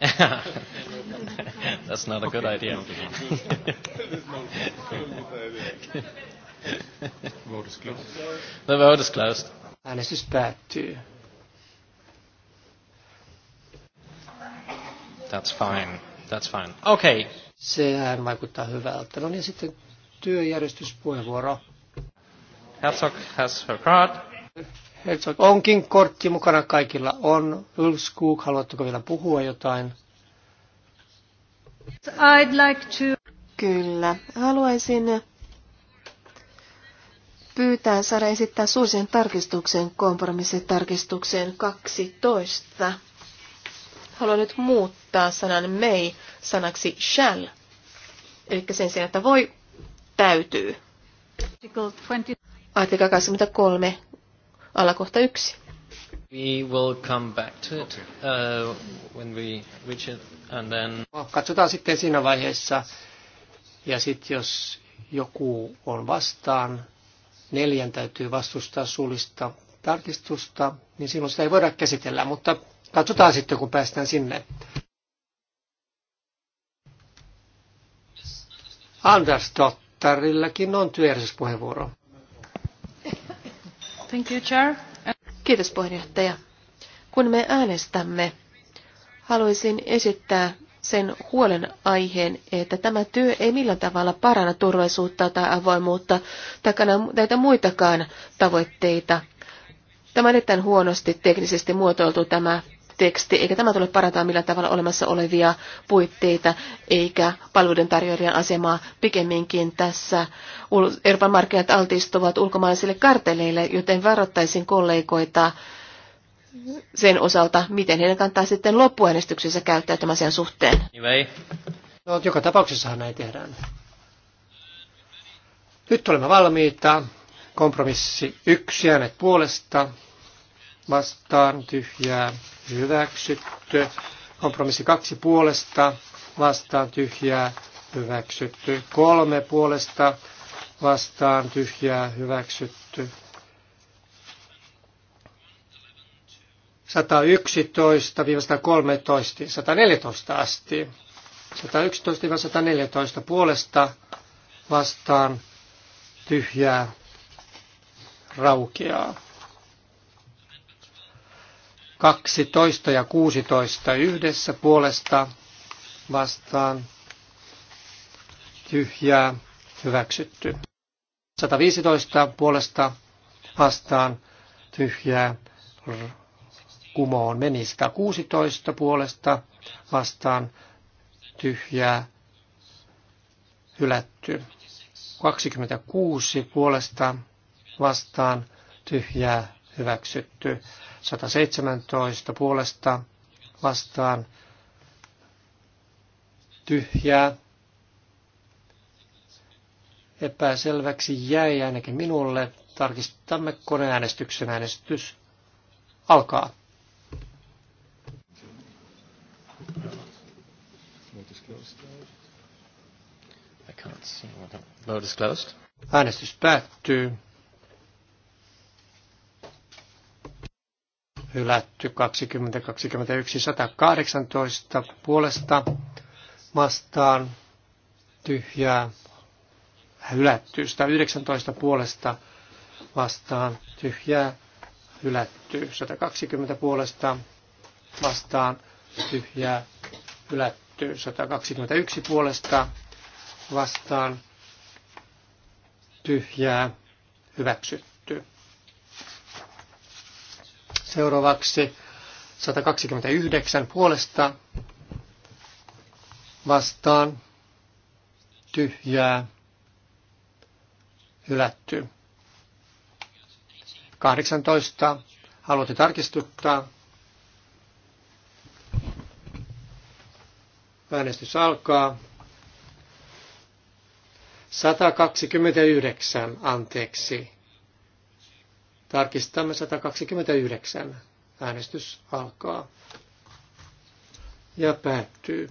That's not a okay, good idea. Vote is closed. The vote is closed. too. That's fine. That's fine. Okay. Sehän vaikuttaa hyvältä. No niin, sitten työjärjestyspuheenvuoro. Herzog has her card. Herzog, onkin kortti mukana kaikilla on. Ulskuk, haluatteko vielä puhua jotain? I'd like to... Kyllä. Haluaisin pyytää saada esittää suosien tarkistuksen kompromissitarkistukseen 12. Haluan nyt muuttaa sanan may sanaksi shall. Eli sen sijaan, että voi täytyy. Artikla 23 alakohta yksi. We will come back to it uh, when we reach it and then... No, katsotaan sitten siinä vaiheessa. Ja sitten jos joku on vastaan, neljän täytyy vastustaa suullista tarkistusta, niin silloin sitä ei voida käsitellä, mutta katsotaan sitten, kun päästään sinne. Anders Dottarillakin on työjärjestyspuheenvuoro. Thank you, Chair. Kiitos puheenjohtaja. Kun me äänestämme, haluaisin esittää sen huolen aiheen, että tämä työ ei millään tavalla paranna turvallisuutta tai avoimuutta takana näitä muitakaan tavoitteita. Tämä on erittäin huonosti teknisesti muotoiltu tämä teksti, eikä tämä tule parantaa millään tavalla olemassa olevia puitteita eikä palveluiden tarjoajien asemaa. Pikemminkin tässä Euroopan markkinat altistuvat ulkomaisille karteleille, joten varoittaisin kollegoita sen osalta, miten heidän kantaa sitten loppuäänestyksessä käyttää tämän asian suhteen. Anyway. No, joka tapauksessahan näin tehdään. Nyt olemme valmiita. Kompromissi yksi äänet puolesta vastaan tyhjää hyväksytty. Kompromissi kaksi puolesta vastaan tyhjää hyväksytty. Kolme puolesta vastaan tyhjää hyväksytty. 111-113, 114 asti. 111-114 puolesta vastaan tyhjää raukeaa. 12 ja 16 yhdessä puolesta vastaan tyhjää hyväksytty. 115 puolesta vastaan tyhjää kumoon meni 116 puolesta vastaan tyhjää hylätty. 26 puolesta vastaan tyhjää hyväksytty. 117 puolesta vastaan tyhjää. Epäselväksi jäi ainakin minulle. Tarkistamme koneäänestyksen äänestys. Alkaa. Äänestys päättyy. hylätty 2021 118 puolesta vastaan tyhjää hylätty 119 puolesta vastaan tyhjää hylätty 120 puolesta vastaan tyhjää hylätty 121 puolesta vastaan tyhjää hyväksytty Seuraavaksi 129 puolesta vastaan tyhjää hylätty. 18. Haluatte tarkistuttaa? Äänestys alkaa. 129, anteeksi. Tarkistamme 129. Äänestys alkaa ja päättyy.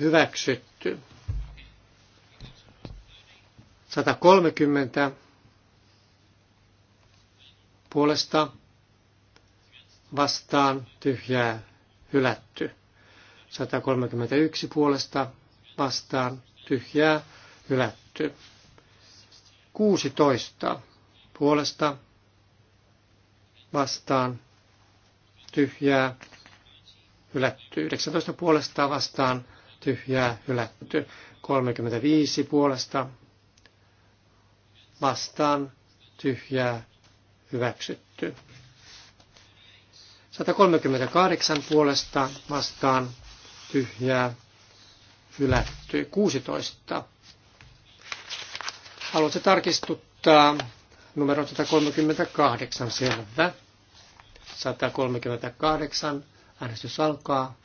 Hyväksytty. 130 puolesta vastaan tyhjää hylätty. 131 puolesta vastaan tyhjää hylätty. 16 puolesta vastaan tyhjää hylätty. 19 puolesta vastaan tyhjää hylätty. 35 puolesta vastaan tyhjää hyväksytty. 138 puolesta vastaan tyhjää hylätty. 16 Haluatko tarkistuttaa numero 138, selvä. 138, äänestys alkaa.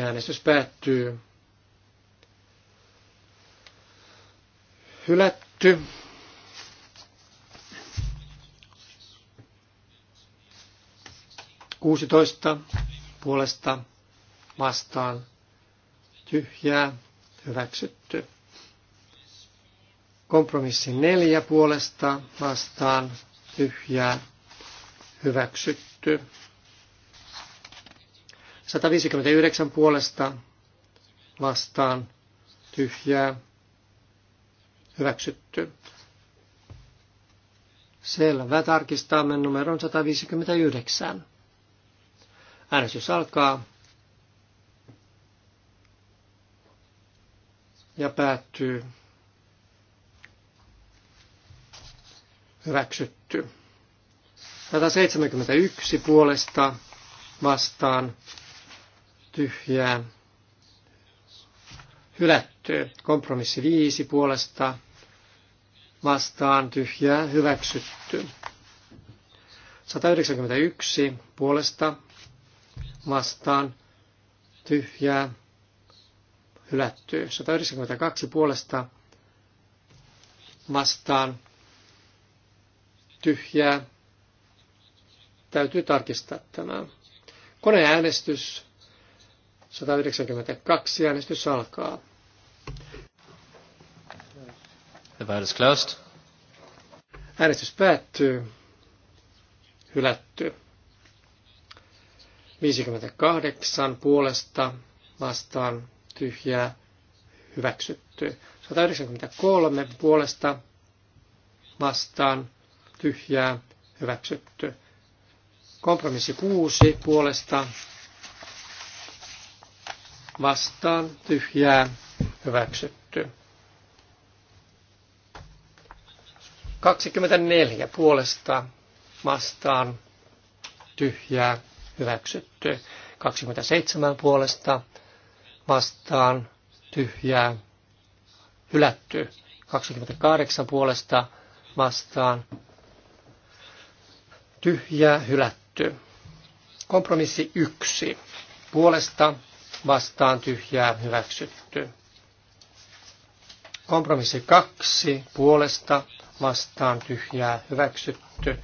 Äänestys päättyy. hylätty. Kuusitoista puolesta vastaan tyhjää hyväksytty. Kompromissi neljä puolesta vastaan tyhjää hyväksytty. 159 puolesta vastaan tyhjää hyväksytty. Selvä. Tarkistamme numeron 159. Äänestys alkaa. Ja päättyy. Hyväksytty. 171 puolesta vastaan tyhjää. Hylätty. Kompromissi 5 puolesta vastaan tyhjää hyväksytty. 191 puolesta vastaan tyhjää hylätty. 192 puolesta vastaan tyhjää. Täytyy tarkistaa tämä. Koneäänestys 192 äänestys alkaa. The vote is closed. Äänestys päättyy. Hylätty. 58 puolesta vastaan tyhjää hyväksytty. 193 puolesta vastaan tyhjää hyväksytty. Kompromissi 6 puolesta vastaan tyhjää hyväksytty. 24 puolesta vastaan tyhjää hyväksytty. 27 puolesta vastaan tyhjää hylätty. 28 puolesta vastaan tyhjää hylätty. Kompromissi 1 puolesta vastaan tyhjää hyväksytty. Kompromissi 2 puolesta vastaan tyhjää hyväksytty.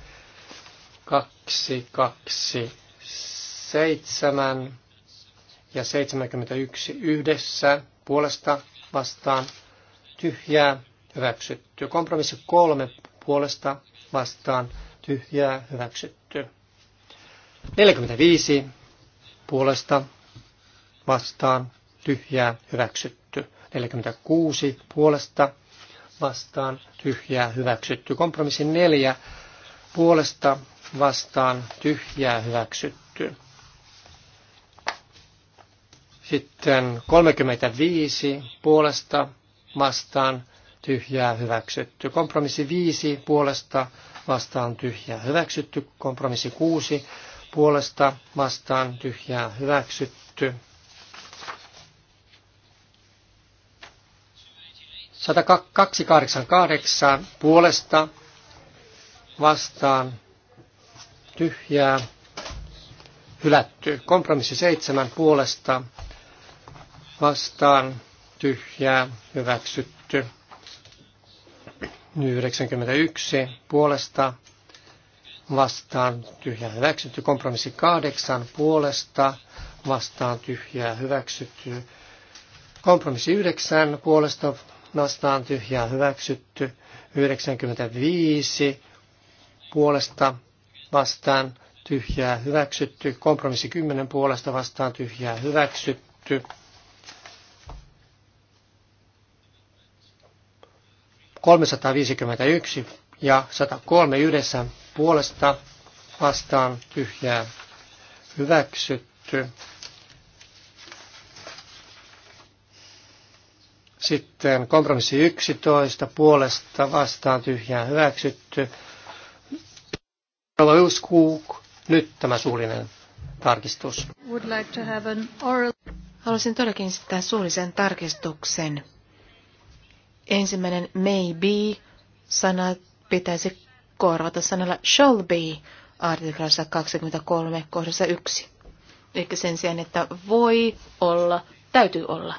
2, 2, 7 ja 71 yhdessä puolesta vastaan tyhjää hyväksytty. Kompromissi 3 puolesta vastaan tyhjää hyväksytty. 45 puolesta vastaan tyhjää hyväksytty. 46 puolesta vastaan tyhjää hyväksytty. Kompromissi neljä puolesta vastaan tyhjää hyväksytty. Sitten 35 puolesta vastaan tyhjää hyväksytty. Kompromissi 5 puolesta vastaan tyhjää hyväksytty. Kompromissi 6 puolesta vastaan tyhjää hyväksytty. 10288 puolesta vastaan tyhjää hylätty. Kompromissi 7 puolesta vastaan tyhjää hyväksytty. 91 puolesta vastaan tyhjää hyväksytty. Kompromissi 8 puolesta vastaan tyhjää hyväksytty. Kompromissi 9 puolesta vastaan tyhjää hyväksytty. 95 puolesta vastaan tyhjää hyväksytty. Kompromissi 10 puolesta vastaan tyhjää hyväksytty. yksi ja 103 yhdessä puolesta vastaan tyhjää hyväksytty. Sitten kompromissi 11 puolesta vastaan tyhjään hyväksytty. nyt tämä suullinen tarkistus. Would like to have an oral... Haluaisin todellakin esittää suullisen tarkistuksen. Ensimmäinen maybe sana pitäisi korvata sanalla shall be artiklassa 23 kohdassa 1. Eli sen sijaan, että voi olla, täytyy olla.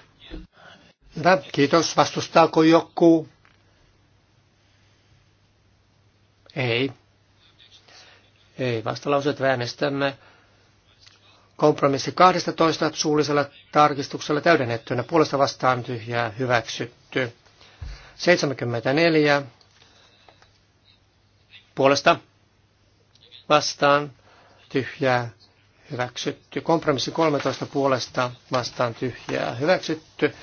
Hyvä, kiitos. Vastustaako joku? Ei. Ei, vastalauseet äänestämme kompromissi 12 suullisella tarkistuksella täydennettynä puolesta vastaan tyhjää hyväksytty. 74 puolesta vastaan tyhjää hyväksytty. Kompromissi 13 puolesta vastaan tyhjää hyväksytty.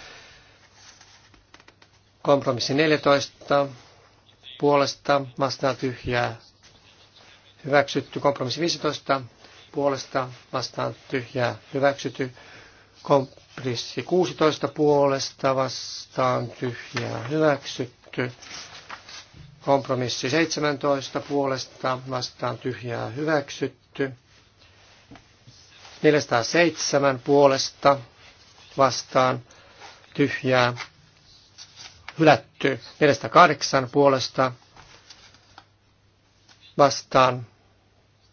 Kompromissi 14 puolesta vastaan tyhjää hyväksytty. Kompromissi 15 puolesta vastaan tyhjää hyväksytty. Kompromissi 16 puolesta vastaan tyhjää hyväksytty. Kompromissi 17 puolesta vastaan tyhjää hyväksytty. 407 puolesta vastaan tyhjää hylätty 48 puolesta vastaan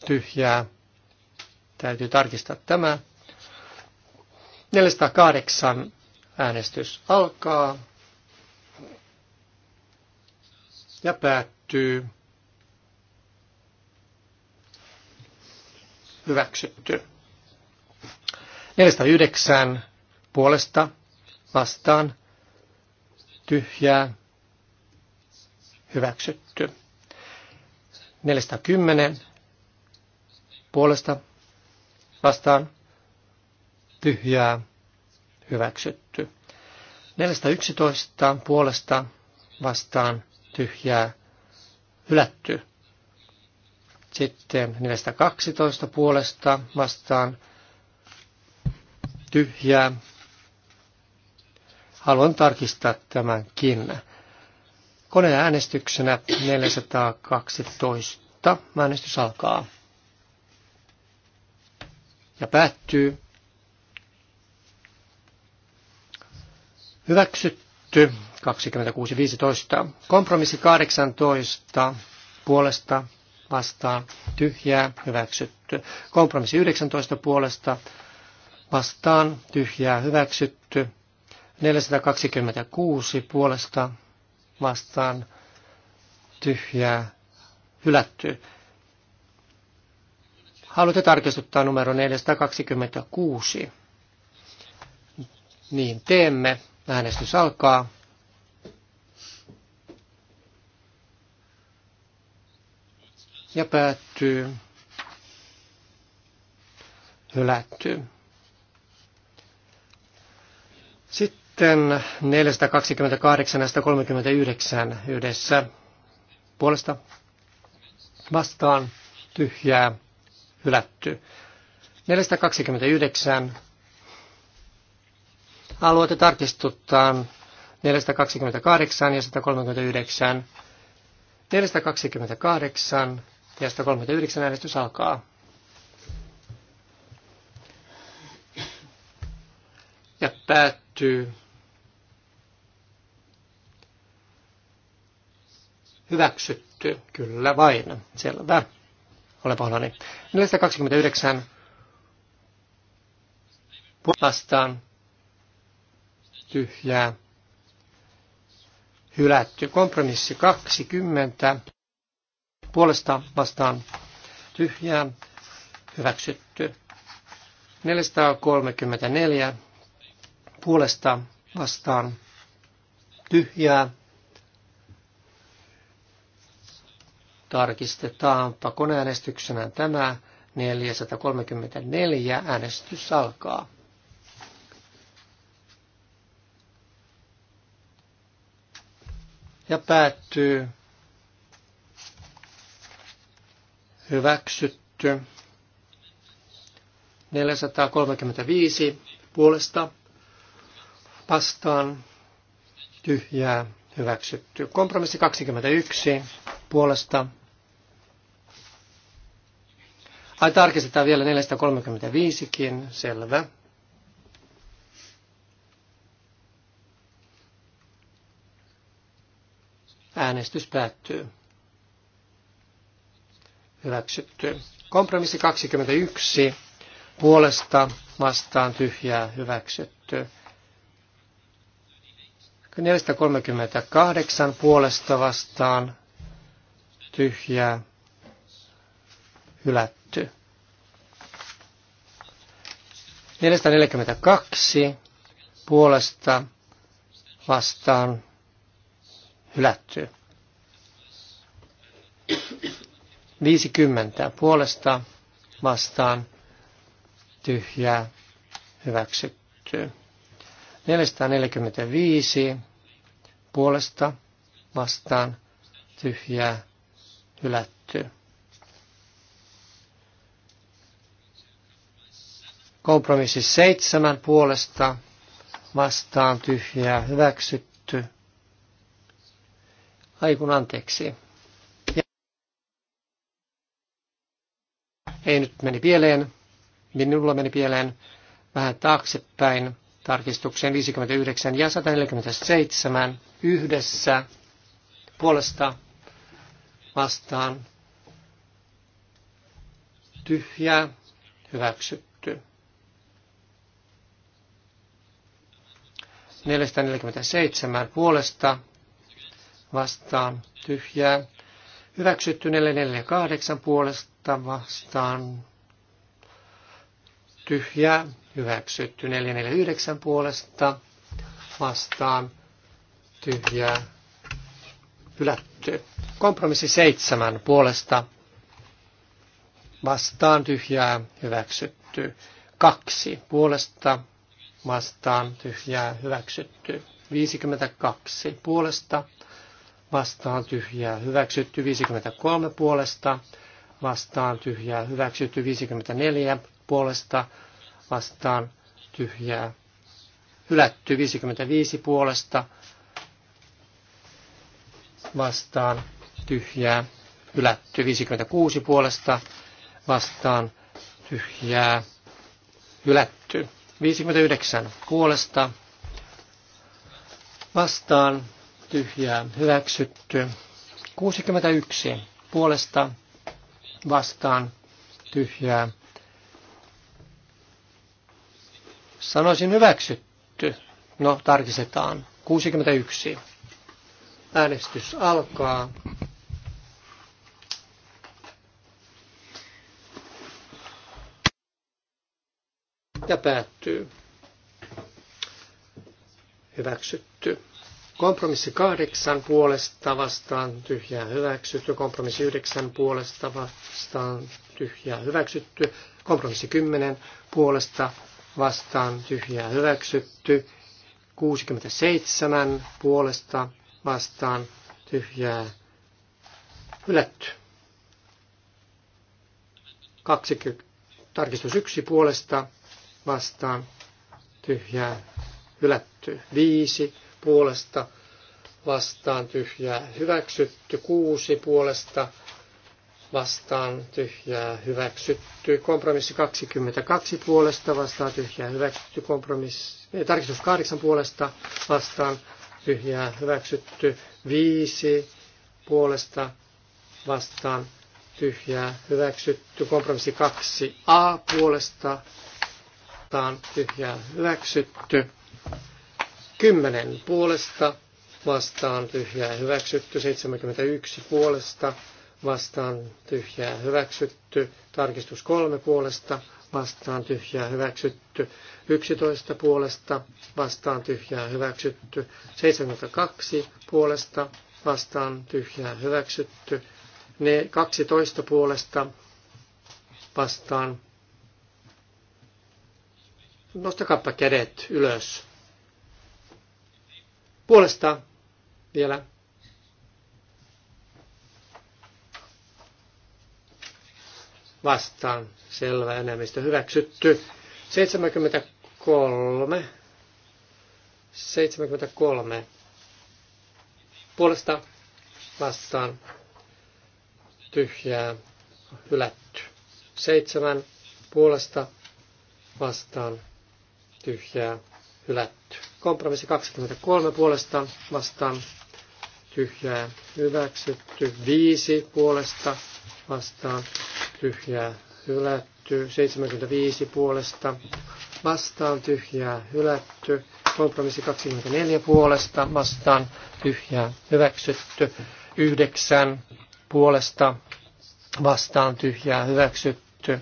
tyhjää. Täytyy tarkistaa tämä. 408 äänestys alkaa ja päättyy. Hyväksytty. 409 puolesta vastaan tyhjää, hyväksytty. 410 puolesta vastaan tyhjää, hyväksytty. 411 puolesta vastaan tyhjää, hylätty. Sitten 412 puolesta vastaan tyhjää, Haluan tarkistaa tämänkin. Koneäänestyksenä 412. Äänestys alkaa. Ja päättyy. Hyväksytty 26.15. Kompromissi 18 puolesta vastaan tyhjää hyväksytty. Kompromissi 19 puolesta vastaan tyhjää hyväksytty. 426 puolesta vastaan tyhjää hylätty. Haluatte tarkistuttaa numero 426. Niin teemme. Äänestys alkaa. Ja päättyy. Hylätty. Sitten sitten 428 39 139 yhdessä puolesta vastaan tyhjää hylätty. 429 alueita tarkistuttaan 428 ja 139. 428 ja 139 äänestys alkaa. Ja päättyy. Hyväksytty. Kyllä vain. Selvä. Ole pahoillani. 429 vastaan tyhjää. Hylätty. Kompromissi 20. Puolesta vastaan tyhjää. Hyväksytty. 434. Puolesta vastaan tyhjää Tarkistetaanpa koneäänestyksenä tämä 434 äänestys alkaa. Ja päättyy hyväksytty 435 puolesta vastaan tyhjää hyväksytty. Kompromissi 21 puolesta. Ai tarkistetaan vielä 435kin, selvä. Äänestys päättyy. Hyväksytty. Kompromissi 21. Puolesta vastaan tyhjää hyväksytty. 438 puolesta vastaan tyhjää hylätty. 442 puolesta vastaan hylätty. 50 puolesta vastaan tyhjää hyväksytty. 445 puolesta vastaan tyhjää hylätty. Kompromissi seitsemän puolesta vastaan tyhjää hyväksytty. Aikun anteeksi. Ja Ei nyt meni pieleen. Minulla meni pieleen vähän taaksepäin tarkistukseen 59 ja 147 yhdessä puolesta vastaan tyhjää hyväksytty. 447 puolesta vastaan tyhjää hyväksytty 448 puolesta vastaan tyhjää hyväksytty 449 puolesta vastaan tyhjää hylätty. Kompromissi seitsemän puolesta vastaan tyhjää hyväksytty. Kaksi puolesta vastaan tyhjää hyväksytty. 52 puolesta vastaan tyhjää hyväksytty. 53 puolesta vastaan tyhjää hyväksytty. 54 puolesta vastaan tyhjää hylätty. 55 puolesta vastaan tyhjää, hylätty 56 puolesta vastaan tyhjää, hylätty 59 puolesta vastaan tyhjää, hyväksytty 61 puolesta vastaan tyhjää. Sanoisin hyväksytty. No, tarkistetaan. 61. Äänestys alkaa. ja päättyy. Hyväksytty. Kompromissi kahdeksan puolesta vastaan tyhjää hyväksytty. Kompromissi yhdeksän puolesta vastaan tyhjää hyväksytty. Kompromissi kymmenen puolesta vastaan tyhjää hyväksytty. 67 puolesta vastaan tyhjää hylätty. 20, tarkistus 1 puolesta vastaan tyhjää hylätty. Viisi puolesta vastaan tyhjää hyväksytty. Kuusi puolesta vastaan tyhjää hyväksytty. Kompromissi 22 puolesta vastaan tyhjää hyväksytty. Kompromissi, tarkistus 8 puolesta vastaan tyhjää hyväksytty. viisi puolesta vastaan tyhjää hyväksytty. Kompromissi 2a puolesta vastaan tyhjää hyväksytty. kymmenen puolesta vastaan tyhjää hyväksytty. 71 puolesta vastaan tyhjää hyväksytty. Tarkistus kolme puolesta vastaan tyhjää hyväksytty. 11 puolesta vastaan tyhjää hyväksytty. 72 puolesta vastaan tyhjää hyväksytty. Ne 12 puolesta vastaan nostakaapa kädet ylös. Puolesta vielä. Vastaan. Selvä enemmistö hyväksytty. 73. 73. Puolesta vastaan tyhjää hylätty. Seitsemän puolesta vastaan tyhjää hylätty. Kompromissi 23 puolesta vastaan tyhjää hyväksytty. 5 puolesta vastaan tyhjää hylätty. 75 puolesta vastaan tyhjää hylätty. Kompromissi 24 puolesta vastaan tyhjää hyväksytty. 9 puolesta vastaan tyhjää hyväksytty.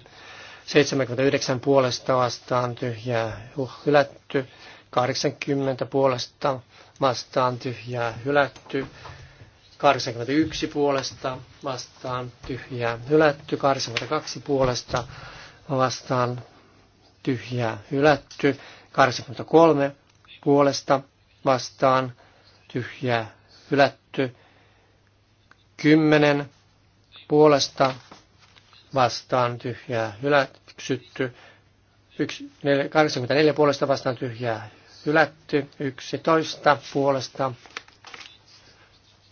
79 puolesta vastaan tyhjää hylätty, 80 puolesta vastaan tyhjää hylätty, 81 puolesta vastaan tyhjää hylätty, 82 puolesta vastaan tyhjää hylätty, 83 puolesta vastaan tyhjää hylätty, 10 puolesta vastaan tyhjää hylätty, 84 puolesta vastaan tyhjää hylätty, 11 puolesta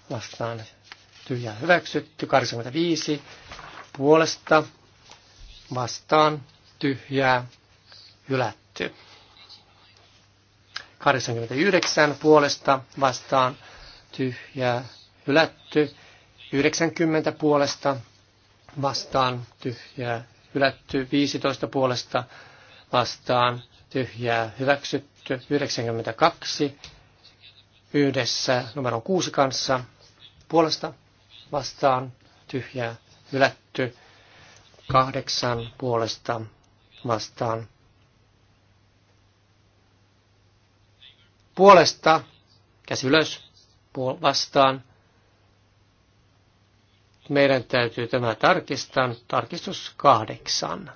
vastaan tyhjää hyväksytty, 85 puolesta vastaan tyhjää hylätty. 89 puolesta vastaan tyhjää hylätty, 90 puolesta vastaan tyhjää, hylätty 15 puolesta vastaan tyhjää, hyväksytty 92 yhdessä numero 6 kanssa puolesta vastaan tyhjää, hylätty kahdeksan puolesta vastaan. Puolesta, käsi ylös, puol- vastaan, meidän täytyy tämä tarkistaa. Tarkistus kahdeksan.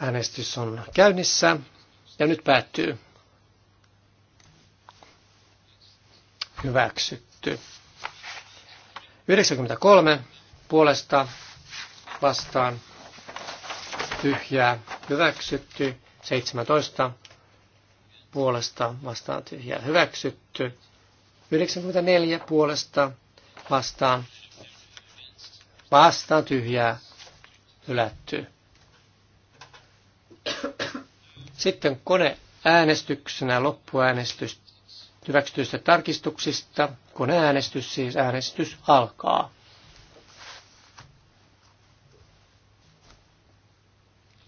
Äänestys on käynnissä ja nyt päättyy. Hyväksytty. 93 puolesta vastaan tyhjää hyväksytty. 17 puolesta vastaan tyhjää hyväksytty. 94 puolesta vastaan vastaan tyhjää hylätty. Sitten kone äänestyksenä loppuäänestys hyväksytyistä tarkistuksista. Koneäänestys siis äänestys alkaa.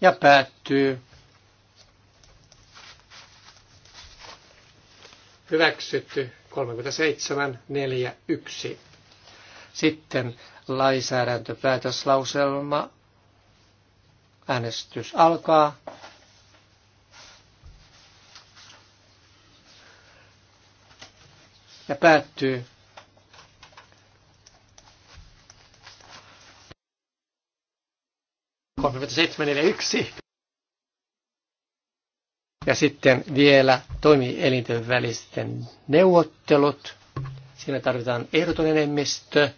Ja päättyy hyväksytty 37, 4, 1. Sitten lainsäädäntöpäätöslauselma. Äänestys alkaa. Ja päättyy. yksi. Ja sitten vielä toimielinten välisten neuvottelut. Siinä tarvitaan ehdoton enemmistö.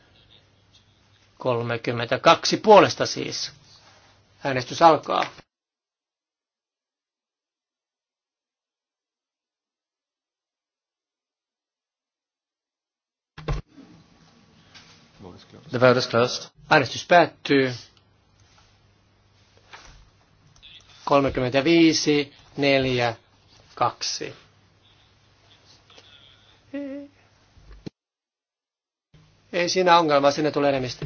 32 puolesta siis. Äänestys alkaa. The vote is closed. Äänestys päättyy. 35 neljä, kaksi. Ei siinä ongelmaa, sinne tulee enemmistö.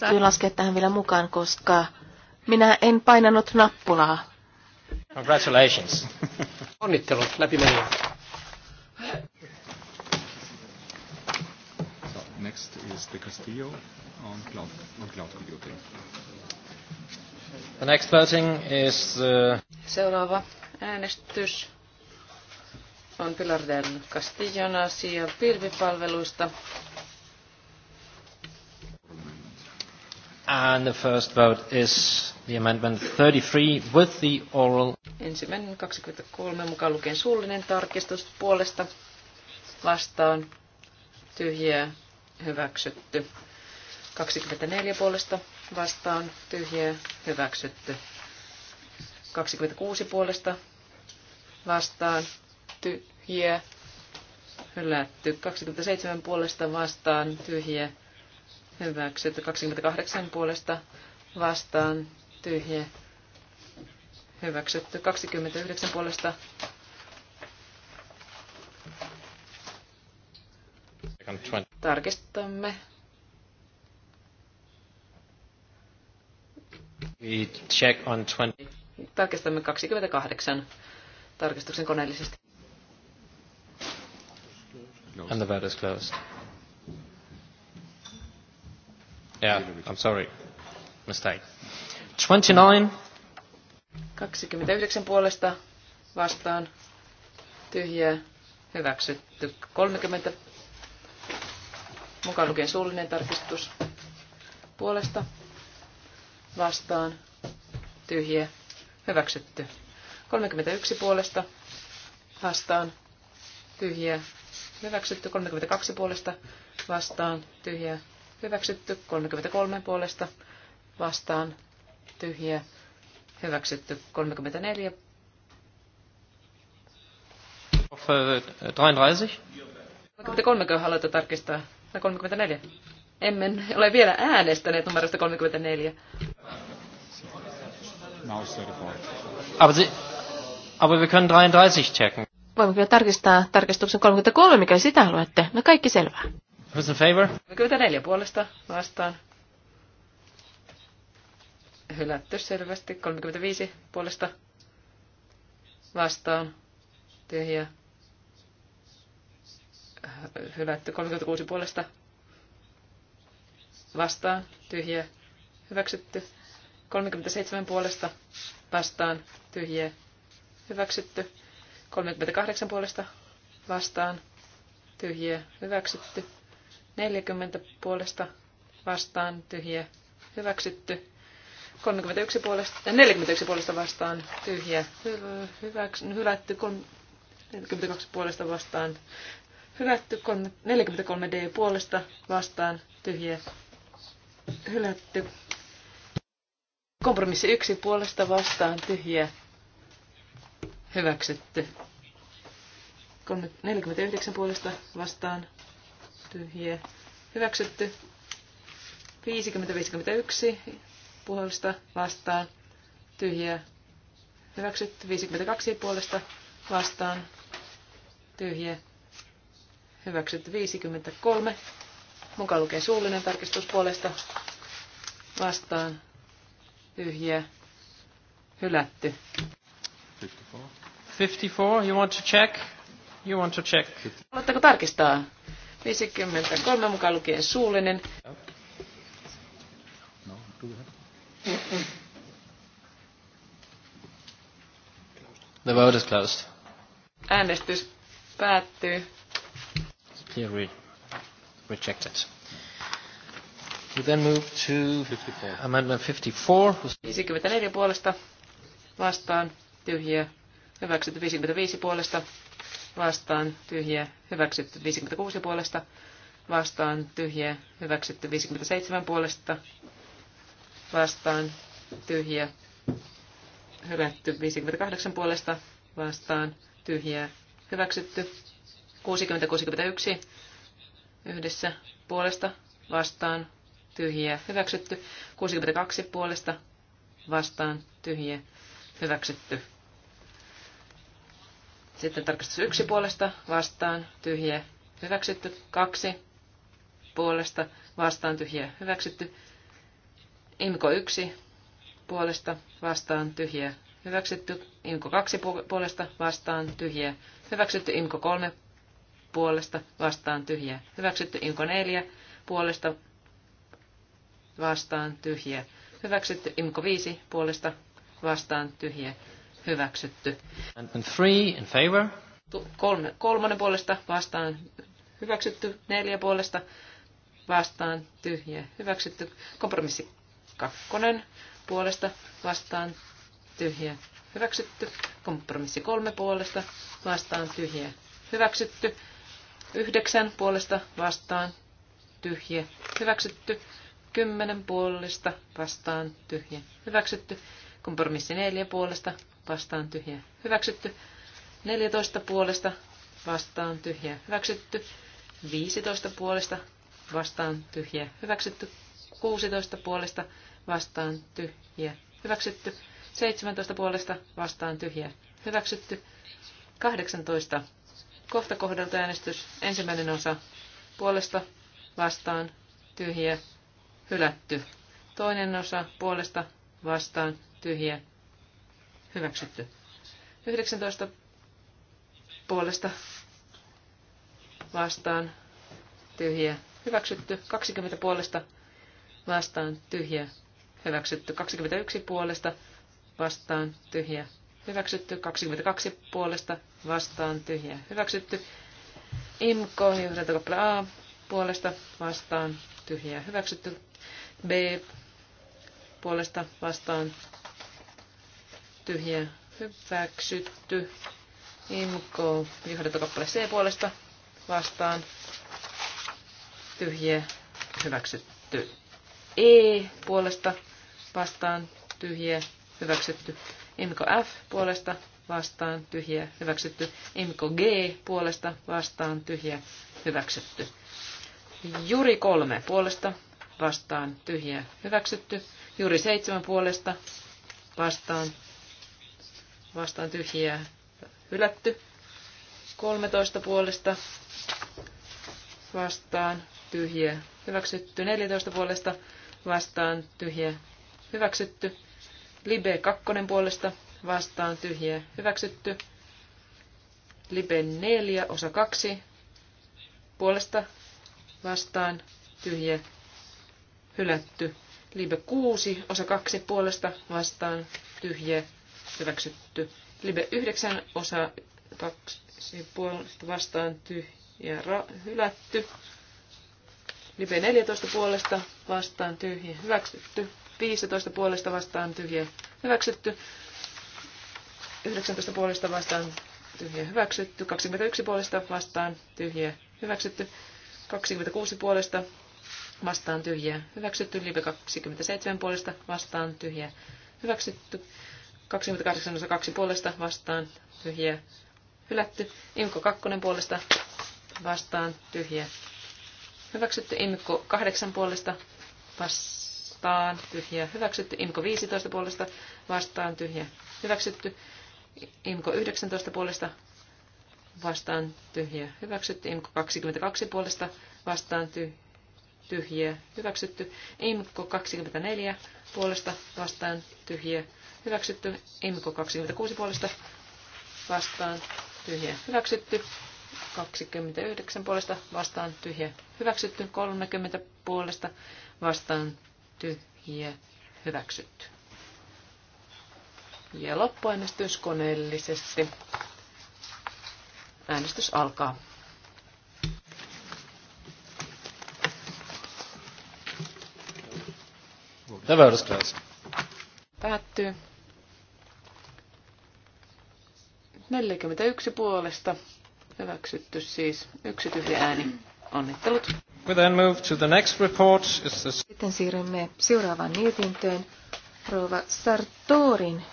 Täytyy laskea tähän vielä mukaan, koska minä en painanut nappulaa. Congratulations. Onnittelut, läpi meni. So, next is the Castillo on cloud, on cloud computing. The next voting is... Uh... Seuraava Äänestys on Pilar del Castillon asia pilvipalveluista. And the first vote is the amendment 33 with the oral. Ensimmäinen 23 mukaan lukien suullinen tarkistus puolesta vastaan tyhjää hyväksytty. 24 puolesta vastaan tyhjää hyväksytty. 26 puolesta vastaan tyhjiä hylätty. 27 puolesta vastaan tyhjiä hyväksytty. 28 puolesta vastaan tyhjiä hyväksytty. 29 puolesta tarkistamme. We check on 20. Tarkistamme 28 tarkistuksen koneellisesti. And the vote is closed. Yeah, I'm sorry. Mistake. 29. 29 puolesta vastaan. Tyhjää. Hyväksytty. 30. Mukaan lukien suullinen tarkistus. Puolesta. Vastaan. Tyhjä. Hyväksytty. 31 puolesta vastaan tyhjiä hyväksytty. 32 puolesta vastaan tyhjiä hyväksytty. 33 puolesta vastaan tyhjiä hyväksytty. 34 auf 33. Äh, 33 haluatte tarkistaa? 34? No, Emme ole vielä äänestäneet numerosta 34. Aber Sie, Aber wir können 33 checken. Voimme kyllä tarkistaa tarkistuksen 33, mikä sitä haluatte. No kaikki selvää. Who's in favor? 34 puolesta vastaan. Hylätty selvästi. 35 puolesta vastaan. Tyhjä. Hylätty 36 puolesta vastaan. Tyhjä. Hyväksytty. 37 puolesta vastaan. Tyhjä hyväksytty. 38 puolesta vastaan, tyhjiä, hyväksytty. 40 puolesta vastaan, tyhjiä, hyväksytty. 31 puolesta, 41 äh, puolesta vastaan, tyhjiä, hyväks, hylätty. 42 puolesta vastaan, hylätty. 43D puolesta vastaan, tyhjiä, hylätty. Kompromissi yksi puolesta vastaan tyhjä hyväksytty. 49 puolesta vastaan tyhjiä hyväksytty. 50-51 puolesta vastaan tyhjiä hyväksytty. 52 puolesta vastaan tyhjiä hyväksytty. 53 mukaan lukee suullinen tarkistus puolesta vastaan tyhjiä hylätty. Sitten. 54, you want to check? You want to check. Haluatteko tarkistaa? 53 mukaan lukien suullinen. No, The vote is closed. Äänestys päättyy. Clearly rejected. We then move to 54. amendment 54. 54 puolesta vastaan tyhjiä Hyväksytty 55 puolesta vastaan tyhjä. Hyväksytty 56 puolesta vastaan tyhjä. Hyväksytty 57 puolesta vastaan tyhjä, Hylätty 58 puolesta vastaan tyhjä. Hyväksytty 60-61 yhdessä puolesta vastaan tyhjä. Hyväksytty 62 puolesta vastaan tyhjä. Hyväksytty sitten tarkastus yksi puolesta vastaan tyhjä hyväksytty. Kaksi puolesta vastaan tyhjä hyväksytty. Imko yksi puolesta vastaan tyhjä hyväksytty. Imko kaksi puolesta vastaan tyhjä hyväksytty. Imko kolme puolesta vastaan tyhjä hyväksytty. Imko neljä puolesta vastaan tyhjä hyväksytty. Imko viisi puolesta vastaan tyhjä hyväksytty. And three in favor. Kolme, kolmannen puolesta vastaan hyväksytty, neljä puolesta vastaan tyhjä hyväksytty, kompromissi kakkonen puolesta vastaan tyhjä hyväksytty, kompromissi kolme puolesta vastaan tyhjä hyväksytty, yhdeksän puolesta vastaan tyhjä hyväksytty, kymmenen puolesta vastaan tyhjä hyväksytty, kompromissi neljä puolesta vastaan tyhjä hyväksytty. 14 puolesta vastaan tyhjä hyväksytty. 15 puolesta vastaan tyhjä hyväksytty. 16 puolesta vastaan tyhjä hyväksytty. 17 puolesta vastaan tyhjä hyväksytty. 18 kohta kohdalta äänestys ensimmäinen osa puolesta vastaan tyhjä hylätty. Toinen osa puolesta vastaan tyhjä Hyväksytty. 19 puolesta vastaan tyhjä. Hyväksytty. 20 puolesta vastaan tyhjä. Hyväksytty. 21 puolesta vastaan tyhjä. Hyväksytty. 22 puolesta vastaan tyhjä. Hyväksytty. Imko, johdantokappale A, puolesta vastaan tyhjä. Hyväksytty. B, puolesta vastaan tyhjä hyväksytty. Imko johdantokappale C puolesta vastaan tyhjä hyväksytty. E puolesta vastaan tyhjä hyväksytty. Imko F puolesta vastaan tyhjä hyväksytty. Imko G puolesta vastaan tyhjä hyväksytty. Juri kolme puolesta vastaan tyhjä hyväksytty. Juri seitsemän puolesta vastaan vastaan tyhjiä hylätty. 13 puolesta vastaan tyhjiä hyväksytty. 14 puolesta vastaan tyhjiä hyväksytty. Libe 2 puolesta vastaan tyhjiä hyväksytty. Libe 4 osa 2 puolesta vastaan tyhjiä hylätty. Libe 6 osa 2 puolesta vastaan tyhjiä hyväksytty. Libe 9 osa 2 puolesta vastaan tyhjä ra- hylätty. Libe 14 puolesta vastaan tyhjä hyväksytty. 15 puolesta vastaan tyhjä hyväksytty. 19 puolesta vastaan tyhjä hyväksytty. 21 puolesta vastaan tyhjä hyväksytty. 26 puolesta vastaan tyhjä hyväksytty. Libe 27 puolesta vastaan tyhjä hyväksytty. 28.2 puolesta vastaan tyhjä hylätty. Imko 2 puolesta vastaan tyhjä hyväksytty. Imko 8 puolesta vastaan tyhjä hyväksytty. Imko 15 puolesta vastaan tyhjä hyväksytty. Imko 19 puolesta vastaan tyhjä hyväksytty. Imko 22 puolesta vastaan tyhjä tyhjiä hyväksytty. Imko 24 puolesta vastaan tyhjiä hyväksytty. Imko 26 puolesta vastaan tyhjä hyväksytty. 29 puolesta vastaan tyhjä hyväksytty. 30 puolesta vastaan tyhjä hyväksytty. Ja loppuäänestys koneellisesti. Äänestys alkaa. Tämä on Päättyy. 41 puolesta. Hyväksytty siis. Yksi tyhjä ääni. Onnittelut. We then move to the next report. the... Sitten siirrymme seuraavaan mietintöön. Rova Sartorin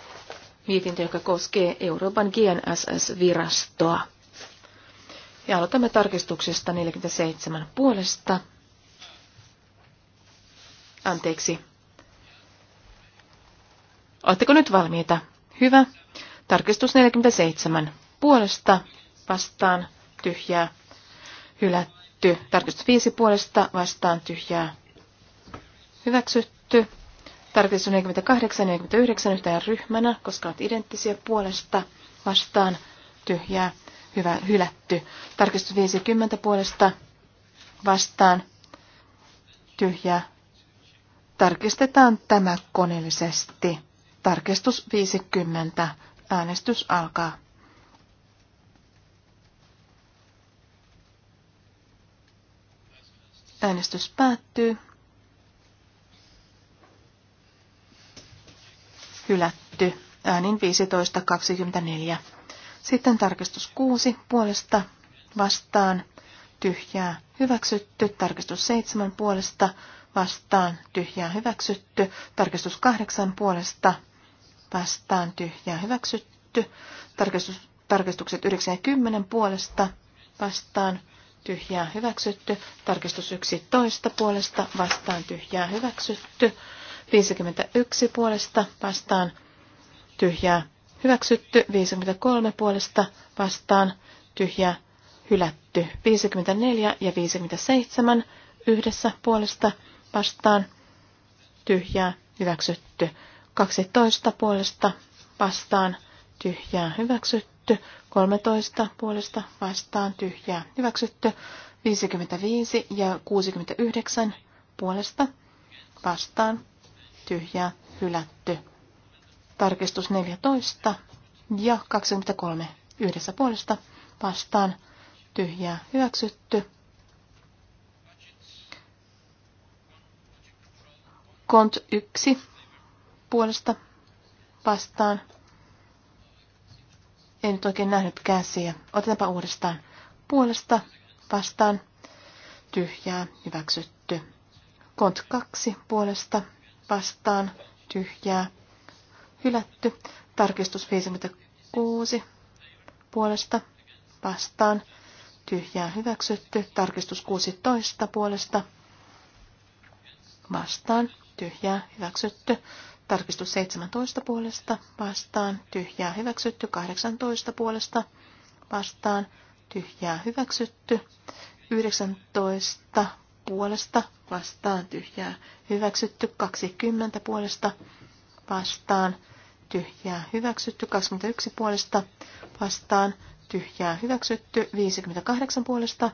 mietintö, joka koskee Euroopan GNSS-virastoa. Ja aloitamme tarkistuksesta 47 puolesta. Anteeksi. Oletteko nyt valmiita? Hyvä. Tarkistus 47. Puolesta vastaan tyhjää hylätty. Tarkistus 5 puolesta vastaan tyhjää hyväksytty. Tarkistus 48 ja 49 yhtään ryhmänä, koska ovat identtisiä puolesta vastaan tyhjää hyvä, hylätty. Tarkistus 50 puolesta vastaan tyhjää. Tarkistetaan tämä koneellisesti. Tarkistus 50. Äänestys alkaa. Äänestys päättyy. Hylätty. Äänin 15.24. Sitten tarkistus 6 puolesta vastaan tyhjää hyväksytty. Tarkistus 7 puolesta vastaan tyhjää hyväksytty. Tarkistus 8 puolesta vastaan tyhjää hyväksytty. Tarkistus, tarkistukset 9 ja 10 puolesta vastaan tyhjää hyväksytty. Tarkistus 11 puolesta vastaan tyhjää hyväksytty. 51 puolesta vastaan tyhjää hyväksytty. 53 puolesta vastaan tyhjää hylätty. 54 ja 57 yhdessä puolesta vastaan tyhjää hyväksytty. 12 puolesta vastaan tyhjää hyväksytty, 13 puolesta vastaan tyhjää hyväksytty, 55 ja 69 puolesta vastaan tyhjää hylätty. Tarkistus 14 ja 23 yhdessä puolesta vastaan tyhjää hyväksytty. Kont 1 puolesta vastaan. En nyt oikein nähnyt käsiä. Otetaanpa uudestaan. Puolesta vastaan. Tyhjää hyväksytty. Kont kaksi puolesta vastaan. Tyhjää hylätty. Tarkistus 56 puolesta vastaan. Tyhjää hyväksytty. Tarkistus 16 puolesta vastaan. Tyhjää hyväksytty. Tarkistus 17 puolesta vastaan, tyhjää hyväksytty. 18 puolesta vastaan, tyhjää hyväksytty. 19 puolesta vastaan, tyhjää hyväksytty. 20 puolesta vastaan, tyhjää hyväksytty. 21 puolesta vastaan, tyhjää hyväksytty. 58 puolesta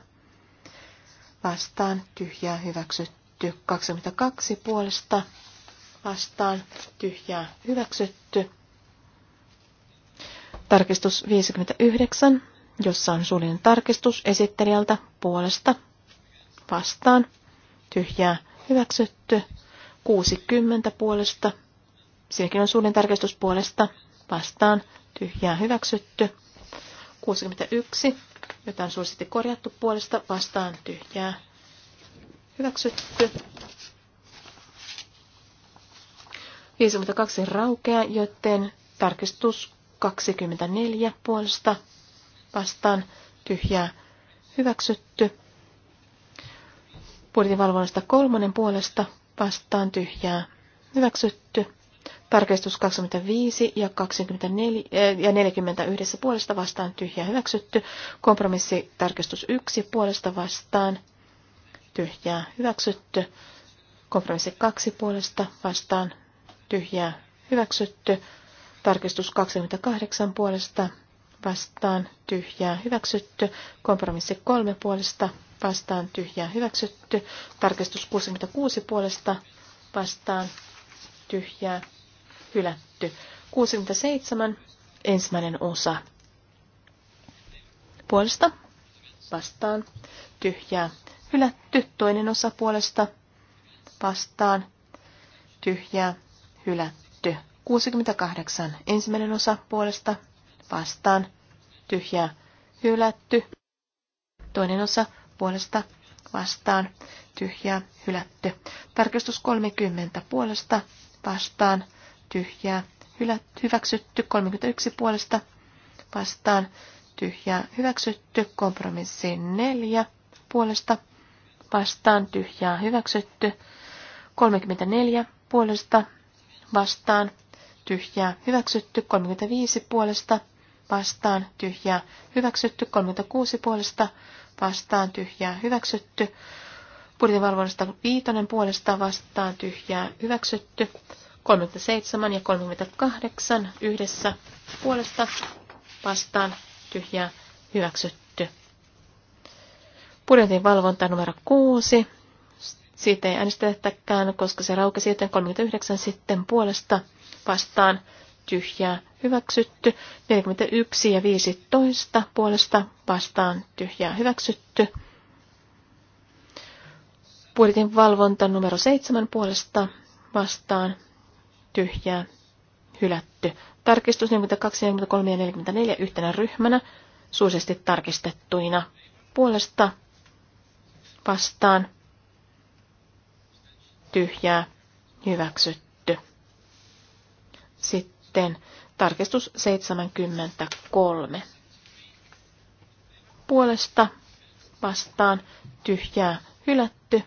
vastaan, tyhjää hyväksytty. 22 puolesta vastaan tyhjää hyväksytty. Tarkistus 59, jossa on suullinen tarkistus esittelijältä puolesta vastaan tyhjää hyväksytty. 60 puolesta, siinäkin on suullinen tarkistus puolesta vastaan tyhjää hyväksytty. 61, jota on suosittu korjattu puolesta vastaan tyhjää hyväksytty. 52 raukea, joten tarkistus 24 puolesta vastaan tyhjää hyväksytty. Budjetinvalvonnasta kolmonen puolesta vastaan tyhjää hyväksytty. Tarkistus 25 ja, 24, eh, ja 41 puolesta vastaan tyhjää hyväksytty. Kompromissi tarkistus 1 puolesta vastaan tyhjää hyväksytty. Kompromissi 2 puolesta vastaan tyhjää hyväksytty. Tarkistus 28 puolesta vastaan tyhjää hyväksytty. Kompromissi 3 puolesta vastaan tyhjää hyväksytty. Tarkistus 66 puolesta vastaan tyhjää hylätty. 67 ensimmäinen osa. Puolesta vastaan tyhjää hylätty. Toinen osa puolesta vastaan tyhjää hylätty. 68. Ensimmäinen osa puolesta vastaan tyhjää hylätty. Toinen osa puolesta vastaan tyhjää hylätty. Tarkistus 30 puolesta vastaan tyhjää Hylätty. hyväksytty. 31 puolesta vastaan tyhjää hyväksytty. Kompromissi 4 puolesta vastaan tyhjää hyväksytty. 34 puolesta vastaan, tyhjää, hyväksytty 35 puolesta, vastaan, tyhjää, hyväksytty 36 puolesta, vastaan, tyhjää, hyväksytty. Budjetinvalvonnasta viitonen puolesta vastaan tyhjää hyväksytty. 37 ja 38 yhdessä puolesta vastaan tyhjää hyväksytty. Budjetin valvonta numero 6 siitä ei äänestetäkään, koska se raukesi, joten 39 sitten puolesta vastaan tyhjää hyväksytty. 41 ja 15 puolesta vastaan tyhjää hyväksytty. Budjetin valvonta numero 7 puolesta vastaan tyhjää hylätty. Tarkistus 42, 43 ja 44 yhtenä ryhmänä suosisesti tarkistettuina puolesta vastaan tyhjää, hyväksytty. Sitten tarkistus 73. Puolesta vastaan tyhjää, hylätty.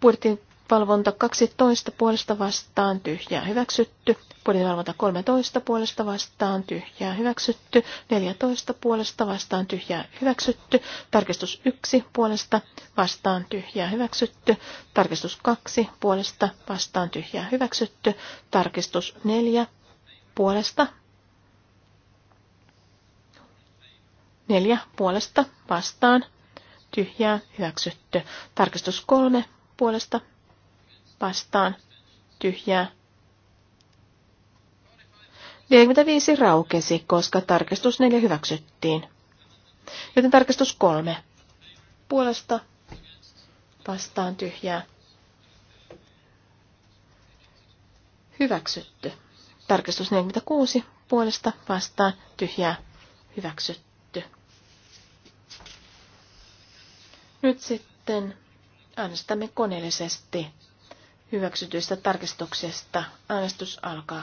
Budjetin Valvonta 12 puolesta vastaan tyhjää hyväksytty. Budjettivalvonta 13 puolesta vastaan tyhjää hyväksytty. 14 puolesta vastaan tyhjää hyväksytty. Tarkistus 1 puolesta vastaan tyhjää hyväksytty. Tarkistus 2 puolesta vastaan tyhjää hyväksytty. Tarkistus 4 puolesta. 4 puolesta vastaan tyhjää hyväksytty. Tarkistus 3 puolesta vastaan tyhjää. 45 raukesi, koska tarkistus 4 hyväksyttiin. Joten tarkistus 3. Puolesta vastaan tyhjää. Hyväksytty. Tarkistus 46. Puolesta vastaan tyhjää. Hyväksytty. Nyt sitten äänestämme koneellisesti hyväksytyistä tarkistuksista. Äänestys alkaa.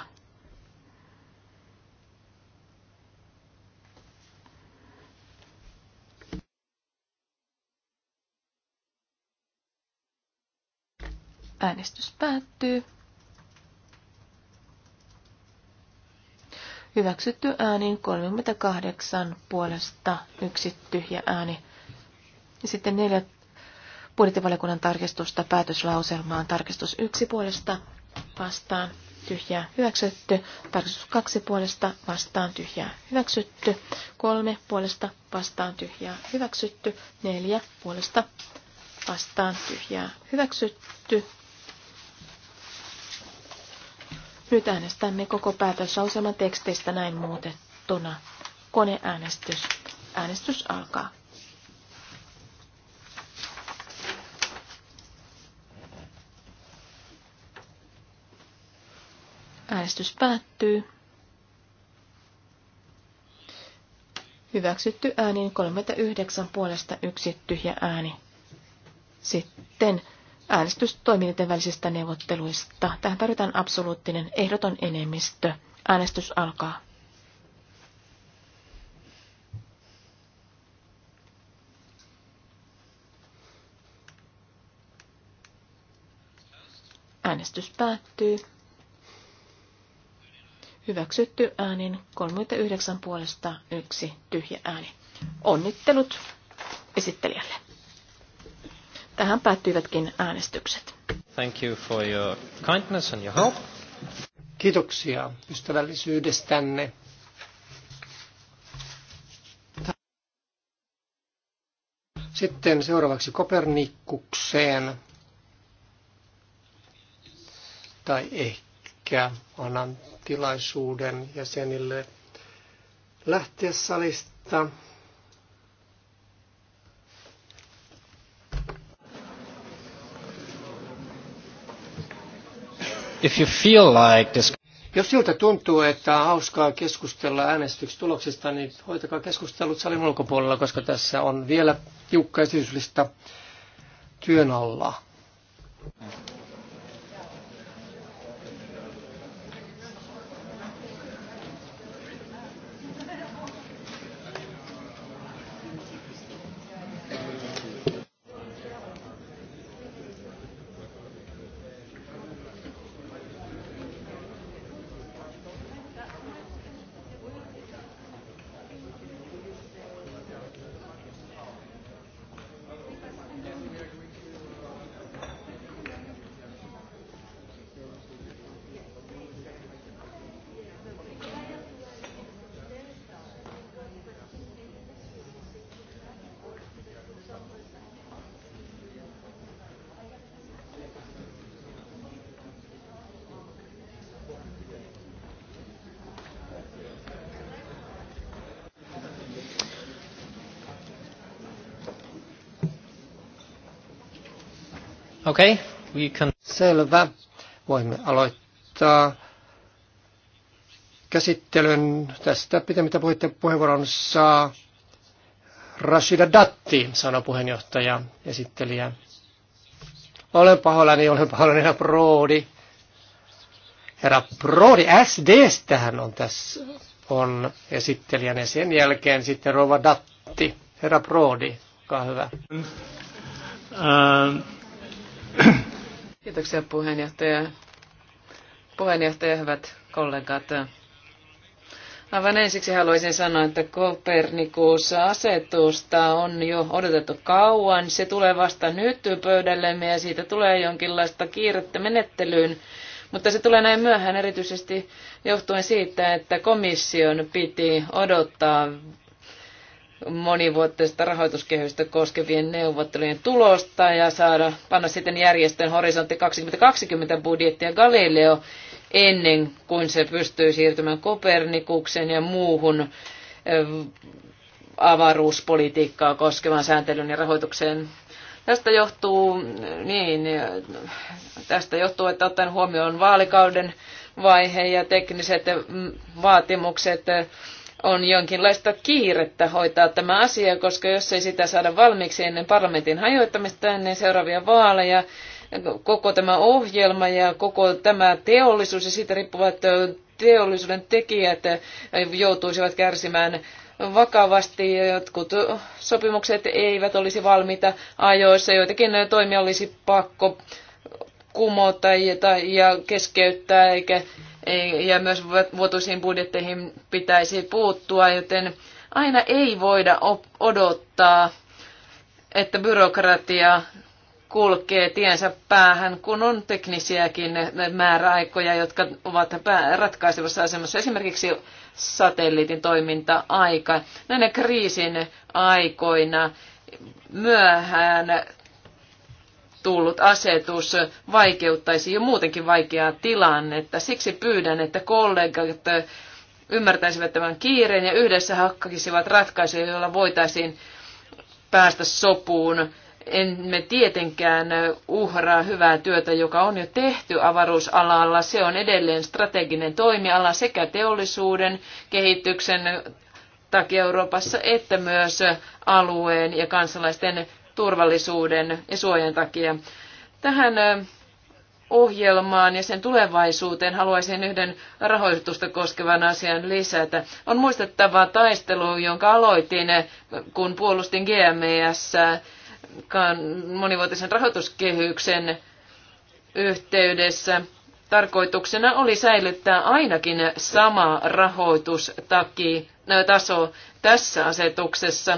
Äänestys päättyy. Hyväksytty äänin 38 puolesta yksi tyhjä ääni. Ja sitten neljä, budjettivaliokunnan tarkistusta päätöslauselmaan. Tarkistus yksi puolesta vastaan tyhjää hyväksytty. Tarkistus kaksi puolesta vastaan tyhjää hyväksytty. Kolme puolesta vastaan tyhjää hyväksytty. Neljä puolesta vastaan tyhjää hyväksytty. Nyt äänestämme koko päätöslauselman teksteistä näin muutettuna. Koneäänestys. Äänestys alkaa. Äänestys päättyy. Hyväksytty ääniin 39 puolesta yksi tyhjä ääni. Sitten äänestys toimijoiden välisistä neuvotteluista. Tähän tarvitaan absoluuttinen ehdoton enemmistö. Äänestys alkaa. Äänestys päättyy. Hyväksytty äänin 39 puolesta yksi tyhjä ääni. Onnittelut esittelijälle. Tähän päättyivätkin äänestykset. Thank you for your kindness and your help. Kiitoksia ystävällisyydestänne. Sitten seuraavaksi Kopernikukseen. Tai ehkä Elikkä annan tilaisuuden jäsenille lähteä salista. If you feel like this... Jos siltä tuntuu, että on hauskaa keskustella äänestystuloksista, niin hoitakaa keskustelut salin ulkopuolella, koska tässä on vielä tiukka esityslista työn alla. Mm. Okay, we can... Selvä. Voimme aloittaa käsittelyn tästä pitemmittä puhuitte puheenvuoron saa Rashida Datti, sanoi puheenjohtaja, esittelijä. Olen pahoillani, olen pahoillani, herra Brody. Herra Brody, SD hän on tässä, on esittelijän ja sen jälkeen sitten Rova Datti. Herra Brody, olkaa hyvä. Uh, Kiitoksia puheenjohtaja. Puheenjohtaja, hyvät kollegat. Aivan ensiksi haluaisin sanoa, että Kopernikus-asetusta on jo odotettu kauan. Se tulee vasta nyt pöydällemme ja siitä tulee jonkinlaista kiirettä menettelyyn. Mutta se tulee näin myöhään erityisesti johtuen siitä, että komission piti odottaa monivuotteista rahoituskehystä koskevien neuvottelujen tulosta ja saada panna sitten järjestön horisontti 2020 budjettia Galileo ennen kuin se pystyy siirtymään Kopernikuksen ja muuhun avaruuspolitiikkaa koskevan sääntelyn ja rahoitukseen. Tästä johtuu, niin, tästä johtuu, että ottaen huomioon vaalikauden vaihe ja tekniset mm, vaatimukset, on jonkinlaista kiirettä hoitaa tämä asia, koska jos ei sitä saada valmiiksi ennen parlamentin hajoittamista, ennen seuraavia vaaleja, koko tämä ohjelma ja koko tämä teollisuus ja siitä riippuvat teollisuuden tekijät joutuisivat kärsimään vakavasti ja jotkut sopimukset eivät olisi valmiita ajoissa, joitakin toimia olisi pakko kumota ja keskeyttää eikä ja myös vuotuisiin budjetteihin pitäisi puuttua, joten aina ei voida odottaa, että byrokratia kulkee tiensä päähän, kun on teknisiäkin määräaikoja, jotka ovat ratkaisevassa asemassa. Esimerkiksi satelliitin toiminta-aika. Näinä kriisin aikoina myöhään tullut asetus vaikeuttaisi jo muutenkin vaikeaa tilannetta. Siksi pyydän, että kollegat ymmärtäisivät tämän kiireen ja yhdessä hakkakisivat ratkaisuja, joilla voitaisiin päästä sopuun. Emme tietenkään uhraa hyvää työtä, joka on jo tehty avaruusalalla. Se on edelleen strateginen toimiala sekä teollisuuden kehityksen takia Euroopassa että myös alueen ja kansalaisten turvallisuuden ja suojan takia. Tähän ohjelmaan ja sen tulevaisuuteen haluaisin yhden rahoitusta koskevan asian lisätä. On muistettava taistelu, jonka aloitin, kun puolustin GMS monivuotisen rahoituskehyksen yhteydessä. Tarkoituksena oli säilyttää ainakin sama rahoitustaso tässä asetuksessa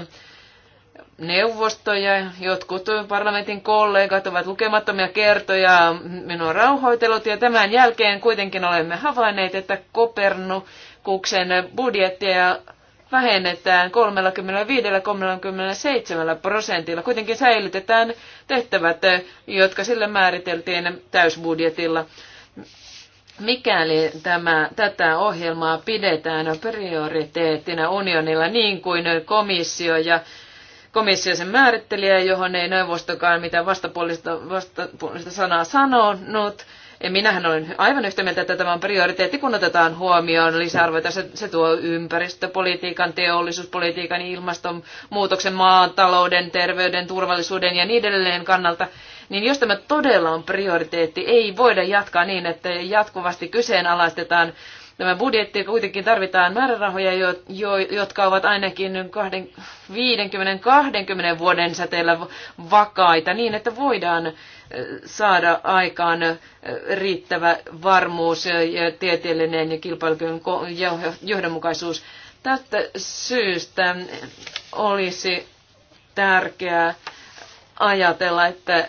neuvostoja. Jotkut parlamentin kollegat ovat lukemattomia kertoja minua rauhoitellut ja tämän jälkeen kuitenkin olemme havainneet, että Kopernukuksen budjettia vähennetään 35-37 prosentilla. Kuitenkin säilytetään tehtävät, jotka sille määriteltiin täysbudjetilla. Mikäli tämä, tätä ohjelmaa pidetään prioriteettina unionilla niin kuin komissio ja komissio sen määrittelijä, johon ei neuvostokaan mitään vastapuolista, vastapuolista sanaa sanonut. Ja minähän olen aivan yhtä mieltä, että tämä on prioriteetti, kun otetaan huomioon lisäarvoita. Se, se tuo ympäristöpolitiikan, teollisuuspolitiikan, ilmastonmuutoksen, maatalouden, terveyden, turvallisuuden ja niin edelleen kannalta. Niin jos tämä todella on prioriteetti, ei voida jatkaa niin, että jatkuvasti kyseenalaistetaan tämä budjetti kuitenkin tarvitaan määrärahoja, jo, jo, jotka ovat ainakin 50-20 vuoden säteellä vakaita niin, että voidaan saada aikaan riittävä varmuus ja tieteellinen ja kilpailukyvyn johdonmukaisuus. Tästä syystä olisi tärkeää ajatella, että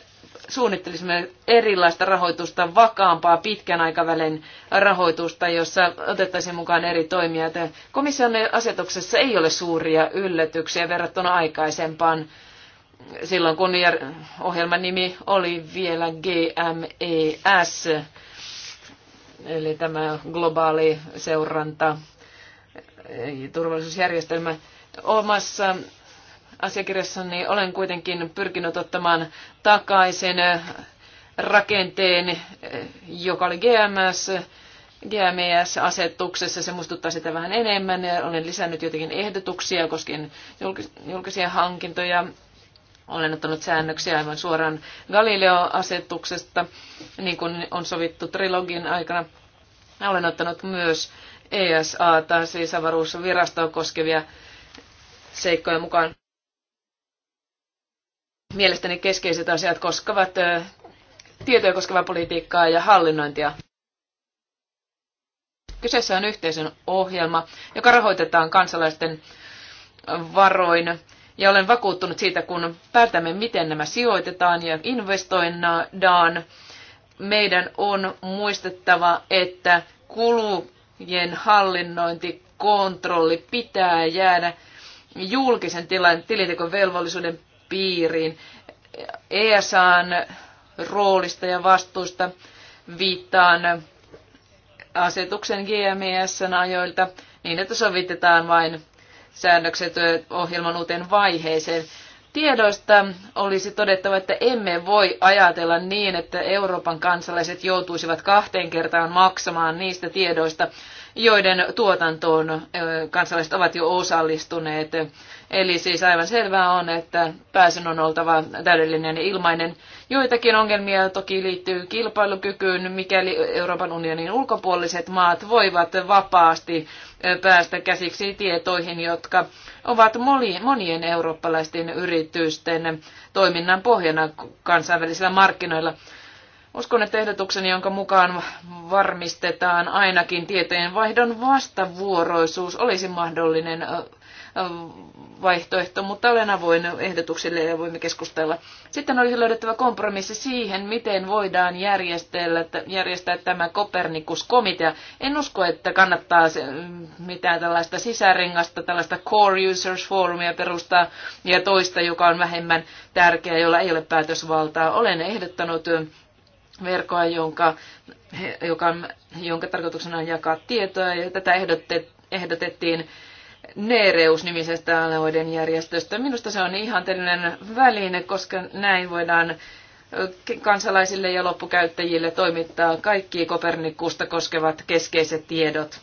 suunnittelisimme erilaista rahoitusta, vakaampaa pitkän aikavälin rahoitusta, jossa otettaisiin mukaan eri toimijat. Komission asetuksessa ei ole suuria yllätyksiä verrattuna aikaisempaan silloin, kun ohjelman nimi oli vielä GMES, eli tämä globaali seuranta turvallisuusjärjestelmä omassa asiakirjassani olen kuitenkin pyrkinyt takaisin rakenteen, joka oli GMS, GMS-asetuksessa. Se muistuttaa sitä vähän enemmän. ja Olen lisännyt jotenkin ehdotuksia koskien julkisia hankintoja. Olen ottanut säännöksiä aivan suoraan Galileo-asetuksesta, niin kuin on sovittu trilogin aikana. Olen ottanut myös ESA, tai siis avaruusvirastoa koskevia seikkoja mukaan. Mielestäni keskeiset asiat koskevat tietoja koskevaa politiikkaa ja hallinnointia. Kyseessä on yhteisön ohjelma, joka rahoitetaan kansalaisten varoin. Ja olen vakuuttunut siitä, kun päätämme, miten nämä sijoitetaan ja investoidaan, meidän on muistettava, että kulujen hallinnointi, kontrolli pitää jäädä julkisen tilan tilintekovelvollisuuden piiriin. ESAn roolista ja vastuusta viittaan asetuksen GMESn ajoilta niin, että sovitetaan vain säännökset ohjelman uuteen vaiheeseen. Tiedoista olisi todettava, että emme voi ajatella niin, että Euroopan kansalaiset joutuisivat kahteen kertaan maksamaan niistä tiedoista, joiden tuotantoon kansalaiset ovat jo osallistuneet. Eli siis aivan selvää on, että pääsyn on oltava täydellinen ja ilmainen. Joitakin ongelmia toki liittyy kilpailukykyyn, mikäli Euroopan unionin ulkopuoliset maat voivat vapaasti päästä käsiksi tietoihin, jotka ovat monien eurooppalaisten yritysten toiminnan pohjana kansainvälisillä markkinoilla. Uskon, että ehdotukseni, jonka mukaan varmistetaan ainakin tietojenvaihdon vastavuoroisuus, olisi mahdollinen vaihtoehto, mutta olen avoin ehdotuksille ja voimme keskustella. Sitten olisi löydettävä kompromissi siihen, miten voidaan järjestellä, järjestää tämä Kopernikus-komitea. En usko, että kannattaa mitään tällaista sisärengasta, tällaista Core Users Forumia perustaa ja toista, joka on vähemmän tärkeä, jolla ei ole päätösvaltaa. Olen ehdottanut verkkoa, jonka, joka jonka tarkoituksena on jakaa tietoa. Ja tätä ehdotettiin Nereus-nimisestä alueiden järjestöstä. Minusta se on ihanteellinen väline, koska näin voidaan kansalaisille ja loppukäyttäjille toimittaa kaikki Kopernikusta koskevat keskeiset tiedot.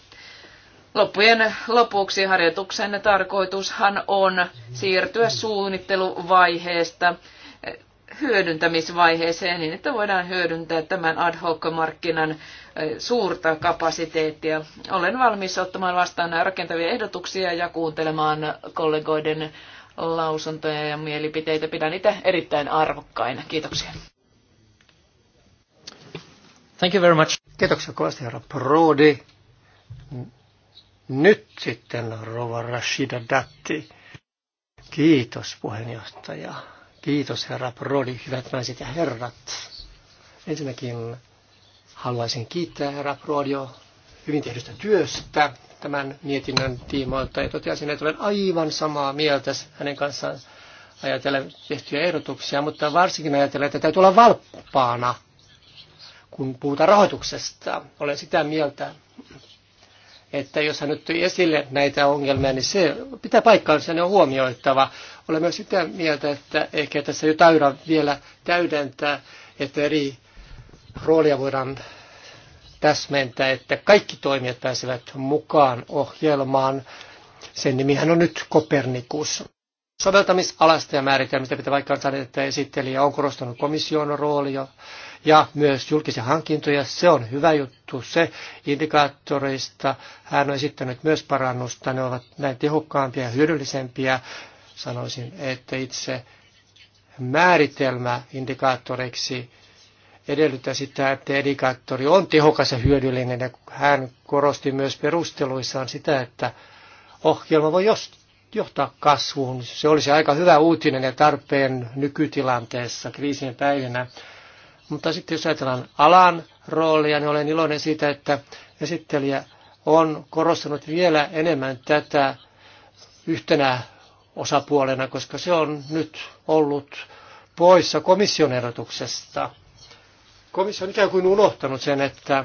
Loppujen lopuksi harjoituksen tarkoitushan on siirtyä suunnitteluvaiheesta hyödyntämisvaiheeseen niin, että voidaan hyödyntää tämän ad hoc-markkinan suurta kapasiteettia. Olen valmis ottamaan vastaan nämä rakentavia ehdotuksia ja kuuntelemaan kollegoiden lausuntoja ja mielipiteitä. Pidän niitä erittäin arvokkaina. Kiitoksia. Thank you very much. Kiitoksia kovasti, herra Prodi. Nyt sitten Rova Rashida Datti. Kiitos puheenjohtaja. Kiitos herra Prodi, hyvät naiset ja herrat. Ensinnäkin haluaisin kiittää herra Prodio hyvin tehdystä työstä tämän mietinnän tiimoilta ja totesin, että olen aivan samaa mieltä hänen kanssaan ajatellen tehtyjä ehdotuksia, mutta varsinkin ajatellen, että täytyy olla valppaana, kun puhutaan rahoituksesta. Olen sitä mieltä, että jos hän nyt tuli esille näitä ongelmia, niin se pitää paikkaansa, ne on huomioittava. Olen myös sitä mieltä, että ehkä tässä jo taira vielä täydentää, että eri roolia voidaan täsmentää, että kaikki toimijat pääsevät mukaan ohjelmaan. Sen nimihän on nyt Kopernikus. Soveltamisalasta ja määritelmistä pitää vaikka sanoa, että esittelijä on korostanut komission roolia ja myös julkisia hankintoja. Se on hyvä juttu. Se indikaattoreista hän on esittänyt myös parannusta. Ne ovat näin tehokkaampia ja hyödyllisempiä. Sanoisin, että itse määritelmä indikaattoreiksi edellyttää sitä, että indikaattori on tehokas ja hyödyllinen. Ja hän korosti myös perusteluissaan sitä, että ohjelma voi johtaa kasvuun. Se olisi aika hyvä uutinen ja tarpeen nykytilanteessa kriisien päivinä. Mutta sitten jos ajatellaan alan roolia, niin olen iloinen siitä, että esittelijä on korostanut vielä enemmän tätä yhtenä osapuolena, koska se on nyt ollut poissa komission erotuksesta. Komissio on ikään kuin unohtanut sen, että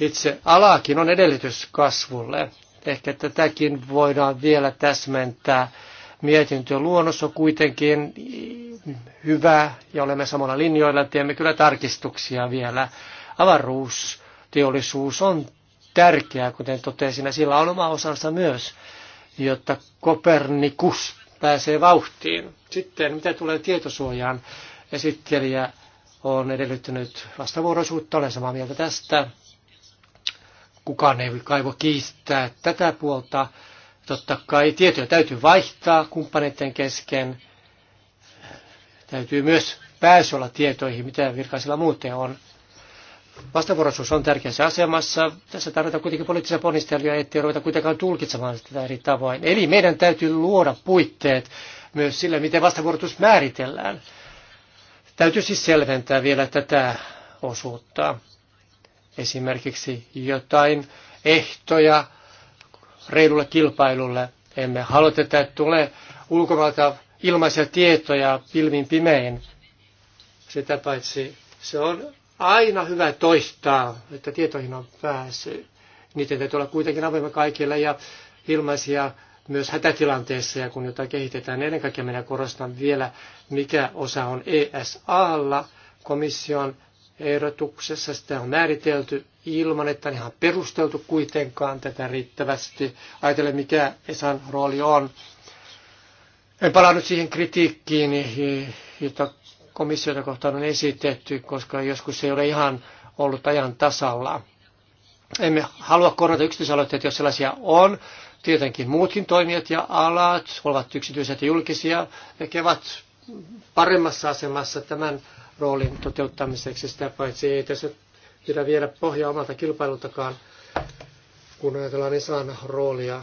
itse alakin on edellytys kasvulle. Ehkä tätäkin voidaan vielä täsmentää mietintö luonnos on kuitenkin hyvä ja olemme samalla linjoilla. Teemme kyllä tarkistuksia vielä. Avaruusteollisuus on tärkeää, kuten totesin, ja sillä on oma osansa myös, jotta Kopernikus pääsee vauhtiin. Sitten mitä tulee tietosuojaan, esittelijä on edellyttänyt vastavuoroisuutta, olen samaa mieltä tästä. Kukaan ei kaivo kiistää tätä puolta. Totta kai tietoja täytyy vaihtaa kumppaneiden kesken. Täytyy myös pääsy olla tietoihin, mitä virkaisilla muuten on. Vastavuoroisuus on tärkeässä asemassa. Tässä tarvitaan kuitenkin poliittisia ponnisteluja, ettei ruveta kuitenkaan tulkitsemaan sitä eri tavoin. Eli meidän täytyy luoda puitteet myös sille, miten vastavuoroisuus määritellään. Täytyy siis selventää vielä tätä osuutta. Esimerkiksi jotain ehtoja reilulle kilpailulle. Emme halua tätä tulee ulkovalta ilmaisia tietoja pilvin pimein. Sitä paitsi se on aina hyvä toistaa, että tietoihin on pääsy. Niitä täytyy olla kuitenkin avoimia kaikille ja ilmaisia myös hätätilanteessa ja kun jotain kehitetään. Niin ennen kaikkea minä korostan vielä, mikä osa on ESAlla, komission ehdotuksessa. Sitä on määritelty ilman, että on ihan perusteltu kuitenkaan tätä riittävästi. Ajattele, mikä Esan rooli on. En palaa nyt siihen kritiikkiin, jota komissiota kohtaan on esitetty, koska joskus se ei ole ihan ollut ajan tasalla. Emme halua korjata yksityisaloitteita, jos sellaisia on. Tietenkin muutkin toimijat ja alat, ovat yksityiset ja julkisia, tekevät paremmassa asemassa tämän roolin toteuttamiseksi. Sitä paitsi ei tässä pidä vielä pohjaa omalta kilpailultakaan, kun ajatellaan Esan roolia.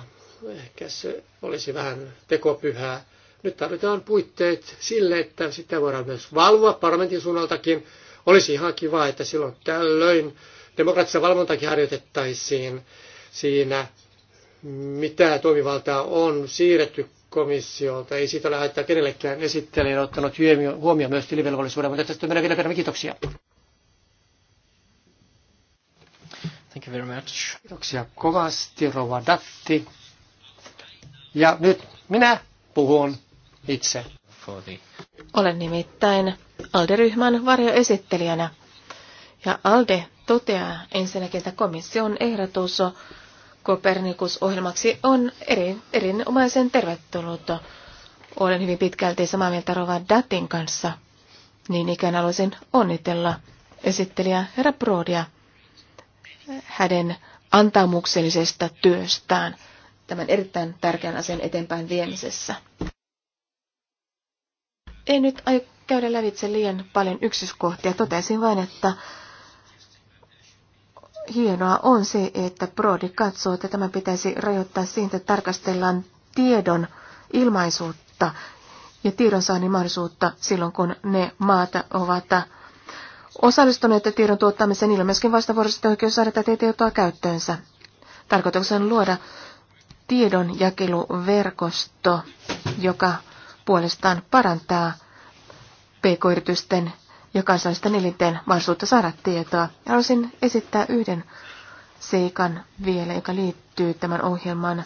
Ehkä se olisi vähän tekopyhää. Nyt tarvitaan puitteet sille, että sitä voidaan myös valvoa parlamentin suunnaltakin. Olisi ihan kiva, että silloin tällöin demokraattisen valvontakin harjoitettaisiin siinä, mitä toimivaltaa on siirretty komissiolta. Ei siitä ole haittaa kenellekään esittelijä on ottanut huomioon myös tilivelvollisuuden, mutta tästä mennään vielä kerran. Kiitoksia. Thank you very much. Kiitoksia kovasti, Rova Datti. Ja nyt minä puhun itse. Olen nimittäin ALDE-ryhmän varjoesittelijänä. Ja ALDE toteaa ensinnäkin, että komission ehdotus on. Kopernikus-ohjelmaksi on eri, erinomaisen tervetullut. Olen hyvin pitkälti samaa mieltä Rova Datin kanssa. Niin ikään haluaisin onnitella esittelijä herra Brodia hänen antamuksellisesta työstään tämän erittäin tärkeän asian eteenpäin viemisessä. En nyt aio käydä lävitse liian paljon yksityiskohtia. Totesin vain, että hienoa on se, että Brody katsoo, että tämä pitäisi rajoittaa siihen, että tarkastellaan tiedon ilmaisuutta ja tiedonsaannin mahdollisuutta silloin, kun ne maat ovat osallistuneet tiedon tuottamiseen. Niillä on myöskin vastavuoroisesti oikeus saada tätä tietoa käyttöönsä. Tarkoituksena on luoda tiedonjakeluverkosto, joka puolestaan parantaa pk-yritysten ja kansallisten elinten mahdollisuutta saada tietoa. Haluaisin esittää yhden seikan vielä, joka liittyy tämän ohjelman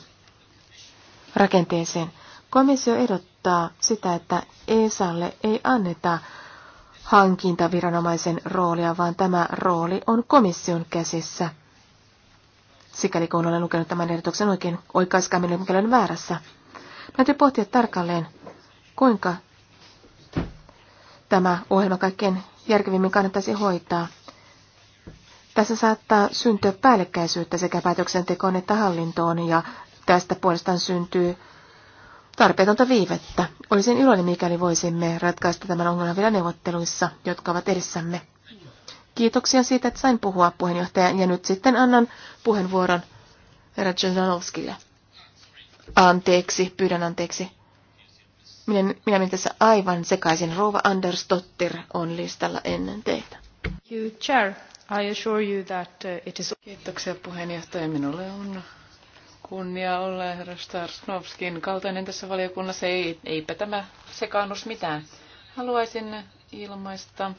rakenteeseen. Komissio ehdottaa sitä, että ESAlle ei anneta hankintaviranomaisen roolia, vaan tämä rooli on komission käsissä. Sikäli kun olen lukenut tämän ehdotuksen oikein, oikaiskaa minulle, olen väärässä. Mä täytyy pohtia tarkalleen, kuinka tämä ohjelma kaikkein järkevimmin kannattaisi hoitaa. Tässä saattaa syntyä päällekkäisyyttä sekä päätöksentekoon että hallintoon ja tästä puolestaan syntyy tarpeetonta viivettä. Olisin iloinen, mikäli voisimme ratkaista tämän ongelman vielä neuvotteluissa, jotka ovat edessämme. Kiitoksia siitä, että sain puhua puheenjohtaja ja nyt sitten annan puheenvuoron herra Anteeksi, pyydän anteeksi. Minä, minä menen tässä aivan sekaisin. Rova Andersdotter on listalla ennen teitä. You chair. I assure you that uh, it is... Kiitoksia puheenjohtaja. Minulle on kunnia olla herra Starsnovskin kaltainen tässä valiokunnassa. Ei, eipä tämä sekaannus mitään. Haluaisin ilmaista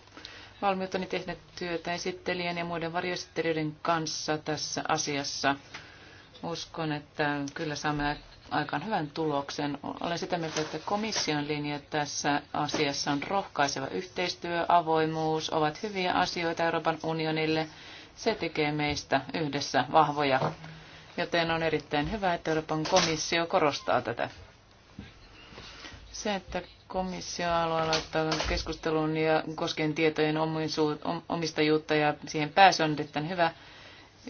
valmiuteni tehdä työtä esittelijän ja muiden varjoesittelijöiden kanssa tässä asiassa. Uskon, että kyllä saamme aikaan hyvän tuloksen. Olen sitä mieltä, että komission linja tässä asiassa on rohkaiseva yhteistyö, avoimuus ovat hyviä asioita Euroopan unionille. Se tekee meistä yhdessä vahvoja, joten on erittäin hyvä, että Euroopan komissio korostaa tätä. Se, että komissio haluaa aloittaa keskustelun ja koskien tietojen omistajuutta ja siihen pääsy on erittäin hyvä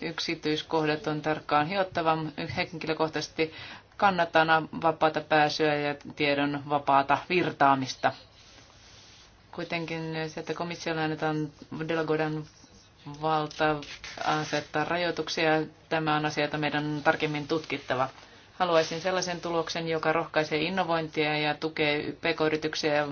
yksityiskohdat on tarkkaan hiottava. Henkilökohtaisesti kannatan vapaata pääsyä ja tiedon vapaata virtaamista. Kuitenkin se, että komissiolle annetaan delegoidan valta asettaa rajoituksia, tämä on asia, jota meidän on tarkemmin tutkittava. Haluaisin sellaisen tuloksen, joka rohkaisee innovointia ja tukee pk-yrityksiä ja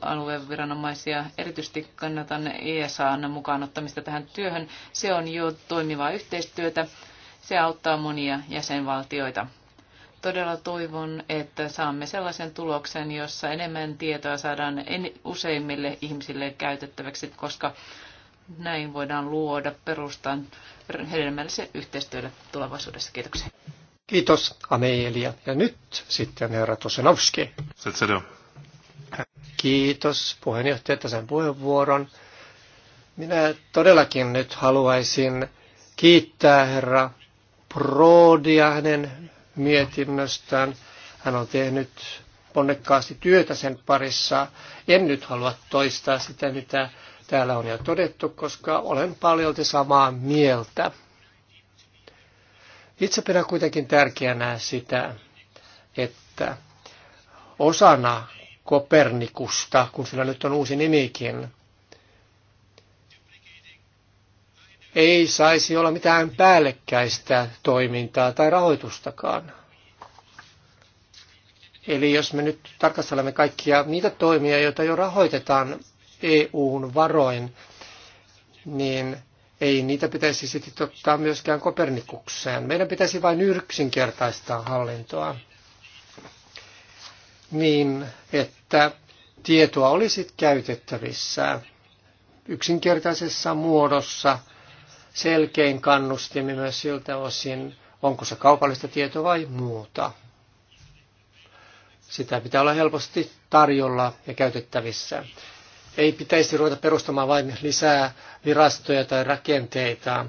alueviranomaisia. Erityisesti kannatan ESAn mukaan ottamista tähän työhön. Se on jo toimivaa yhteistyötä. Se auttaa monia jäsenvaltioita. Todella toivon, että saamme sellaisen tuloksen, jossa enemmän tietoa saadaan useimmille ihmisille käytettäväksi, koska näin voidaan luoda perustan hedelmälliselle yhteistyölle tulevaisuudessa. Kiitoksia. Kiitos Amelia. Ja nyt sitten herra Tosenovski. Kiitos puheenjohtaja tämän puheenvuoron. Minä todellakin nyt haluaisin kiittää herra Proodia hänen mietinnöstään. Hän on tehnyt ponnekkaasti työtä sen parissa. En nyt halua toistaa sitä, mitä täällä on jo todettu, koska olen paljolti samaa mieltä. Itse pidän kuitenkin tärkeänä sitä, että osana Kopernikusta, kun sillä nyt on uusi nimikin, ei saisi olla mitään päällekkäistä toimintaa tai rahoitustakaan. Eli jos me nyt tarkastelemme kaikkia niitä toimia, joita jo rahoitetaan EUn varoin, niin ei niitä pitäisi sitten ottaa myöskään Kopernikukseen. Meidän pitäisi vain yksinkertaistaa hallintoa niin, että tietoa olisi käytettävissä yksinkertaisessa muodossa – selkein kannustimi myös siltä osin, onko se kaupallista tietoa vai muuta. Sitä pitää olla helposti tarjolla ja käytettävissä. Ei pitäisi ruveta perustamaan vain lisää virastoja tai rakenteita.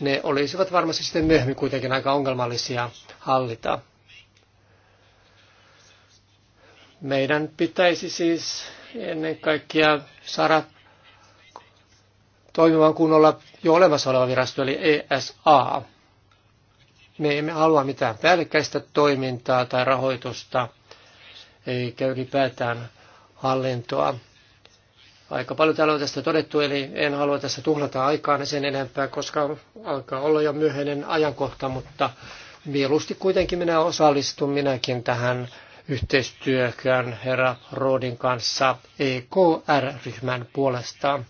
Ne olisivat varmasti sitten myöhemmin kuitenkin aika ongelmallisia hallita. Meidän pitäisi siis ennen kaikkea saada toimimaan kunnolla jo olemassa oleva virasto, eli ESA. Me emme halua mitään päällekkäistä toimintaa tai rahoitusta, eikä ylipäätään hallintoa. Aika paljon täällä on tästä todettu, eli en halua tässä tuhlata aikaa sen enempää, koska alkaa olla jo myöhäinen ajankohta, mutta mieluusti kuitenkin minä osallistun minäkin tähän yhteistyöhön herra Roodin kanssa EKR-ryhmän puolestaan.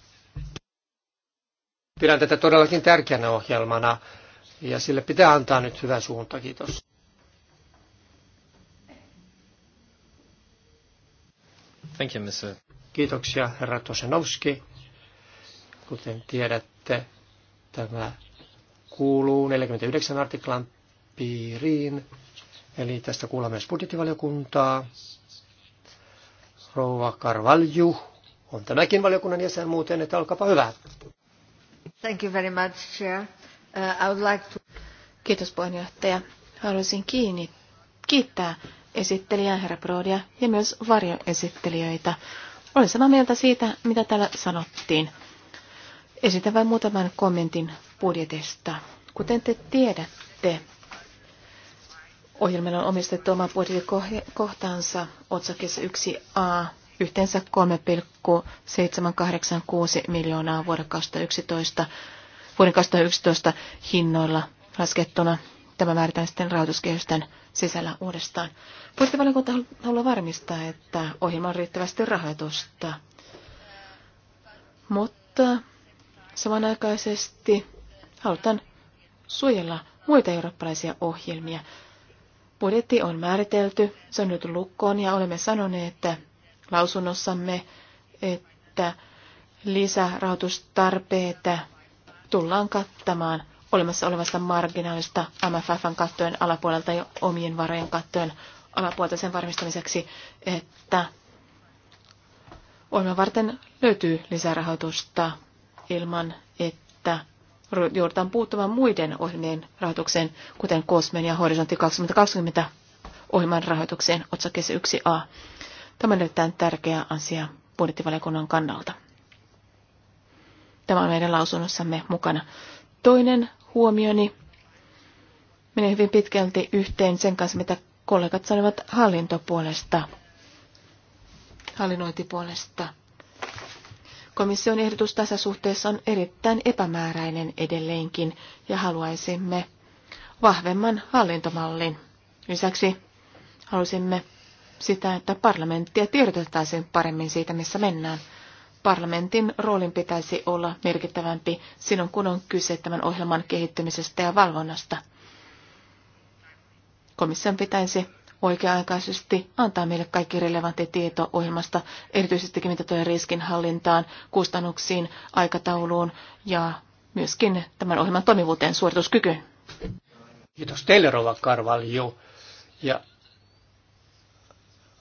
Pidän tätä todellakin tärkeänä ohjelmana ja sille pitää antaa nyt hyvä suunta. Kiitos. Thank you, Mr. Kiitoksia, herra Tosenowski. Kuten tiedätte, tämä kuuluu 49 artiklan piiriin, eli tästä kuullaan myös budjettivaliokuntaa. Rouva Karvalju on tämäkin valiokunnan jäsen muuten, että olkaapa hyvä. Thank you very much, Chair. Uh, I would like to... Kiitos puheenjohtaja. Haluaisin kiinni, kiittää esittelijää herra Brodia ja myös varjoesittelijöitä. Olen samaa mieltä siitä, mitä täällä sanottiin. Esitän vain muutaman kommentin budjetista. Kuten te tiedätte, ohjelmilla on omistettu oma budjettikohtaansa otsakessa 1a yhteensä 3,786 miljoonaa vuoden 2011, vuoden 2011 hinnoilla laskettuna. Tämä määritään sitten rahoituskehysten sisällä uudestaan. Budjettivaliokunta haluaa varmistaa, että ohjelma on riittävästi rahoitusta. Mutta samanaikaisesti halutaan suojella muita eurooppalaisia ohjelmia. Budjetti on määritelty, se on nyt lukkoon ja olemme sanoneet, että lausunnossamme, että lisärahoitustarpeita tullaan kattamaan olemassa olevasta marginaalista MFFn kattojen alapuolelta ja omien varojen kattojen alapuolelta sen varmistamiseksi, että ohjelman varten löytyy lisärahoitusta ilman, että joudutaan puuttumaan muiden ohjelmien rahoitukseen, kuten Kosmen ja Horisontti 2020 ohjelman rahoitukseen otsakkeessa 1a. Tämä on erittäin tärkeä asia budjettivaliokunnan kannalta. Tämä on meidän lausunnossamme mukana. Toinen huomioni menee hyvin pitkälti yhteen sen kanssa, mitä kollegat sanovat hallintopuolesta, hallinnointipuolesta. Komission ehdotus tässä suhteessa on erittäin epämääräinen edelleenkin ja haluaisimme vahvemman hallintomallin. Lisäksi haluaisimme sitä, että parlamenttia tiedotettaisiin paremmin siitä, missä mennään. Parlamentin roolin pitäisi olla merkittävämpi silloin, kun on kyse tämän ohjelman kehittymisestä ja valvonnasta. Komission pitäisi oikea-aikaisesti antaa meille kaikki relevantti tieto ohjelmasta, erityisesti mitä tulee riskinhallintaan, kustannuksiin, aikatauluun ja myöskin tämän ohjelman toimivuuteen suorituskykyyn. Kiitos teille, Rova Karvalju. Ja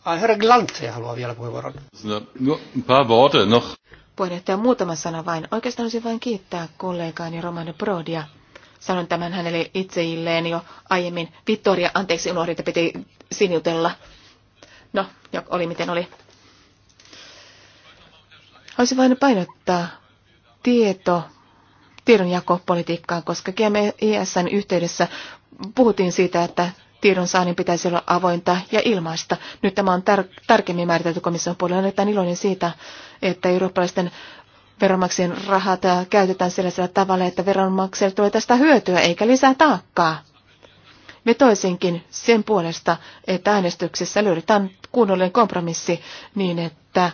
Ai, ah, herra Glante haluaa vielä puheenvuoron. No, no paar Puheenjohtaja, muutama sana vain. Oikeastaan olisin vain kiittää kollegaani Romano Prodia. Sanon tämän hänelle itseilleen jo aiemmin. Vittoria, anteeksi, unohdin, että piti sinjutella. No, oli miten oli. Olisin vain painottaa tieto, tiedonjakopolitiikkaa, koska GMESn yhteydessä puhuttiin siitä, että tiedonsaannin pitäisi olla avointa ja ilmaista. Nyt tämä on tar- tarkemmin määritelty komission puolella. Olen iloinen siitä, että eurooppalaisten veronmaksajien rahat äh, käytetään sellaisella tavalla, että veronmaksajille tulee tästä hyötyä eikä lisää taakkaa. toisinkin sen puolesta, että äänestyksessä löydetään kunnollinen kompromissi niin, että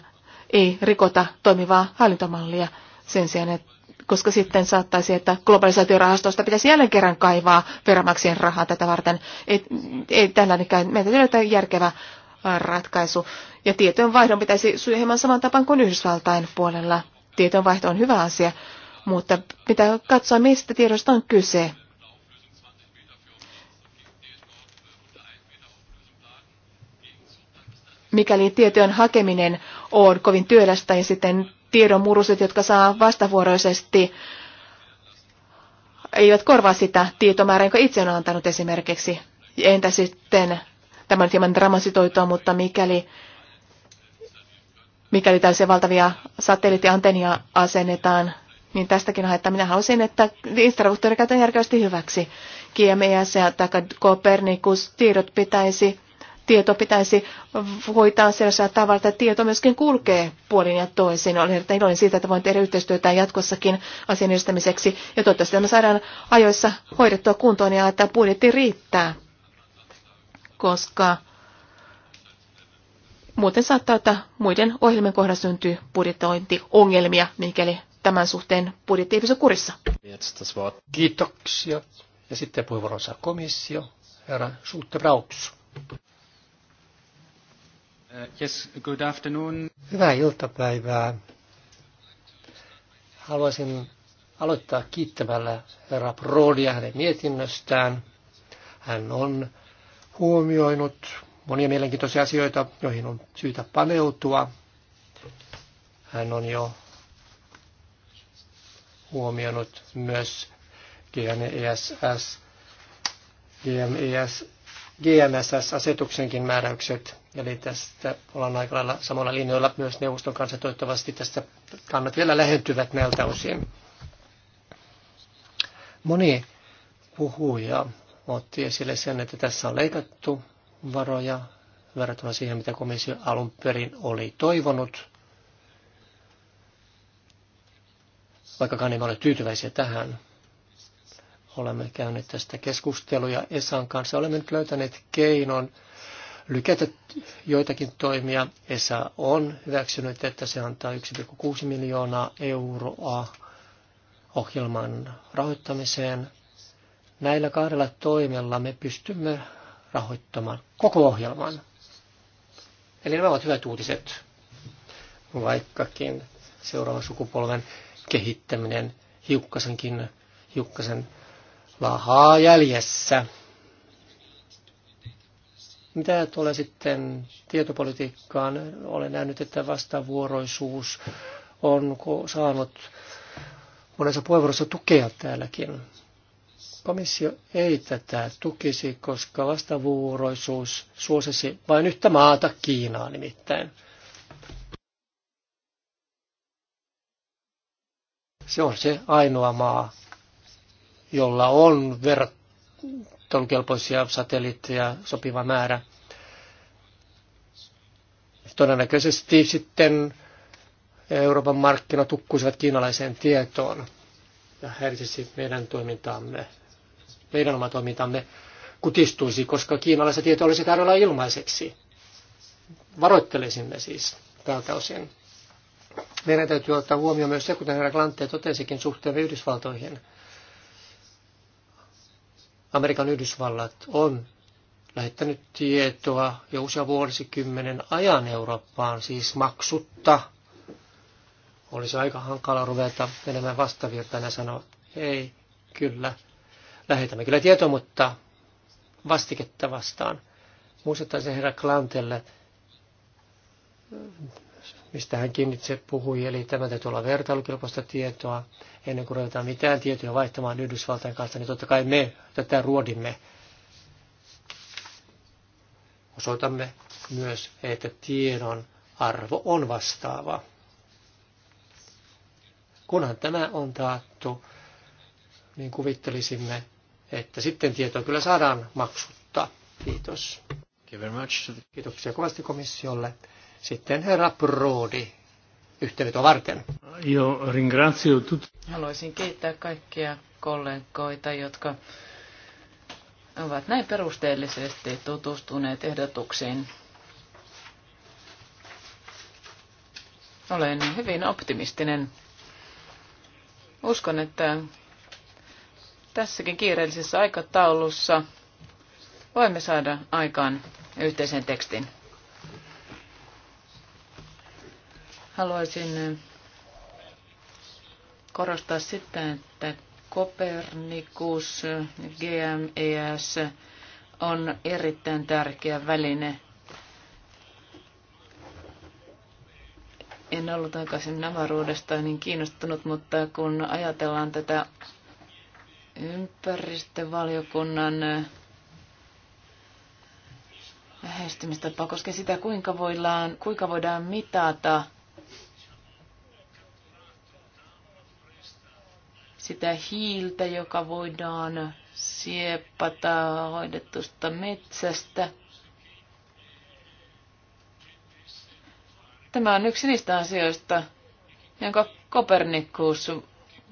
ei rikota toimivaa hallintomallia sen sijaan, että koska sitten saattaisi, että globalisaatiorahastosta pitäisi jälleen kerran kaivaa veronmaksajien rahaa tätä varten. Ei, ei tällainen käy. Meidän täytyy löytää järkevä ratkaisu. Ja tietojenvaihdon pitäisi sujua hieman saman tapaan kuin Yhdysvaltain puolella. Tietojenvaihto on hyvä asia, mutta pitää katsoa, mistä tiedosta on kyse. Mikäli tietojen hakeminen on kovin työlästä ja sitten tiedon muruset, jotka saa vastavuoroisesti, eivät korvaa sitä tietomäärää, jonka itse on antanut esimerkiksi. Entä sitten, tämä on hieman dramasitoitua, mutta mikäli, mikäli tällaisia valtavia satelliittiantennia asennetaan, niin tästäkin haittaa. Minä haluaisin, että instruktori käytetään järkevästi hyväksi. GMS ja Copernicus tiedot pitäisi tieto pitäisi hoitaa sellaisella tavalla, että tieto myöskin kulkee puolin ja toisin. Olen erittäin iloinen siitä, että voin tehdä yhteistyötä jatkossakin asian edistämiseksi. Ja toivottavasti tämä saadaan ajoissa hoidettua kuntoon ja että budjetti riittää, koska muuten saattaa, että muiden ohjelmien kohdalla syntyy budjetointiongelmia, mikäli tämän suhteen budjetti ei pysy kurissa. Kiitoksia. Ja sitten puheenvuoron saa komissio, herra Schulte-Brauks. Uh, yes, good afternoon. Hyvää iltapäivää. Haluaisin aloittaa kiittämällä herra Proodia hänen mietinnöstään. Hän on huomioinut monia mielenkiintoisia asioita, joihin on syytä paneutua. Hän on jo huomioinut myös GNESS, GMESS, GMSs asetuksenkin määräykset Eli tästä ollaan aika lailla samalla linjoilla myös neuvoston kanssa. Toivottavasti tästä kannat vielä lähentyvät näiltä osin. Moni puhuja otti esille sen, että tässä on leikattu varoja verrattuna siihen, mitä komissio alun perin oli toivonut. vaikka kannin ole tyytyväisiä tähän. Olemme käyneet tästä keskusteluja Esan kanssa. Olemme nyt löytäneet keinon lykätä joitakin toimia. ESA on hyväksynyt, että se antaa 1,6 miljoonaa euroa ohjelman rahoittamiseen. Näillä kahdella toimella me pystymme rahoittamaan koko ohjelman. Eli nämä ovat hyvät uutiset, vaikkakin seuraavan sukupolven kehittäminen hiukkasenkin hiukkasen lahaa jäljessä mitä tulee sitten tietopolitiikkaan, olen nähnyt, että vastavuoroisuus on saanut monessa puheenvuorossa tukea täälläkin. Komissio ei tätä tukisi, koska vastavuoroisuus suosisi vain yhtä maata, Kiinaa nimittäin. Se on se ainoa maa, jolla on ver- vertailukelpoisia satelliitteja sopiva määrä. Todennäköisesti sitten Euroopan markkinat tukkuisivat kiinalaiseen tietoon ja häirisisi meidän toimintaamme, meidän oma toimintamme kutistuisi, koska kiinalaista tieto olisi tarjolla ilmaiseksi. Varoittelisimme siis tältä osin. Meidän täytyy ottaa huomioon myös se, kuten herra Glante totesikin, suhteemme Yhdysvaltoihin – Amerikan Yhdysvallat on lähettänyt tietoa jo usea vuosikymmenen ajan Eurooppaan, siis maksutta. Olisi aika hankala ruveta menemään vastavirtaan ja sanoa, ei, kyllä, lähetämme kyllä tietoa, mutta vastiketta vastaan. Muistuttaisin herra Klantelle mistä hänkin itse puhui, eli tämä täytyy olla vertailukelpoista tietoa. Ennen kuin ruvetaan mitään tietoja vaihtamaan Yhdysvaltain kanssa, niin totta kai me tätä ruodimme. Osoitamme myös, että tiedon arvo on vastaava. Kunhan tämä on taattu, niin kuvittelisimme, että sitten tietoa kyllä saadaan maksutta. Kiitos. Kiitoksia kovasti komissiolle. Sitten herra Brody yhteyttä varten. Joo, ringrazio tut. Haluaisin kiittää kaikkia kollegoita, jotka ovat näin perusteellisesti tutustuneet ehdotuksiin. Olen hyvin optimistinen. Uskon, että tässäkin kiireellisessä aikataulussa voimme saada aikaan yhteisen tekstin. Haluaisin eh, korostaa sitä, että Kopernikus, eh, GMES eh, on erittäin tärkeä väline. En ollut aikaisemmin avaruudesta niin kiinnostunut, mutta kun ajatellaan tätä ympäristövaliokunnan lähestymistapaa koska sitä, kuinka voidaan, kuinka voidaan mitata – sitä hiiltä, joka voidaan sieppata hoidetusta metsästä. Tämä on yksi niistä asioista, jonka Kopernikus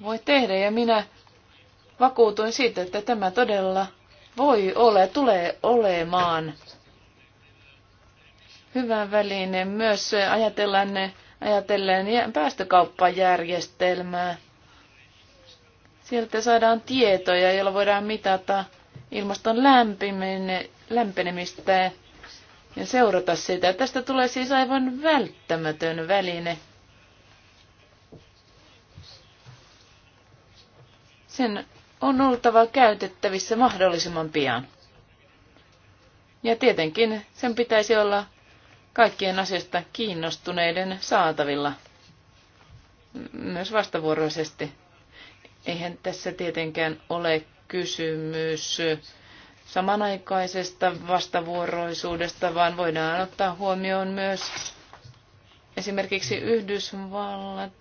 voi tehdä ja minä vakuutuin siitä, että tämä todella voi olla tulee olemaan hyvä väline myös ajatellen, ajatellen päästökauppajärjestelmää Sieltä saadaan tietoja, joilla voidaan mitata ilmaston lämpenemistä ja seurata sitä. Tästä tulee siis aivan välttämätön väline. Sen on oltava käytettävissä mahdollisimman pian. Ja tietenkin sen pitäisi olla kaikkien asiasta kiinnostuneiden saatavilla, myös vastavuoroisesti. Eihän tässä tietenkään ole kysymys samanaikaisesta vastavuoroisuudesta, vaan voidaan ottaa huomioon myös esimerkiksi Yhdysvallat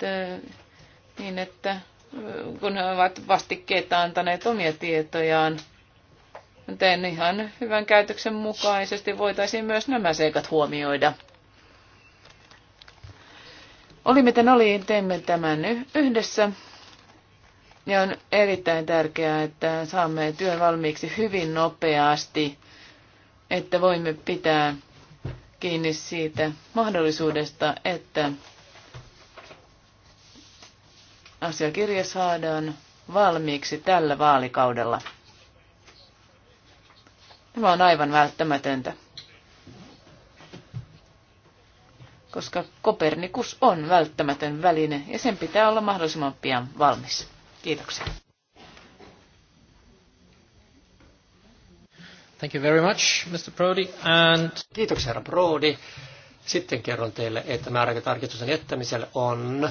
niin, että kun he ovat vastikkeita antaneet omia tietojaan, joten ihan hyvän käytöksen mukaisesti voitaisiin myös nämä seikat huomioida. Oli miten oli, teimme tämän yhdessä niin on erittäin tärkeää, että saamme työn valmiiksi hyvin nopeasti, että voimme pitää kiinni siitä mahdollisuudesta, että asiakirja saadaan valmiiksi tällä vaalikaudella. Tämä on aivan välttämätöntä, koska Kopernikus on välttämätön väline ja sen pitää olla mahdollisimman pian valmis. Kiitoksia. Thank you very much, Mr. Brody. And... Kiitoksia, herra Brody. Sitten kerron teille, että määräaikatarkistuksen jättämiselle on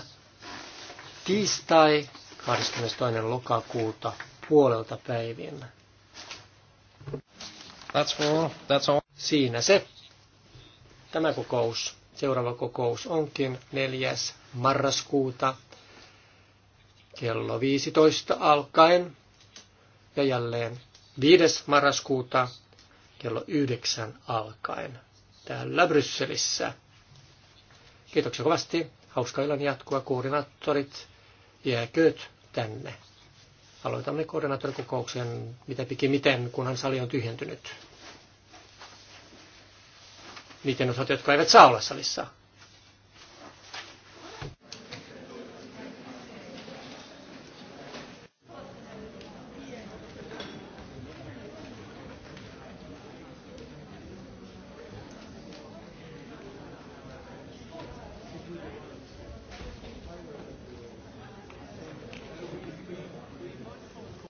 tiistai 22. lokakuuta puolelta päivin. That's all. That's all. Siinä se. Tämä kokous, seuraava kokous onkin 4. marraskuuta kello 15 alkaen ja jälleen 5. marraskuuta kello 9 alkaen täällä Brysselissä. Kiitoksia kovasti. Hauska illan jatkoa koordinaattorit. Jääkööt tänne. Aloitamme koordinaattorikokouksen mitä pikimiten, kunhan sali on tyhjentynyt. Miten osat, jotka eivät saa olla salissa.